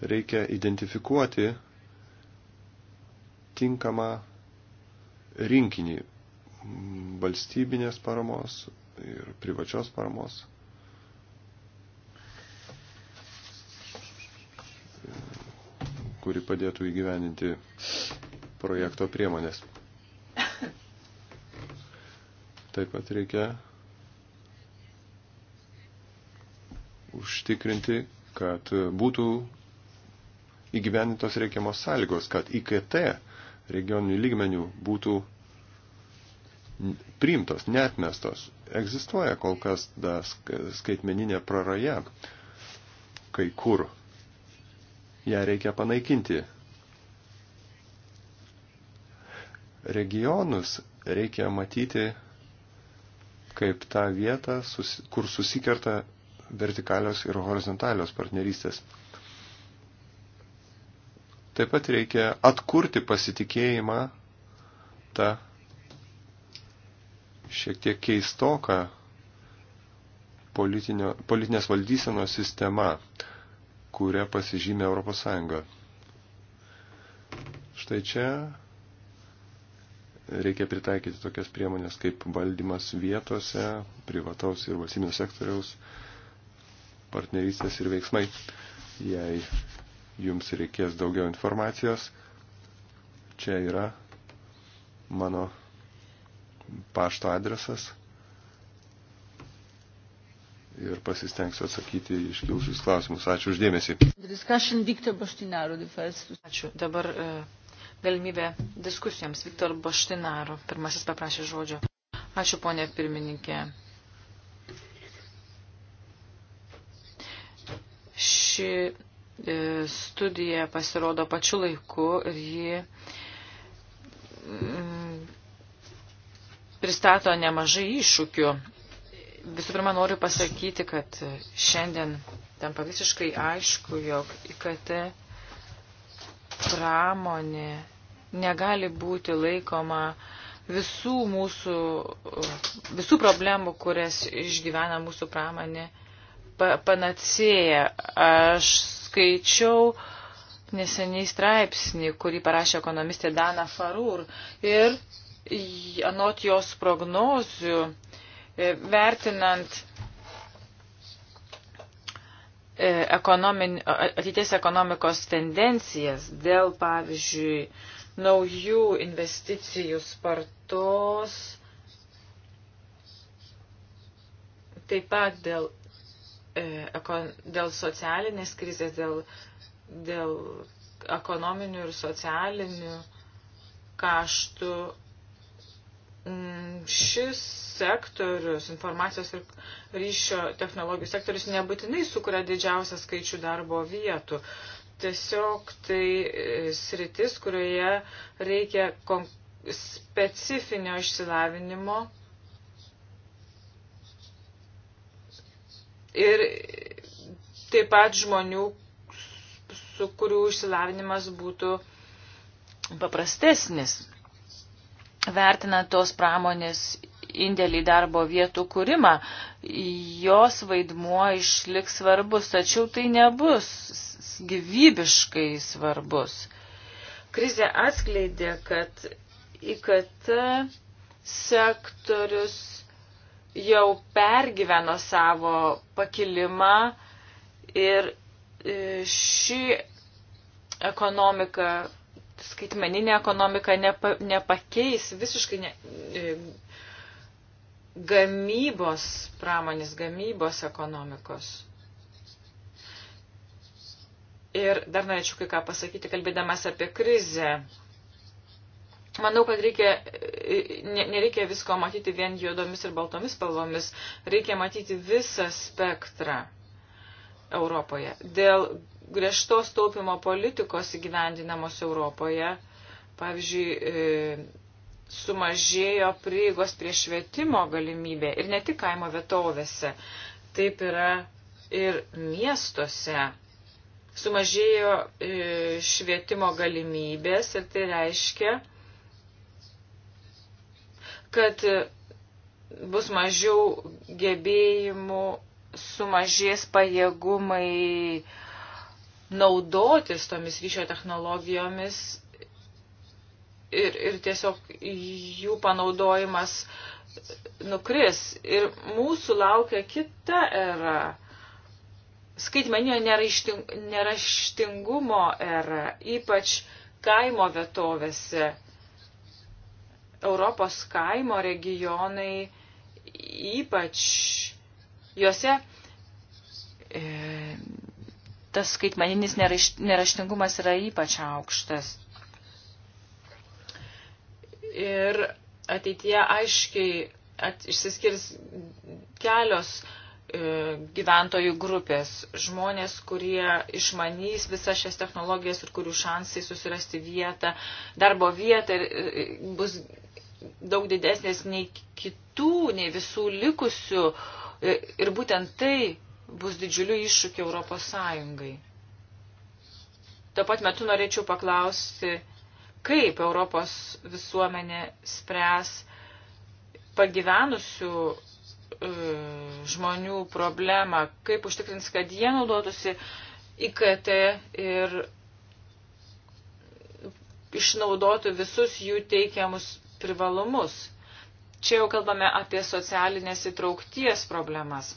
Reikia identifikuoti tinkamą rinkinį valstybinės paramos ir privačios paramos. kuri padėtų įgyveninti projekto priemonės. Taip pat reikia užtikrinti, kad būtų įgyvenintos reikiamos sąlygos, kad IKT regioninių lygmenių būtų priimtos, netmestos. Egzistuoja kol kas da, skaitmeninė praraja kai kur. Ja reikia panaikinti. Regionus reikia matyti kaip tą vietą, kur susikerta vertikalios ir horizontalios partnerystės. Taip pat reikia atkurti pasitikėjimą tą šiek tiek keistoką politinės valdysenos sistema, kurią pasižymė Europos Sąjunga. Štai čia reikia pritaikyti tokias priemonės kaip valdymas vietose, privataus ir valstybinio sektoriaus partnerystės ir veiksmai. Jei jums reikės daugiau informacijos, čia yra mano pašto adresas ir pasistengsiu atsakyti iškilusius klausimus. Ačiū uždėmesį. Ačiū. Dabar e, galimybė diskusijoms. Viktor Boštinaro pirmasis paprašė žodžio. Ačiū, ponė pirmininkė. ši e, studija pasirodo pačiu laiku ir ji mm, pristato nemažai iššūkių. Visų pirma, noriu pasakyti, kad šiandien tampa visiškai aišku, jog IKT pramonė negali būti laikoma visų mūsų, visų problemų, kurias išgyvena mūsų pramonė panacėja. Aš skaičiau neseniai straipsnį, kurį parašė ekonomistė Dana Farur ir anot jos prognozių, e, vertinant e, ekonomin, ateities ekonomikos tendencijas dėl, pavyzdžiui, naujų investicijų spartos, taip pat dėl E, dėl socialinės krizės, dėl, dėl ekonominių ir socialinių kaštų. Mm, šis sektorius, informacijos ir ryšio technologijų sektorius nebūtinai sukuria didžiausią skaičių darbo vietų. Tiesiog tai e, sritis, kurioje reikia specifinio išsilavinimo ir taip pat žmonių, su kurių išsilavinimas būtų paprastesnis. Vertina tos pramonės indėlį darbo vietų kūrimą, jos vaidmuo išliks svarbus, tačiau tai nebus gyvybiškai svarbus. Krizė atskleidė, kad IKT sektorius jau pergyveno savo pakilimą ir e, ši ekonomika, skaitmeninė ekonomika nepa, nepakeis visiškai ne, e, gamybos pramonės, gamybos ekonomikos. Ir dar norėčiau kai ką pasakyti, kalbėdamas apie krizę. Manau, kad reikia, e, nereikia visko matyti vien juodomis ir baltomis spalvomis, reikia matyti visą spektrą Europoje. Dėl griežtos taupimo politikos įgyvendinamos Europoje, pavyzdžiui, e, sumažėjo prieigos prie švietimo galimybė ir ne tik kaimo vietovėse, taip yra ir miestuose. Sumažėjo e, švietimo galimybės ir tai reiškia, kad bus mažiau gebėjimų, sumažės pajėgumai naudotis tomis ryšio technologijomis ir, ir tiesiog jų panaudojimas nukris. Ir mūsų laukia kita era. Skaitmeninio neraštingumo era, ypač kaimo vietovėse Europos kaimo regionai ypač juose e, tas skaitmaninis neraštingumas yra ypač aukštas. Ir ateitie aiškiai at, išsiskirs kelios e, gyventojų grupės, žmonės, kurie išmanys visas šias technologijas ir kurių šansai susirasti vietą, darbo vietą ir, e, bus daug didesnės nei kitų, nei visų likusių. E, ir būtent tai bus didžiuliu iššūkiu Europos Sąjungai. Tuo pat metu norėčiau paklausti, kaip Europos visuomenė spręs pagyvenusių e, žmonių problemą, kaip užtikrins, kad jie naudotųsi IKT ir išnaudotų visus jų teikiamus privalumus. Čia jau kalbame apie socialinės įtraukties problemas.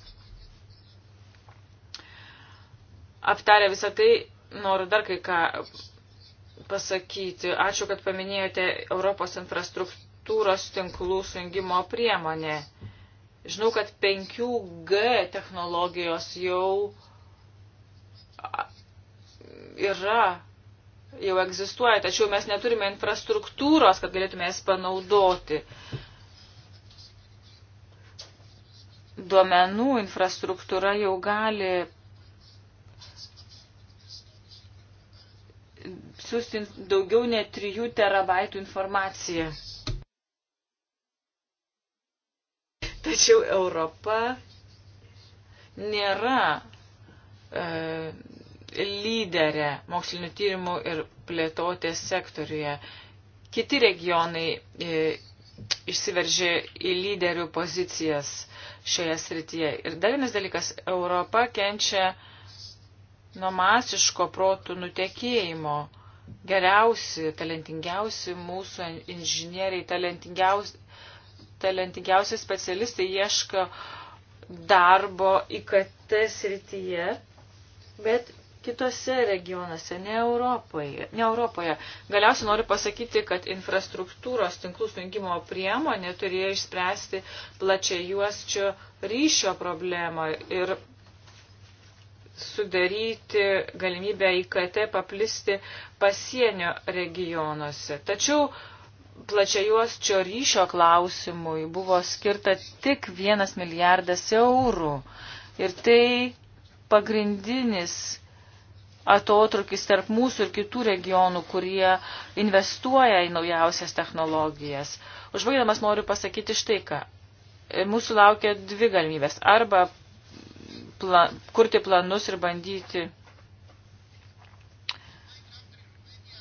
Aptarę visą tai, noriu dar kai ką pasakyti. Ačiū, kad paminėjote Europos infrastruktūros tinklų sujungimo priemonę. Žinau, kad 5G technologijos jau yra jau egzistuoja, tačiau mes neturime infrastruktūros, kad galėtume jas panaudoti. Duomenų infrastruktūra jau gali siūsti daugiau nei 3 terabaitų informaciją. Tačiau Europa nėra e, lyderė mokslinių tyrimų ir plėtotės sektoriuje. Kiti regionai e, išsiveržė į lyderių pozicijas šioje srityje. Ir dar vienas dalykas, Europa kenčia nuo masiško protų nutekėjimo. Geriausi, talentingiausi mūsų inžinieriai, talentingiausi, talentingiausi specialistai ieško darbo IKT srityje, bet kitose regionuose, ne Europoje. Ne Europoje. Galiausiai noriu pasakyti, kad infrastruktūros tinklų sujungimo priemonė turėjo išspręsti plačiai juosčio ryšio problemą ir sudaryti galimybę IKT paplisti pasienio regionuose. Tačiau plačiajuosčio ryšio klausimui buvo skirta tik vienas milijardas eurų. Ir tai pagrindinis atotrukis tarp mūsų ir kitų regionų, kurie investuoja į naujausias technologijas. Užvaigdamas noriu pasakyti štai ką. Mūsų laukia dvi galimybės. Arba plan, kurti planus ir bandyti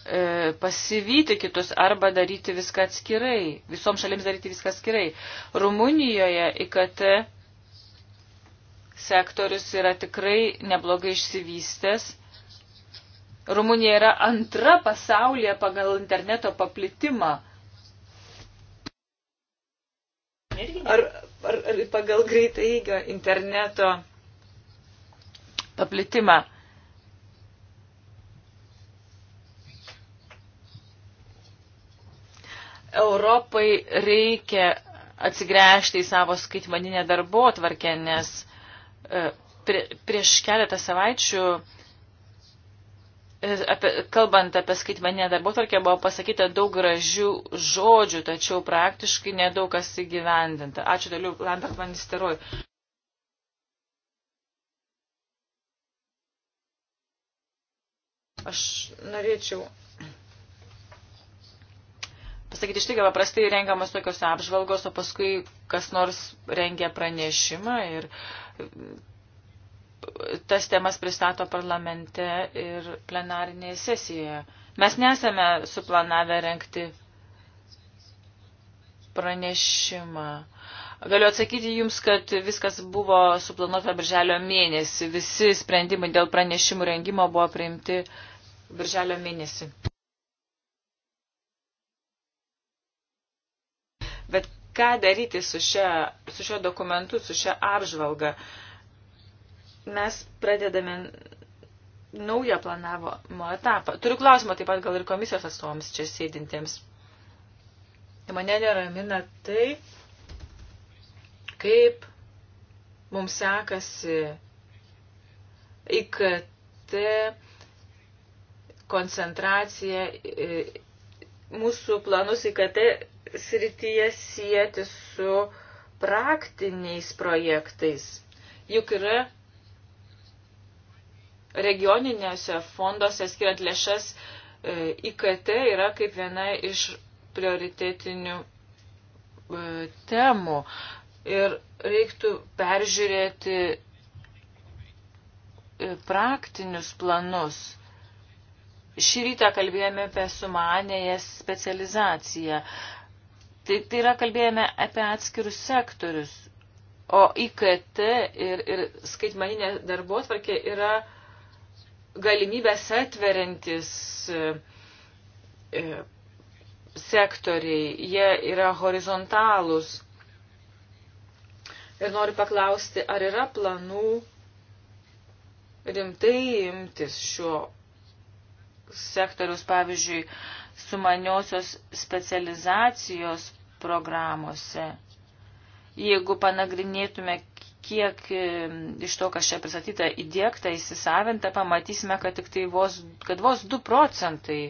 e, pasivyti kitus arba daryti viską atskirai, visom šalims daryti viską atskirai. Rumunijoje IKT sektorius yra tikrai neblogai išsivystęs Rumunija yra antra pasaulyje pagal interneto paplitimą. Ar, ar, ar pagal greitai įgio interneto paplitimą. Europai reikia atsigręžti į savo skaitmaninę darbo tvarkę, nes e, prie, prieš keletą savaičių uh, apie, kalbant apie skaitmeninę darbotvarkę, buvo pasakyta daug gražių žodžių, tačiau praktiškai nedaug kas įgyvendinta. Ačiū daliu Lambert Vanisteroj. Aš norėčiau pasakyti štai, kad paprastai rengiamas tokios apžvalgos, o paskui kas nors rengia pranešimą ir tas temas pristato parlamente ir plenarinėje sesijoje. Mes nesame suplanavę renkti pranešimą. Galiu atsakyti Jums, kad viskas buvo suplanuota birželio mėnesį. Visi sprendimai dėl pranešimų rengimo buvo priimti birželio mėnesį. Bet ką daryti su, šia, su šio dokumentu, su šia apžvalga? Uh, mes pradedame naują planavimo etapą. Turiu klausimą taip pat gal ir komisijos atstovams čia sėdintiems. Mane neramina tai, kaip mums sekasi IKT koncentracija, e, mūsų planus IKT srityje sieti su praktiniais projektais. Juk yra regioninėse fonduose skiriant lėšas e, IKT yra kaip viena iš prioritetinių e, temų. Ir reiktų peržiūrėti e, praktinius planus. Šį rytą kalbėjome apie sumanėją specializaciją. Tai, tai yra kalbėjome apie atskirus sektorius. O IKT ir, ir skaitmaninė darbo tvarkė yra uh, galimybės atveriantis e, e, sektoriai, jie yra horizontalūs. Ir noriu paklausti, ar yra planų rimtai imtis šio sektorius, pavyzdžiui, sumaniosios specializacijos programuose. Jeigu panagrinėtume kiek e, iš to, kas čia pristatyta, įdėkta, įsisavinta, pamatysime, kad tik tai vos, kad vos 2 procentai.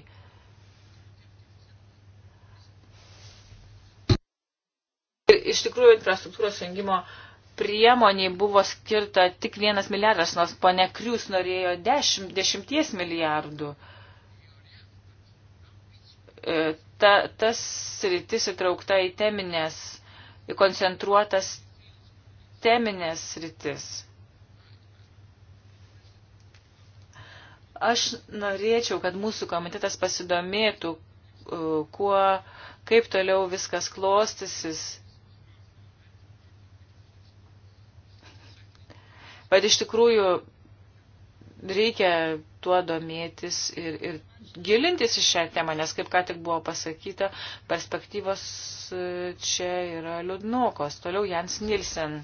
Iš tikrųjų, infrastruktūros rengimo priemoniai buvo skirta tik vienas milijardas, nors pane Krius norėjo dešimt, dešimties milijardų. E, ta, tas sritis įtraukta į teminės, į koncentruotas sisteminės rytis. Aš norėčiau, kad mūsų komitetas pasidomėtų, e, kuo, kaip toliau viskas klostysis. Bet iš tikrųjų reikia tuo domėtis ir, ir gilintis į šią temą, nes kaip ką tik buvo pasakyta, perspektyvos e, čia yra liūdnokos. Toliau Jans Nilsen.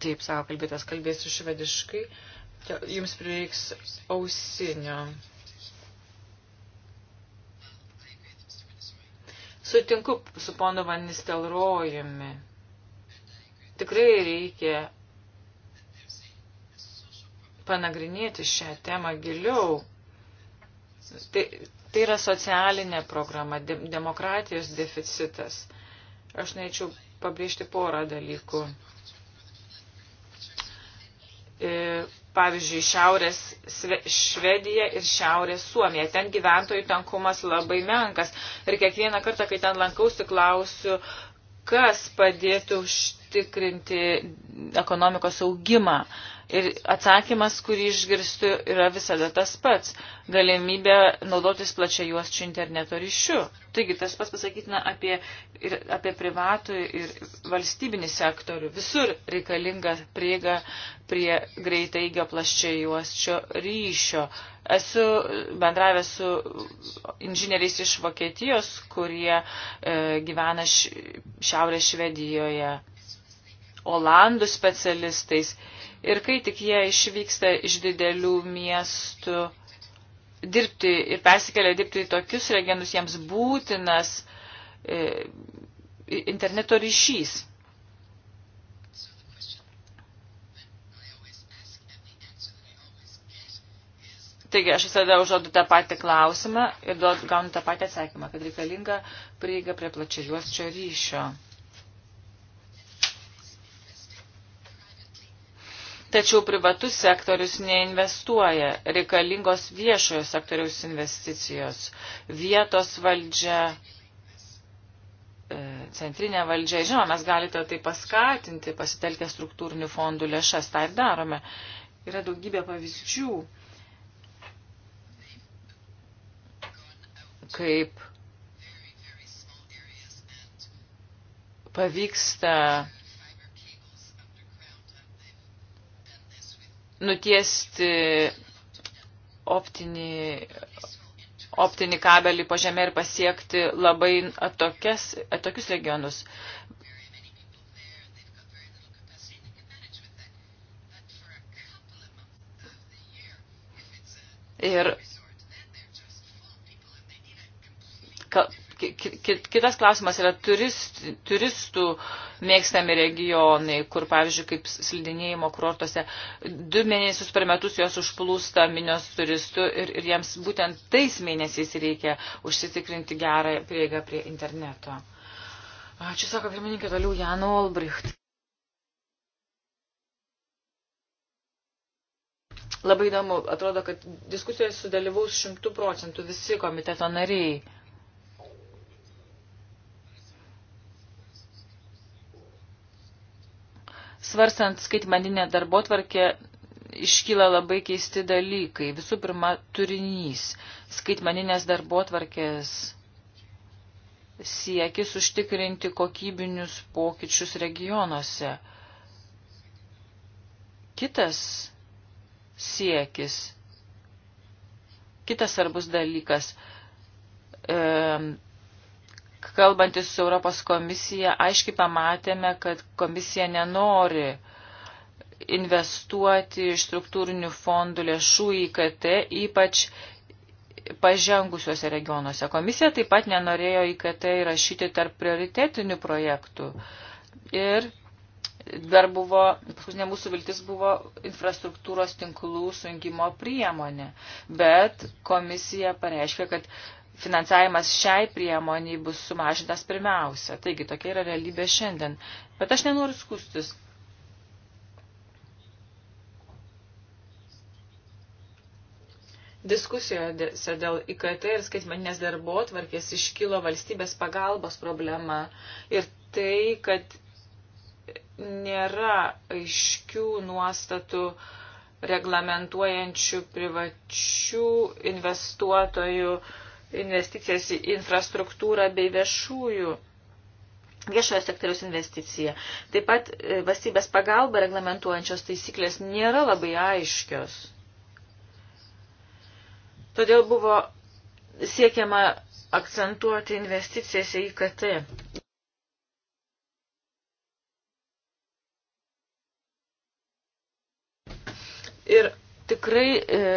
Taip, savo kalbėtas kalbėsiu švediškai. Jums prireiks ausinio. Sutinku su ponu Vanistelrojumi. Tikrai reikia panagrinėti šią temą giliau. Tai, Tai yra socialinė programa, de demokratijos deficitas. Aš norėčiau pabrėžti porą dalykų. E, pavyzdžiui, Šiaurės Švedija ir Šiaurės Suomija. Ten gyventojų tankumas labai menkas. Ir kiekvieną kartą, kai ten lankausi, klausiu, kas padėtų užtikrinti ekonomikos augimą. Uh, Ir atsakymas, kurį išgirstu, yra visada tas pats - galimybė naudotis plačia juosčių interneto ryšiu. Taigi tas pats pasakytina apie, ir, apie privatų ir valstybinį sektorių. Visur reikalinga prieiga prie greitai įgio plačia juosčio ryšio. Esu bendravęs su inžinieriais iš Vokietijos, kurie e, gyvena š, Šiaurės Švedijoje, Olandų specialistais. E, Ir kai tik jie išvyksta iš didelių miestų dirbti ir persikelia dirbti į tokius regionus, jiems būtinas e, interneto ryšys. Taigi aš visada užduodu tą patį klausimą ir gaunu tą patį atsakymą, kad reikalinga prieiga prie plačiajuosčio ryšio. tačiau privatus sektorius neinvestuoja, reikalingos viešojo sektoriaus investicijos, vietos valdžia, e, centrinė valdžia. Žinoma, mes galite tai paskatinti, pasitelkę struktūrinių fondų lėšas, tą ir darome. Yra daugybė pavyzdžių, kaip pavyksta nutiesti optinį, optinį kabelį po žemę ir pasiekti labai atokias, atokius regionus. Ir Kitas klausimas yra turist, turistų mėgstami regionai, kur, pavyzdžiui, kaip slidinėjimo kurortuose, du mėnesius per metus jos užplūsta minios turistų ir, ir jiems būtent tais mėnesiais reikia užsitikrinti gerą prieigą prie interneto. Ačiū, sako pirmininkė, toliau Jano Olbricht. Labai įdomu, atrodo, kad diskusijoje sudalyvaus šimtų procentų visi komiteto nariai. svarstant skaitmaninę darbo tvarkę, iškyla labai keisti dalykai. Visų pirma, turinys. Skaitmaninės darbo tvarkės siekis užtikrinti kokybinius pokyčius regionuose. Kitas siekis, kitas svarbus dalykas e, kalbantis su Europos komisija, aiškiai pamatėme, kad komisija nenori investuoti struktūrinių fondų lėšų į KT, ypač pažengusiuose regionuose. Komisija taip pat nenorėjo į KT įrašyti tarp prioritetinių projektų. Ir dar buvo, paskutinė mūsų viltis buvo infrastruktūros tinklų sujungimo priemonė. Bet komisija pareiškia, kad finansavimas šiai priemoniai bus sumažintas pirmiausia. Taigi tokia yra realybė šiandien. Bet aš nenoriu skustis. Diskusijose dėl IKT ir skaitmeninės darbo tvarkės iškilo valstybės pagalbos problema ir tai, kad nėra aiškių nuostatų reglamentuojančių privačių investuotojų uh, investicijas į infrastruktūrą bei viešųjų viešojo sektoriaus investicija. Taip pat e, valstybės pagalba reglamentuojančios taisyklės nėra labai aiškios. Todėl buvo siekiama akcentuoti investicijas į IKT. Ir tikrai e,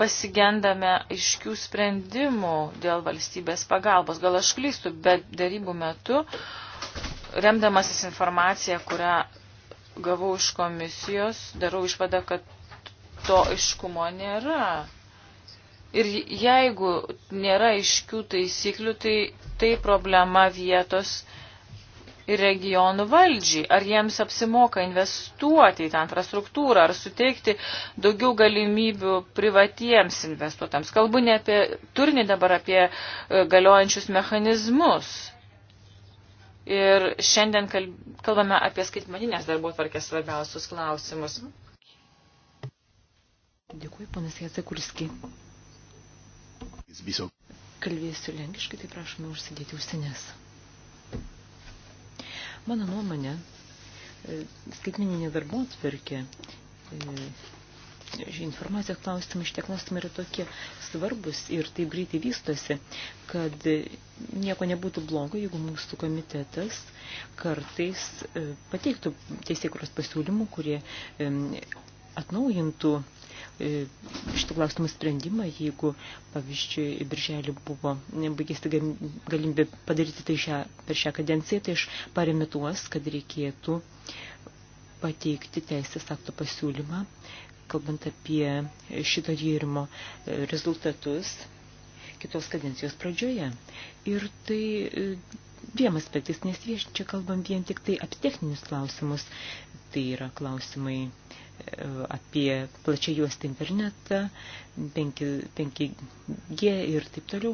pasigendame aiškių sprendimų dėl valstybės pagalbos. Gal aš klystu, bet darybų metu, remdamasis informaciją, kurią gavau iš komisijos, darau išvadą, kad to aiškumo nėra. Ir jeigu nėra aiškių taisyklių, tai tai problema vietos ir regionų valdžiai, ar jiems apsimoka investuoti į tą infrastruktūrą, ar suteikti daugiau galimybių privatiems investuotams. Kalbu ne apie turinį dabar, apie e, galiojančius mechanizmus. Ir šiandien kalbame apie skaitmaninės darbo tvarkės svarbiausius klausimus. Dėkui, panas Jacekulski. Kalbėsiu lenkiškai, tai prašome užsidėti užsienės. Mano nuomonė, e, skaitmeninė darbo atverkė e, informacijos klausimai, šitie klausimai yra tokie svarbus ir taip greitai vystosi, kad e, nieko nebūtų blogo, jeigu mūsų komitetas kartais pateiktų teisėkuros pasiūlymų, kurie atnaujintų E, šitų klausimų sprendimą, jeigu, pavyzdžiui, birželį buvo baigėsi galimybė padaryti tai šią, per šią kadenciją, tai aš paremiu tuos, kad reikėtų pateikti teisės akto pasiūlymą, kalbant apie šito tyrimo e, rezultatus kitos kadencijos pradžioje. Ir tai e, dviem aspektais, nes čia kalbam vien tik tai apie techninius klausimus, tai yra klausimai apie plačiai juostą internetą, 5G ir taip toliau,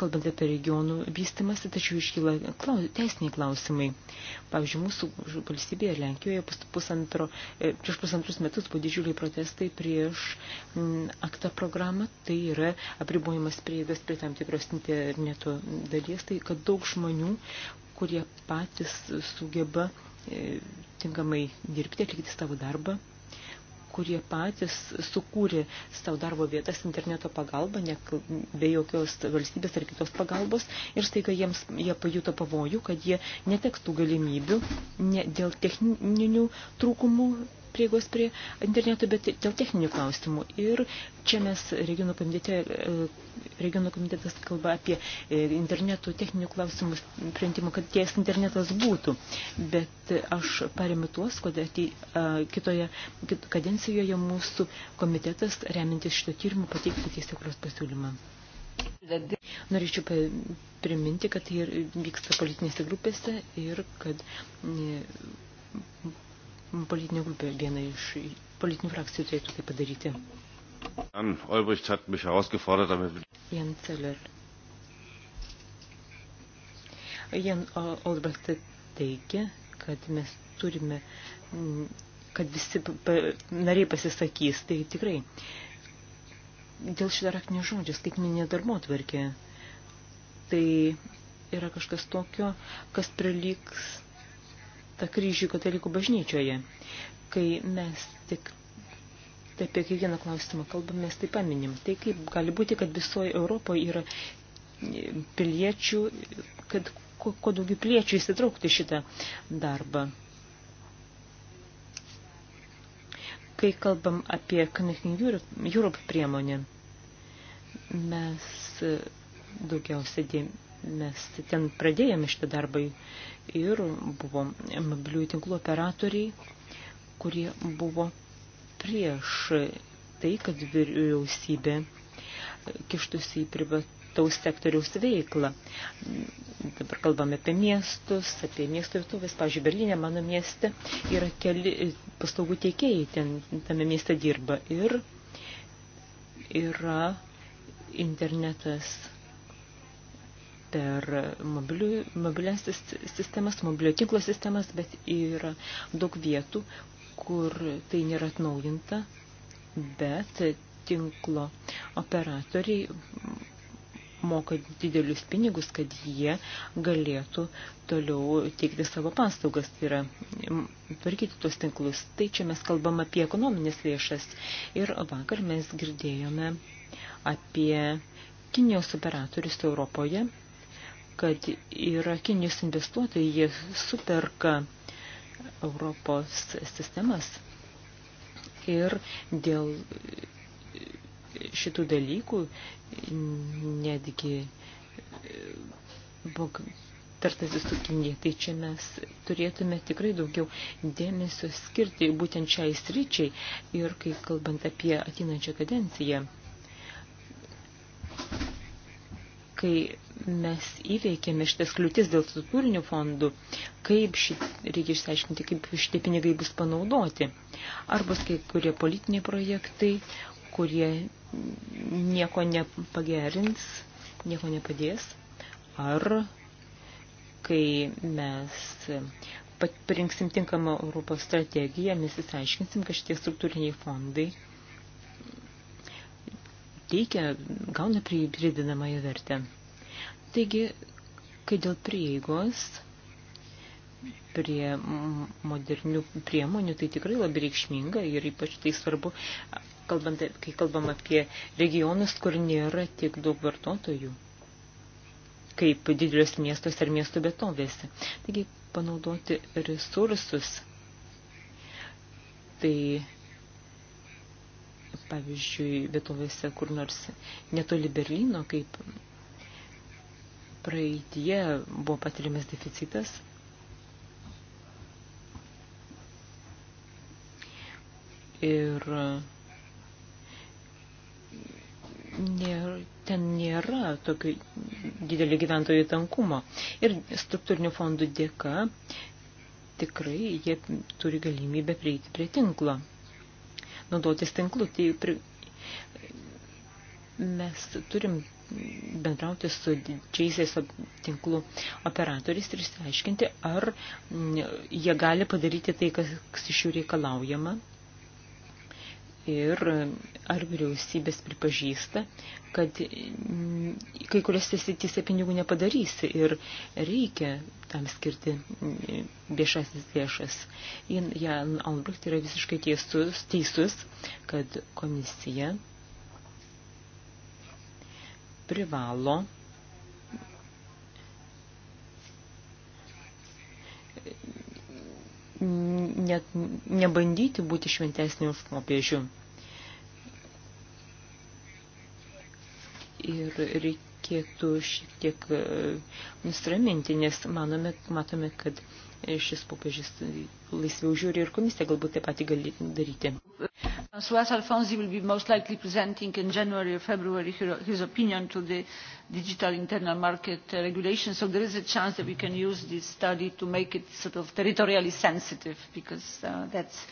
kalbant apie regionų vystimąsi, tačiau iškyla klaus, teisiniai klausimai. Pavyzdžiui, mūsų valstybėje Lenkijoje pusantro, e, prieš pusantrus metus buvo didžiuliai protestai prieš m, aktą programą, tai yra apribojimas prieigas prie tam tikros interneto dalies, tai kad daug žmonių, kurie patys sugeba m, E, tinkamai dirbti, atlikti savo darbą, kurie patys sukūrė savo darbo vietas interneto pagalba, ne, be jokios valstybės ar kitos pagalbos, ir staiga jiems jie pajuto pavojų, kad jie netektų galimybių ne, dėl techninių trūkumų prieigos prie interneto, bet dėl techninių klausimų. Ir čia mes regionų, komitete, e, regionų komitetas kalba apie e, interneto techninių klausimų sprendimą, kad ties internetas būtų. Bet aš paremiu tuos, kad atei, kitoje kadencijoje mūsų komitetas remintis šito tyrimu pateikti teisėkros pasiūlymą. Norėčiau priminti, kad tai vyksta politinėse grupėse ir kad e, politinė grupė, viena iš politinių frakcijų turėtų tai padaryti. Jan Olbricht hat mich herausgefordert, damit... Jan Zeller. Jan Olbricht teigia, kad mes turime, kad visi nariai pasisakys, tai tikrai. Dėl šitą raktinį žodžią, skaitminė darbo tvarkė, tai yra kažkas tokio, kas priliks tą kryžių katalikų bažnyčioje. Kai mes tik apie kiekvieną klausimą kalbam, mes tai paminim. Tai kaip gali būti, kad visoje Europoje yra e, piliečių, kad kuo, kuo daugiau piliečių įsitraukti šitą darbą. Kai kalbam apie Connecting Europe priemonę, mes e, daugiausia dėmesio Mes ten pradėjome šitą darbą ir buvo mobiliųjų tinklų operatoriai, kurie buvo prieš tai, kad vyriausybė kištusi į privat, privataus sektoriaus veiklą. Dabar kalbame apie miestus, apie miesto vietovės. Pavyzdžiui, Berlyne, mano mieste, yra keli paslaugų teikėjai ten, tame mieste dirba. Ir yra internetas per mobilias sistemas, mobilio tinklo sistemas, bet yra daug vietų, kur tai nėra atnaujinta, bet tinklo operatoriai moka didelius pinigus, kad jie galėtų toliau teikti savo paslaugas, tai yra tvarkyti tuos tinklus. Tai čia mes kalbam apie ekonominės lėšas. Ir vakar mes girdėjome apie Kinijos operatorius Europoje, kad yra Kinijos investuotojai, jie superka Europos sistemas ir dėl šitų dalykų netgi buvo tartasi su Kinija. Tai čia mes turėtume tikrai daugiau dėmesio skirti būtent šiai sričiai ir kai kalbant apie atinančią kadenciją. kai mes įveikėme šitas kliūtis dėl struktūrinių fondų, kaip šit, reikia išsiaiškinti, kaip šitie pinigai bus panaudoti. Arba kai kurie politiniai projektai, kurie nieko nepagerins, nieko nepadės. Ar kai mes parinksim tinkamą Europos strategiją, mes įsiaiškinsim, kad šitie struktūriniai fondai teikia, gauna pridedamąją vertę. Taigi, kai dėl prieigos prie modernių priemonių, tai tikrai labai reikšminga ir ypač tai svarbu, kalbant, kai kalbam apie regionus, kur nėra tiek daug vartotojų, kaip didelius miestus ar miestų betovėse. Taigi, panaudoti resursus, tai pavyzdžiui, vietovėse kur nors netoli Berlyno, kaip praeitie buvo patiriamas deficitas. Ir nėra, ten nėra tokio didelio gyventojų tankumo. Ir struktūrinių fondų dėka tikrai jie turi galimybę prieiti prie tinklo naudotis tinklu. Tai pri... mes turim bendrauti su didžiaisiais tinklų operatoriais ir išsiaiškinti, ar jie gali padaryti tai, kas iš jų reikalaujama ir ar vyriausybės pripažįsta, kad kai kuriuose srityse pinigų nepadarysi ir reikia tam skirti viešasis lėšas. Jan Albrecht yra visiškai teisus, teisus kad komisija privalo net nebandyti būti šventesnį už popiežių. Ir reikėtų šiek tiek nusraminti, e, nes manome, matome, kad šis popiežis laisviau žiūri ir komisija galbūt taip pat gali daryti. François Alfonsi will be most likely presenting in January or February his opinion to the digital internal market uh, regulation, so there is a chance that we can use this study to make it sort of territorially sensitive, because uh, that's,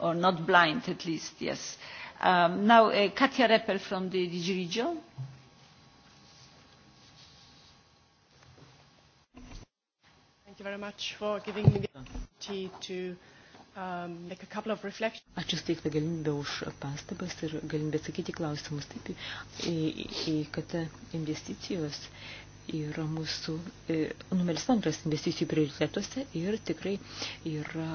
or not blind at least, yes. Um, now, uh, Katia Reppel from the DG Regio. Thank you very much for giving me the opportunity to Um, Ačiū steigtą galimybę už pastabas ir galimybę atsakyti klausimus. Taip, į, į KT investicijos yra mūsų e, numeris antras investicijų prioritetuose ir tikrai yra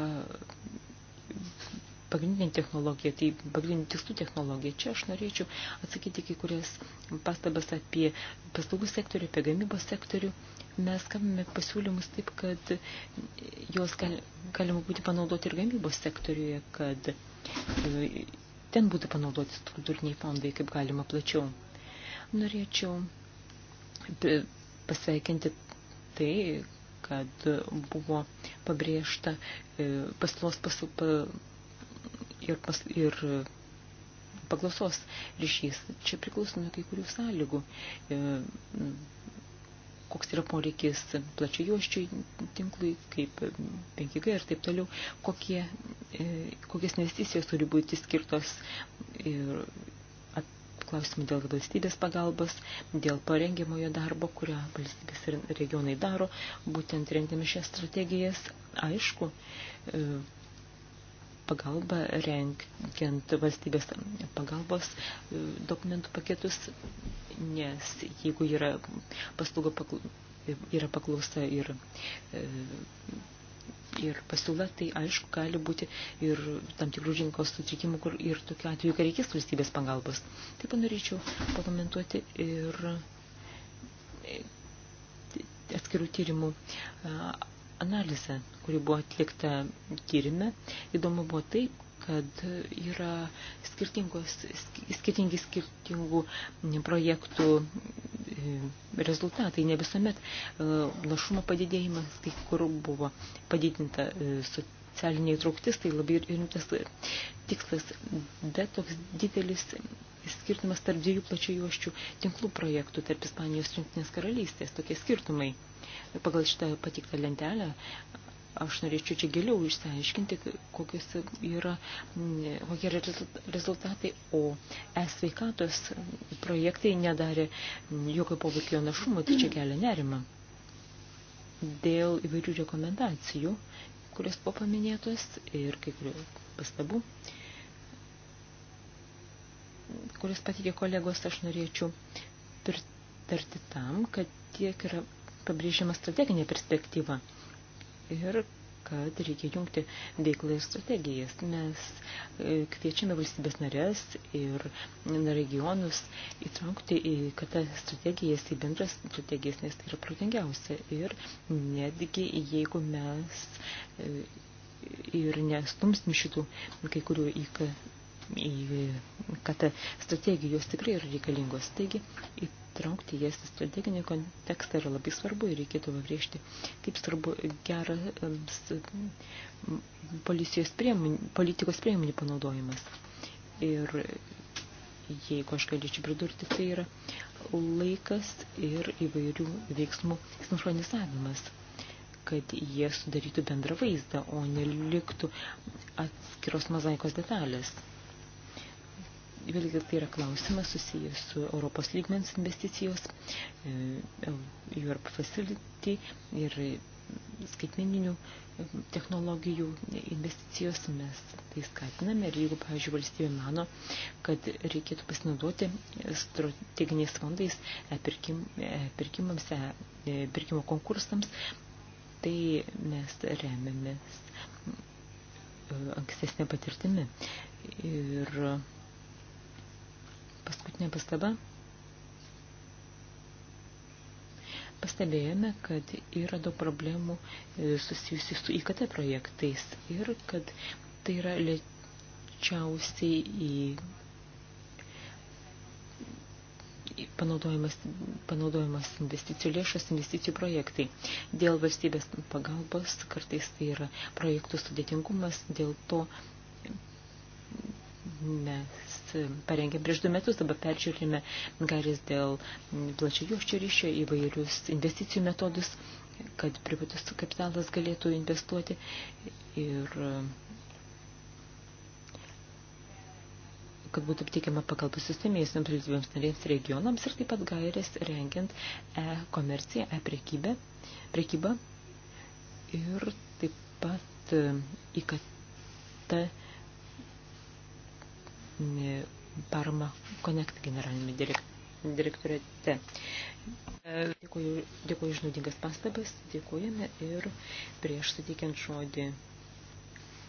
pagrindinė technologija, tai pagrindinė tikslų technologija. Čia aš norėčiau atsakyti kai kurias pastabas apie paslaugų sektorių, apie gamybos sektorių mes skambame pasiūlymus taip, kad juos gal, galima būti panaudoti ir gamybos sektoriuje, kad e, ten būtų panaudoti struktūriniai fondai kaip galima plačiau. Norėčiau pasveikinti tai, kad buvo pabrėžta e, pasiūlos pasu, pa, ir, pas, ir paklausos ryšys. Čia priklauso nuo kai kurių sąlygų. E, koks yra poreikis plačiai juoščių tinklui, kaip 5G ir taip toliau, kokie, e, kokias investicijos turi būti skirtos ir klausimų dėl valstybės pagalbos, dėl parengiamojo darbo, kurio valstybės ir regionai daro, būtent rengdami šias strategijas. Aišku, e, pagalbą, renkiant valstybės pagalbos e, dokumentų paketus, nes jeigu yra paslauga paklu, yra paklausa ir, e, ir pasiūla, tai aišku, gali būti ir tam tikrų rinkos sutrikimų, kur ir tokiu atveju, kai reikės valstybės pagalbos. Taip norėčiau pakomentuoti ir e, atskirų tyrimų analizę, kuri buvo atlikta tyrime, įdomu buvo taip, kad yra skirtingos, skirtingi skirtingų projektų e, rezultatai. Ne visuomet e, našumo padidėjimas, kai kur buvo padidinta e, socialinė įtrauktis, tai labai rimtas tikslas, bet toks didelis skirtumas tarp dviejų plačių juoščių tinklų projektų tarp Ispanijos ir Junktinės karalystės, tokie skirtumai. Pagal šitą patiktą lentelę aš norėčiau čia giliau išsiaiškinti, kokios yra, kokie yra rezultatai, o e-sveikatos projektai nedarė jokio poveikio našumo, tai čia kelia nerima. Dėl įvairių rekomendacijų, kurios buvo paminėtos ir kai kurių pastabų, kuris patikė kolegos, aš norėčiau pritarti tam, kad tiek yra pabrėžiama strateginė perspektyva ir kad reikia jungti veiklą ir strategijas. Mes e, kviečiame valstybės narės ir regionus įtraukti į kada strategijas, į bendras strategijas, nes tai yra protingiausia. Ir netgi jeigu mes e, ir nestumsim šitų kai kurių į kad strategijos tikrai yra reikalingos. Taigi, įtraukti jas į strateginį kontekstą yra labai svarbu ir reikėtų pabrėžti, kaip svarbu geras priemonių, politikos priemonių panaudojimas. Ir jeigu aš galėčiau pridurti, tai yra laikas ir įvairių veiksmų sinchronizavimas kad jie sudarytų bendrą vaizdą, o neliktų atskiros mozaikos detalės vėlgi tai yra klausimas susijęs su Europos lygmens investicijos, e, e, Europe Facility ir skaitmeninių e, technologijų investicijos mes tai skatiname ir jeigu, pavyzdžiui, valstybė mano, kad reikėtų pasinaudoti strateginiais fondais e -pirkim, e pirkimams, e pirkimo konkursams, tai mes remiamės ankstesnė patirtimi. Ir Paskutinė pastaba. Pastebėjome, kad yra daug problemų e, susijusi su IKT projektais ir kad tai yra lėčiausiai į panaudojimas, panaudojimas investicijų lėšas, investicijų projektai. Dėl valstybės pagalbos kartais tai yra projektų sudėtingumas, dėl to mes e, parengėm prieš du metus, dabar peržiūrime garis dėl plačio juoščio ryšio įvairius investicijų metodus, kad privatus kapitalas galėtų investuoti ir e, kad būtų aptikiama pagalba sistemės valstybėms narėms regionams ir taip pat gairės rengiant e-komerciją, e-prekybę, prekybą ir taip pat IKT e, parama Connect generalinėme direktorate. Dėkuoju, dėkuoju iš naudingas pastabas, dėkuojame ir prieš suteikiant žodį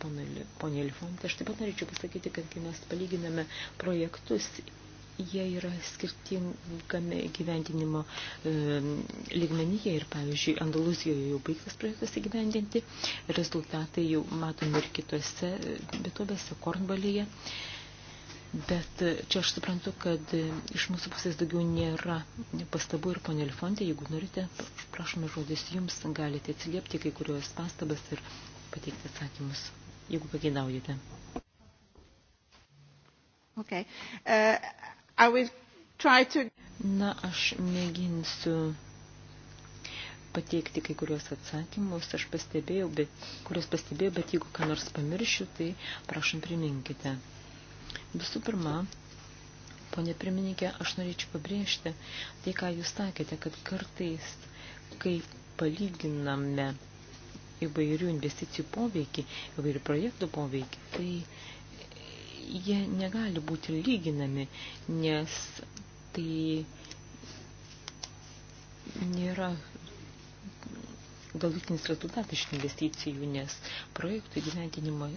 ponė Lifontė. Aš taip pat norėčiau pasakyti, kad kai mes palyginame projektus, jie yra skirtingame gyvendinimo e, lygmenyje ir, pavyzdžiui, Andaluzijoje jau baigtas projektas įgyvendinti, rezultatai jau matomi ir kitose e, vietovėse, Kornvalyje. E, Bet e, čia aš suprantu, kad e, iš mūsų pusės daugiau nėra pastabų ir ponė Lifontė, jeigu norite, prašome žodis jums, galite atsiliepti kai kurios pastabas ir pateikti atsakymus, jeigu pageidaujate. Okay. Uh, I will try to... Na, aš mėginsiu pateikti kai kuriuos atsakymus, aš pastebėjau, bet, kuriuos pastebėjau, bet jeigu ką nors pamiršiu, tai prašom priminkite. Visų pirma, ponė pirmininkė, aš norėčiau pabrėžti tai, ką jūs sakėte, kad kartais, kai palyginame įvairių investicijų poveikį, įvairių projektų poveikį, tai jie negali būti lyginami, nes tai nėra galutinis rezultatas iš investicijų, nes projektų įgyventinimo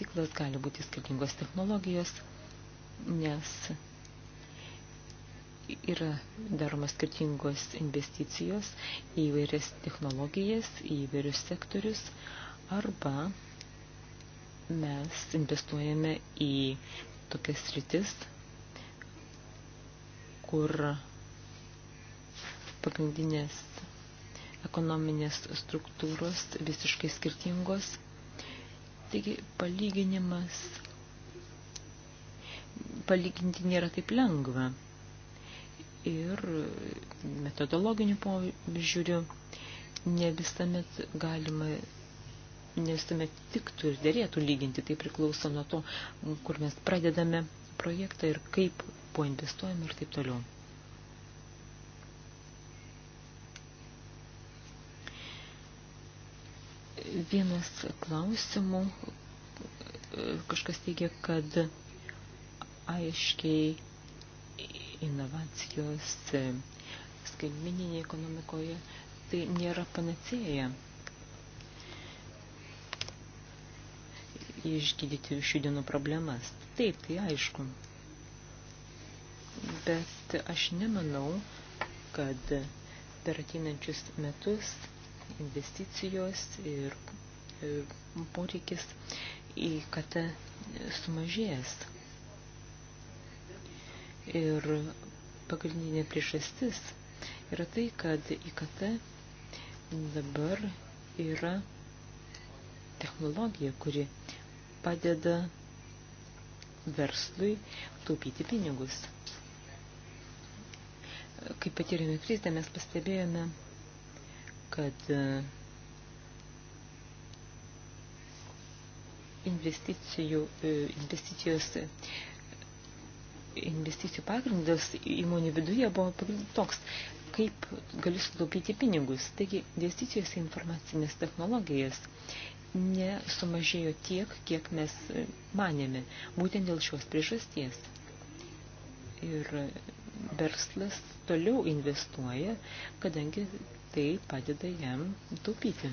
ciklas gali būti skirtingos technologijos, nes yra daromas skirtingos investicijos į vairias technologijas, į vairius sektorius, arba mes investuojame į tokias rytis, kur pagrindinės ekonominės struktūros visiškai skirtingos. Taigi palyginimas palyginti nėra taip lengva. Ir metodologiniu požiūriu ne visuomet galima, ne visuomet tiktų ir dėrėtų lyginti, tai priklauso nuo to, kur mes pradedame projektą ir kaip po investuojam ir taip toliau. Vienas klausimų, e, kažkas teigia, kad aiškiai inovacijos skaitmeninėje ekonomikoje, tai nėra panacėja. Išgydyti šių dienų problemas. Taip, tai aišku. Bet aš nemanau, kad per ateinančius metus investicijos ir poreikis į KT sumažės. Ir pagrindinė priežastis yra tai, kad IKT dabar yra technologija, kuri padeda verslui taupyti pinigus. Kai patyrėme krizę, mes pastebėjome, kad e, investicijų, e, investicijos investicijų pagrindas įmonių viduje buvo toks, kaip galiu sutaupyti pinigus. Taigi, investicijos į informacinės technologijas nesumažėjo tiek, kiek mes manėme, būtent dėl šios priežasties. Ir verslas toliau investuoja, kadangi tai padeda jam taupyti.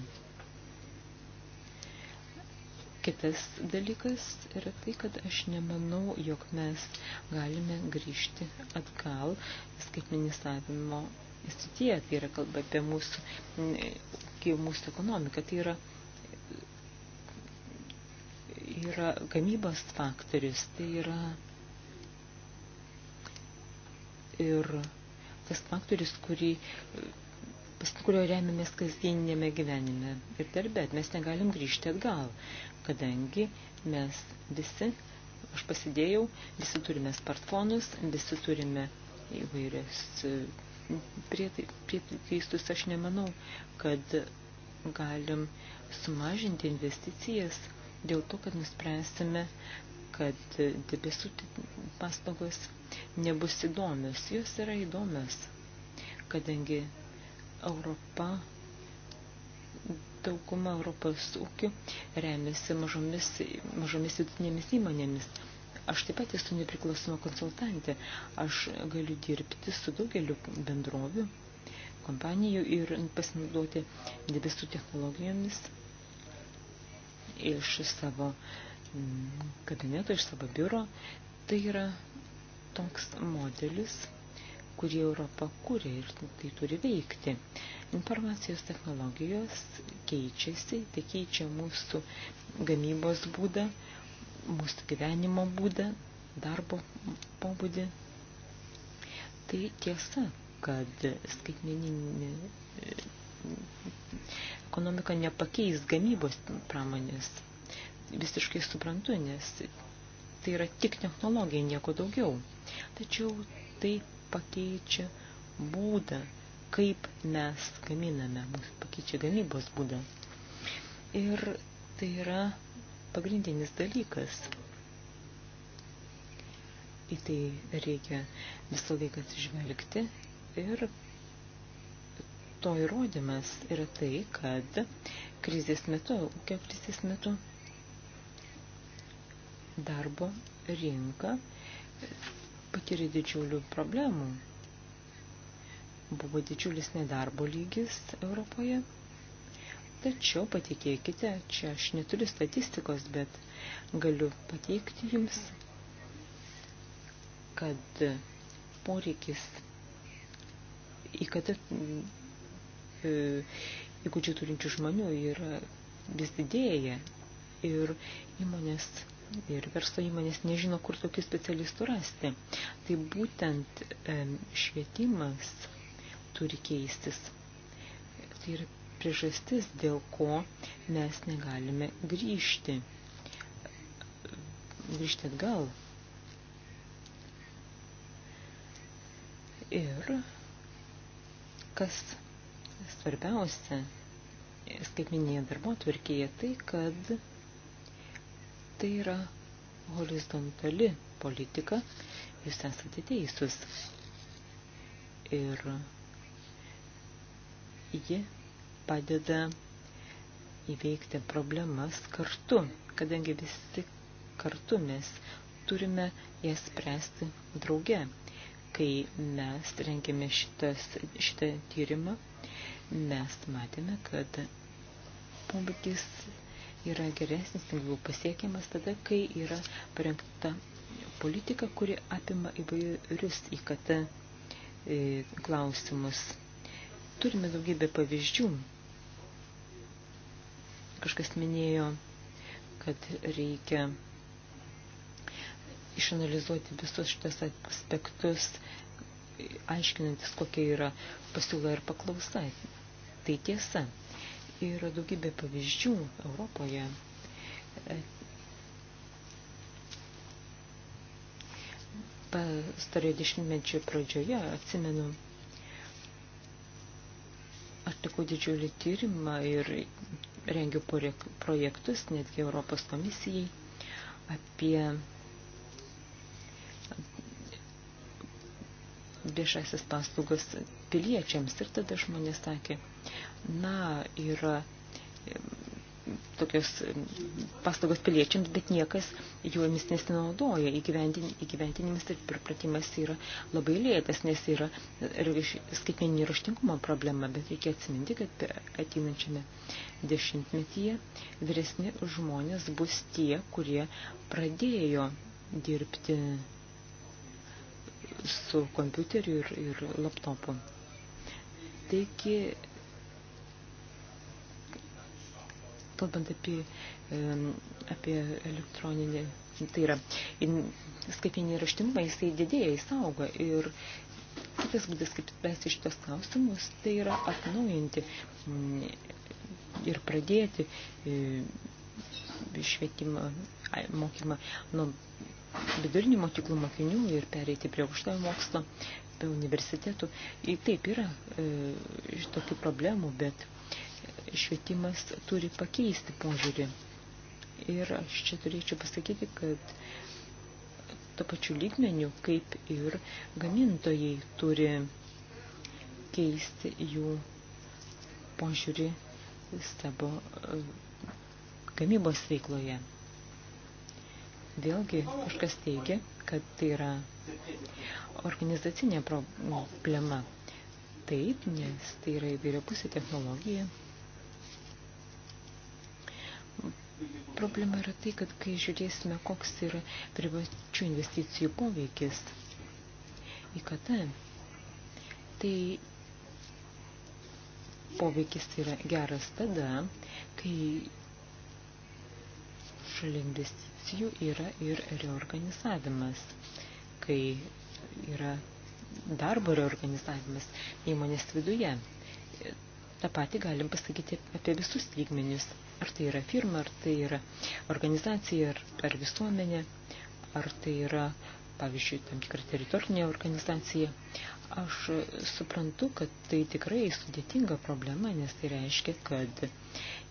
Kitas dalykas yra tai, kad aš nemanau, jog mes galime grįžti atgal skaitmenizavimo srityje, tai yra kalba apie mūsų, mūsų ekonomiką, tai yra, yra gamybos faktorius, tai yra ir tas faktorius, kurį kurio remiamės kasdieninėme gyvenime ir darbe. Mes negalim grįžti atgal, kadangi mes visi, aš pasidėjau, visi turime smartfonus, visi turime įvairias e, prietaistus. Aš nemanau, kad galim sumažinti investicijas dėl to, kad nuspręsime, kad debesų paslaugos nebus įdomios. Jos yra įdomios, kadangi Europa, dauguma Europos ūkių remiasi mažomis, mažomis vidutinėmis įmonėmis. Aš taip pat esu nepriklausoma konsultantė. Aš galiu dirbti su daugeliu bendrovių, kompanijų ir pasinaudoti debesų technologijomis iš savo mm, kabineto, iš savo biuro. Tai yra toks modelis kurį Europą kūrė ir tai turi veikti. Informacijos technologijos keičiasi, tai keičia mūsų gamybos būdą, mūsų gyvenimo būdą, darbo pobūdį. Tai tiesa, kad skaitmeninė ekonomika nepakeis gamybos pramonės. Visiškai suprantu, nes tai yra tik technologija, nieko daugiau. Tačiau tai pakeičia būdą, kaip mes gaminame, mūsų pakeičia gamybos būdą. Ir tai yra pagrindinis dalykas. Į tai reikia visą laiką atsižvelgti ir to įrodymas yra tai, kad krizės metu, ūkio krizės metu darbo rinka patyrė didžiulių problemų. Buvo didžiulis nedarbo lygis Europoje. Tačiau patikėkite, čia aš neturiu statistikos, bet galiu pateikti jums, kad poreikis į kada e, įgūdžių turinčių žmonių yra vis didėja ir įmonės ir verslo įmonės nežino, kur tokių specialistų rasti. Tai būtent švietimas turi keistis. Tai yra priežastis, dėl ko mes negalime grįžti, grįžti atgal. Ir kas svarbiausia skaitminėje darbo tvarkėje, tai kad Tai yra horizontali politika, jūs esate teisūs. Ir ji padeda įveikti problemas kartu, kadangi visi kartu mes turime jas spręsti drauge. Kai mes rengėme šitas, šitą tyrimą, mes matėme, kad poveikis yra geresnis, lengviau pasiekiamas tada, kai yra parengta politika, kuri apima įvairius IKT e, klausimus. Turime daugybę pavyzdžių. Kažkas minėjo, kad reikia išanalizuoti visus šitas aspektus, aiškinantis, kokia yra pasiūla ir paklausa. Tai tiesa. Yra daugybė pavyzdžių Europoje. Pastarojo dešimtmečio pradžioje, atsimenu, atlikau didžiulį tyrimą ir rengiu projektus netgi Europos komisijai apie viešasis paslaugas piliečiams. Ir tada žmonės sakė, na, yra tokios paslaugos piliečiams, bet niekas juomis nesinaudoja. Įgyventinimas ir pripratimas yra labai lėtas, nes yra skaitmeninė raštingumo problema, bet reikia atsiminti, kad ateinančiame dešimtmetyje vyresni žmonės bus tie, kurie pradėjo dirbti su kompiuteriu ir, ir laptopu. Taigi, kalbant apie, apie elektroninį, tai yra skaitinį raštingumą, jisai didėja, jis auga ir kitas būdas, kaip spręsti šitos klausimus, tai yra atnaujinti mm, ir pradėti švietimą, mokymą nuo vidurinių mokyklų mokinių ir pereiti prie aukštojo mokslo, prie universitetų. Ir taip yra e, iš tokių problemų, bet švietimas turi pakeisti požiūrį. Ir aš čia turėčiau pasakyti, kad to pačiu lygmeniu, kaip ir gamintojai turi keisti jų požiūrį savo e, gamybos veikloje. Vėlgi kažkas teigia, kad tai yra organizacinė problema. Taip, nes tai yra įvairia pusė technologija. Problema yra tai, kad kai žiūrėsime, koks yra privačių investicijų poveikis į KT, tai poveikis yra geras tada, kai šalia investicijų yra ir reorganizavimas, kai yra darbo reorganizavimas įmonės viduje. Ta pati galim pasakyti apie visus lygmenius. Ar tai yra firma, ar tai yra organizacija, ar, ar visuomenė, ar tai yra, pavyzdžiui, tam tikra teritorinė organizacija, Aš suprantu, kad tai tikrai sudėtinga problema, nes tai reiškia, kad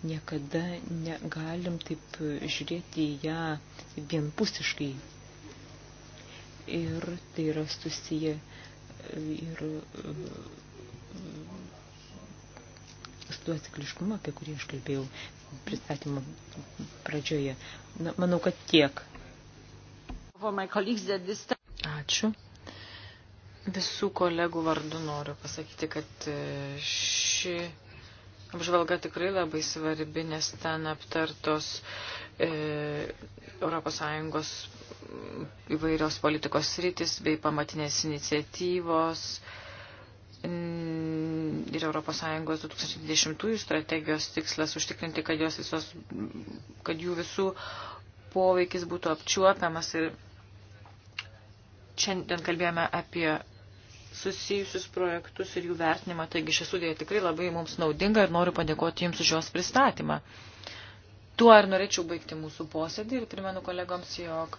niekada negalim taip žiūrėti į ją vienpusiškai. Ir tai yra susiję ir e, su tuo cikliškumu, apie kurį aš kalbėjau pristatymo pradžioje. Na, manau, kad tiek. Ačiū. Visų kolegų vardu noriu pasakyti, kad e, ši apžvalga tikrai labai svarbi, nes ten aptartos e, ES įvairios politikos rytis bei pamatinės iniciatyvos ir ES 2020 strategijos tikslas užtikrinti, kad, jos visos, kad jų visų poveikis būtų apčiuopiamas ir šiandien kalbėjome apie susijusius projektus ir jų vertinimą. Taigi ši studija tikrai labai mums naudinga ir noriu padėkoti Jums už jos pristatymą. Tuo ir norėčiau baigti mūsų posėdį ir primenu kolegoms, jog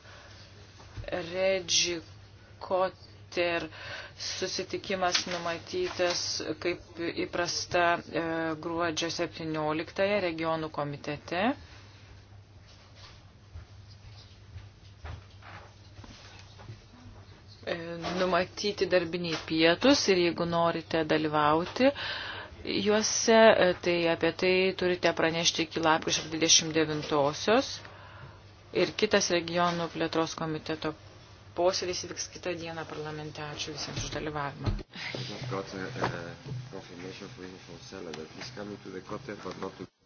Regi Koter susitikimas numatytas kaip įprasta e, gruodžio 17 regionų komitete. E, numatyti darbiniai pietus ir jeigu norite dalyvauti juose, e, tai apie tai turite pranešti iki lapkričio 29-osios ir kitas regionų plėtros komiteto posėdis vyks kitą dieną parlamente. Ačiū visiems už dalyvavimą. Got a, uh, uh, confirmation for him from Senate that he's coming to the cocktail, but not to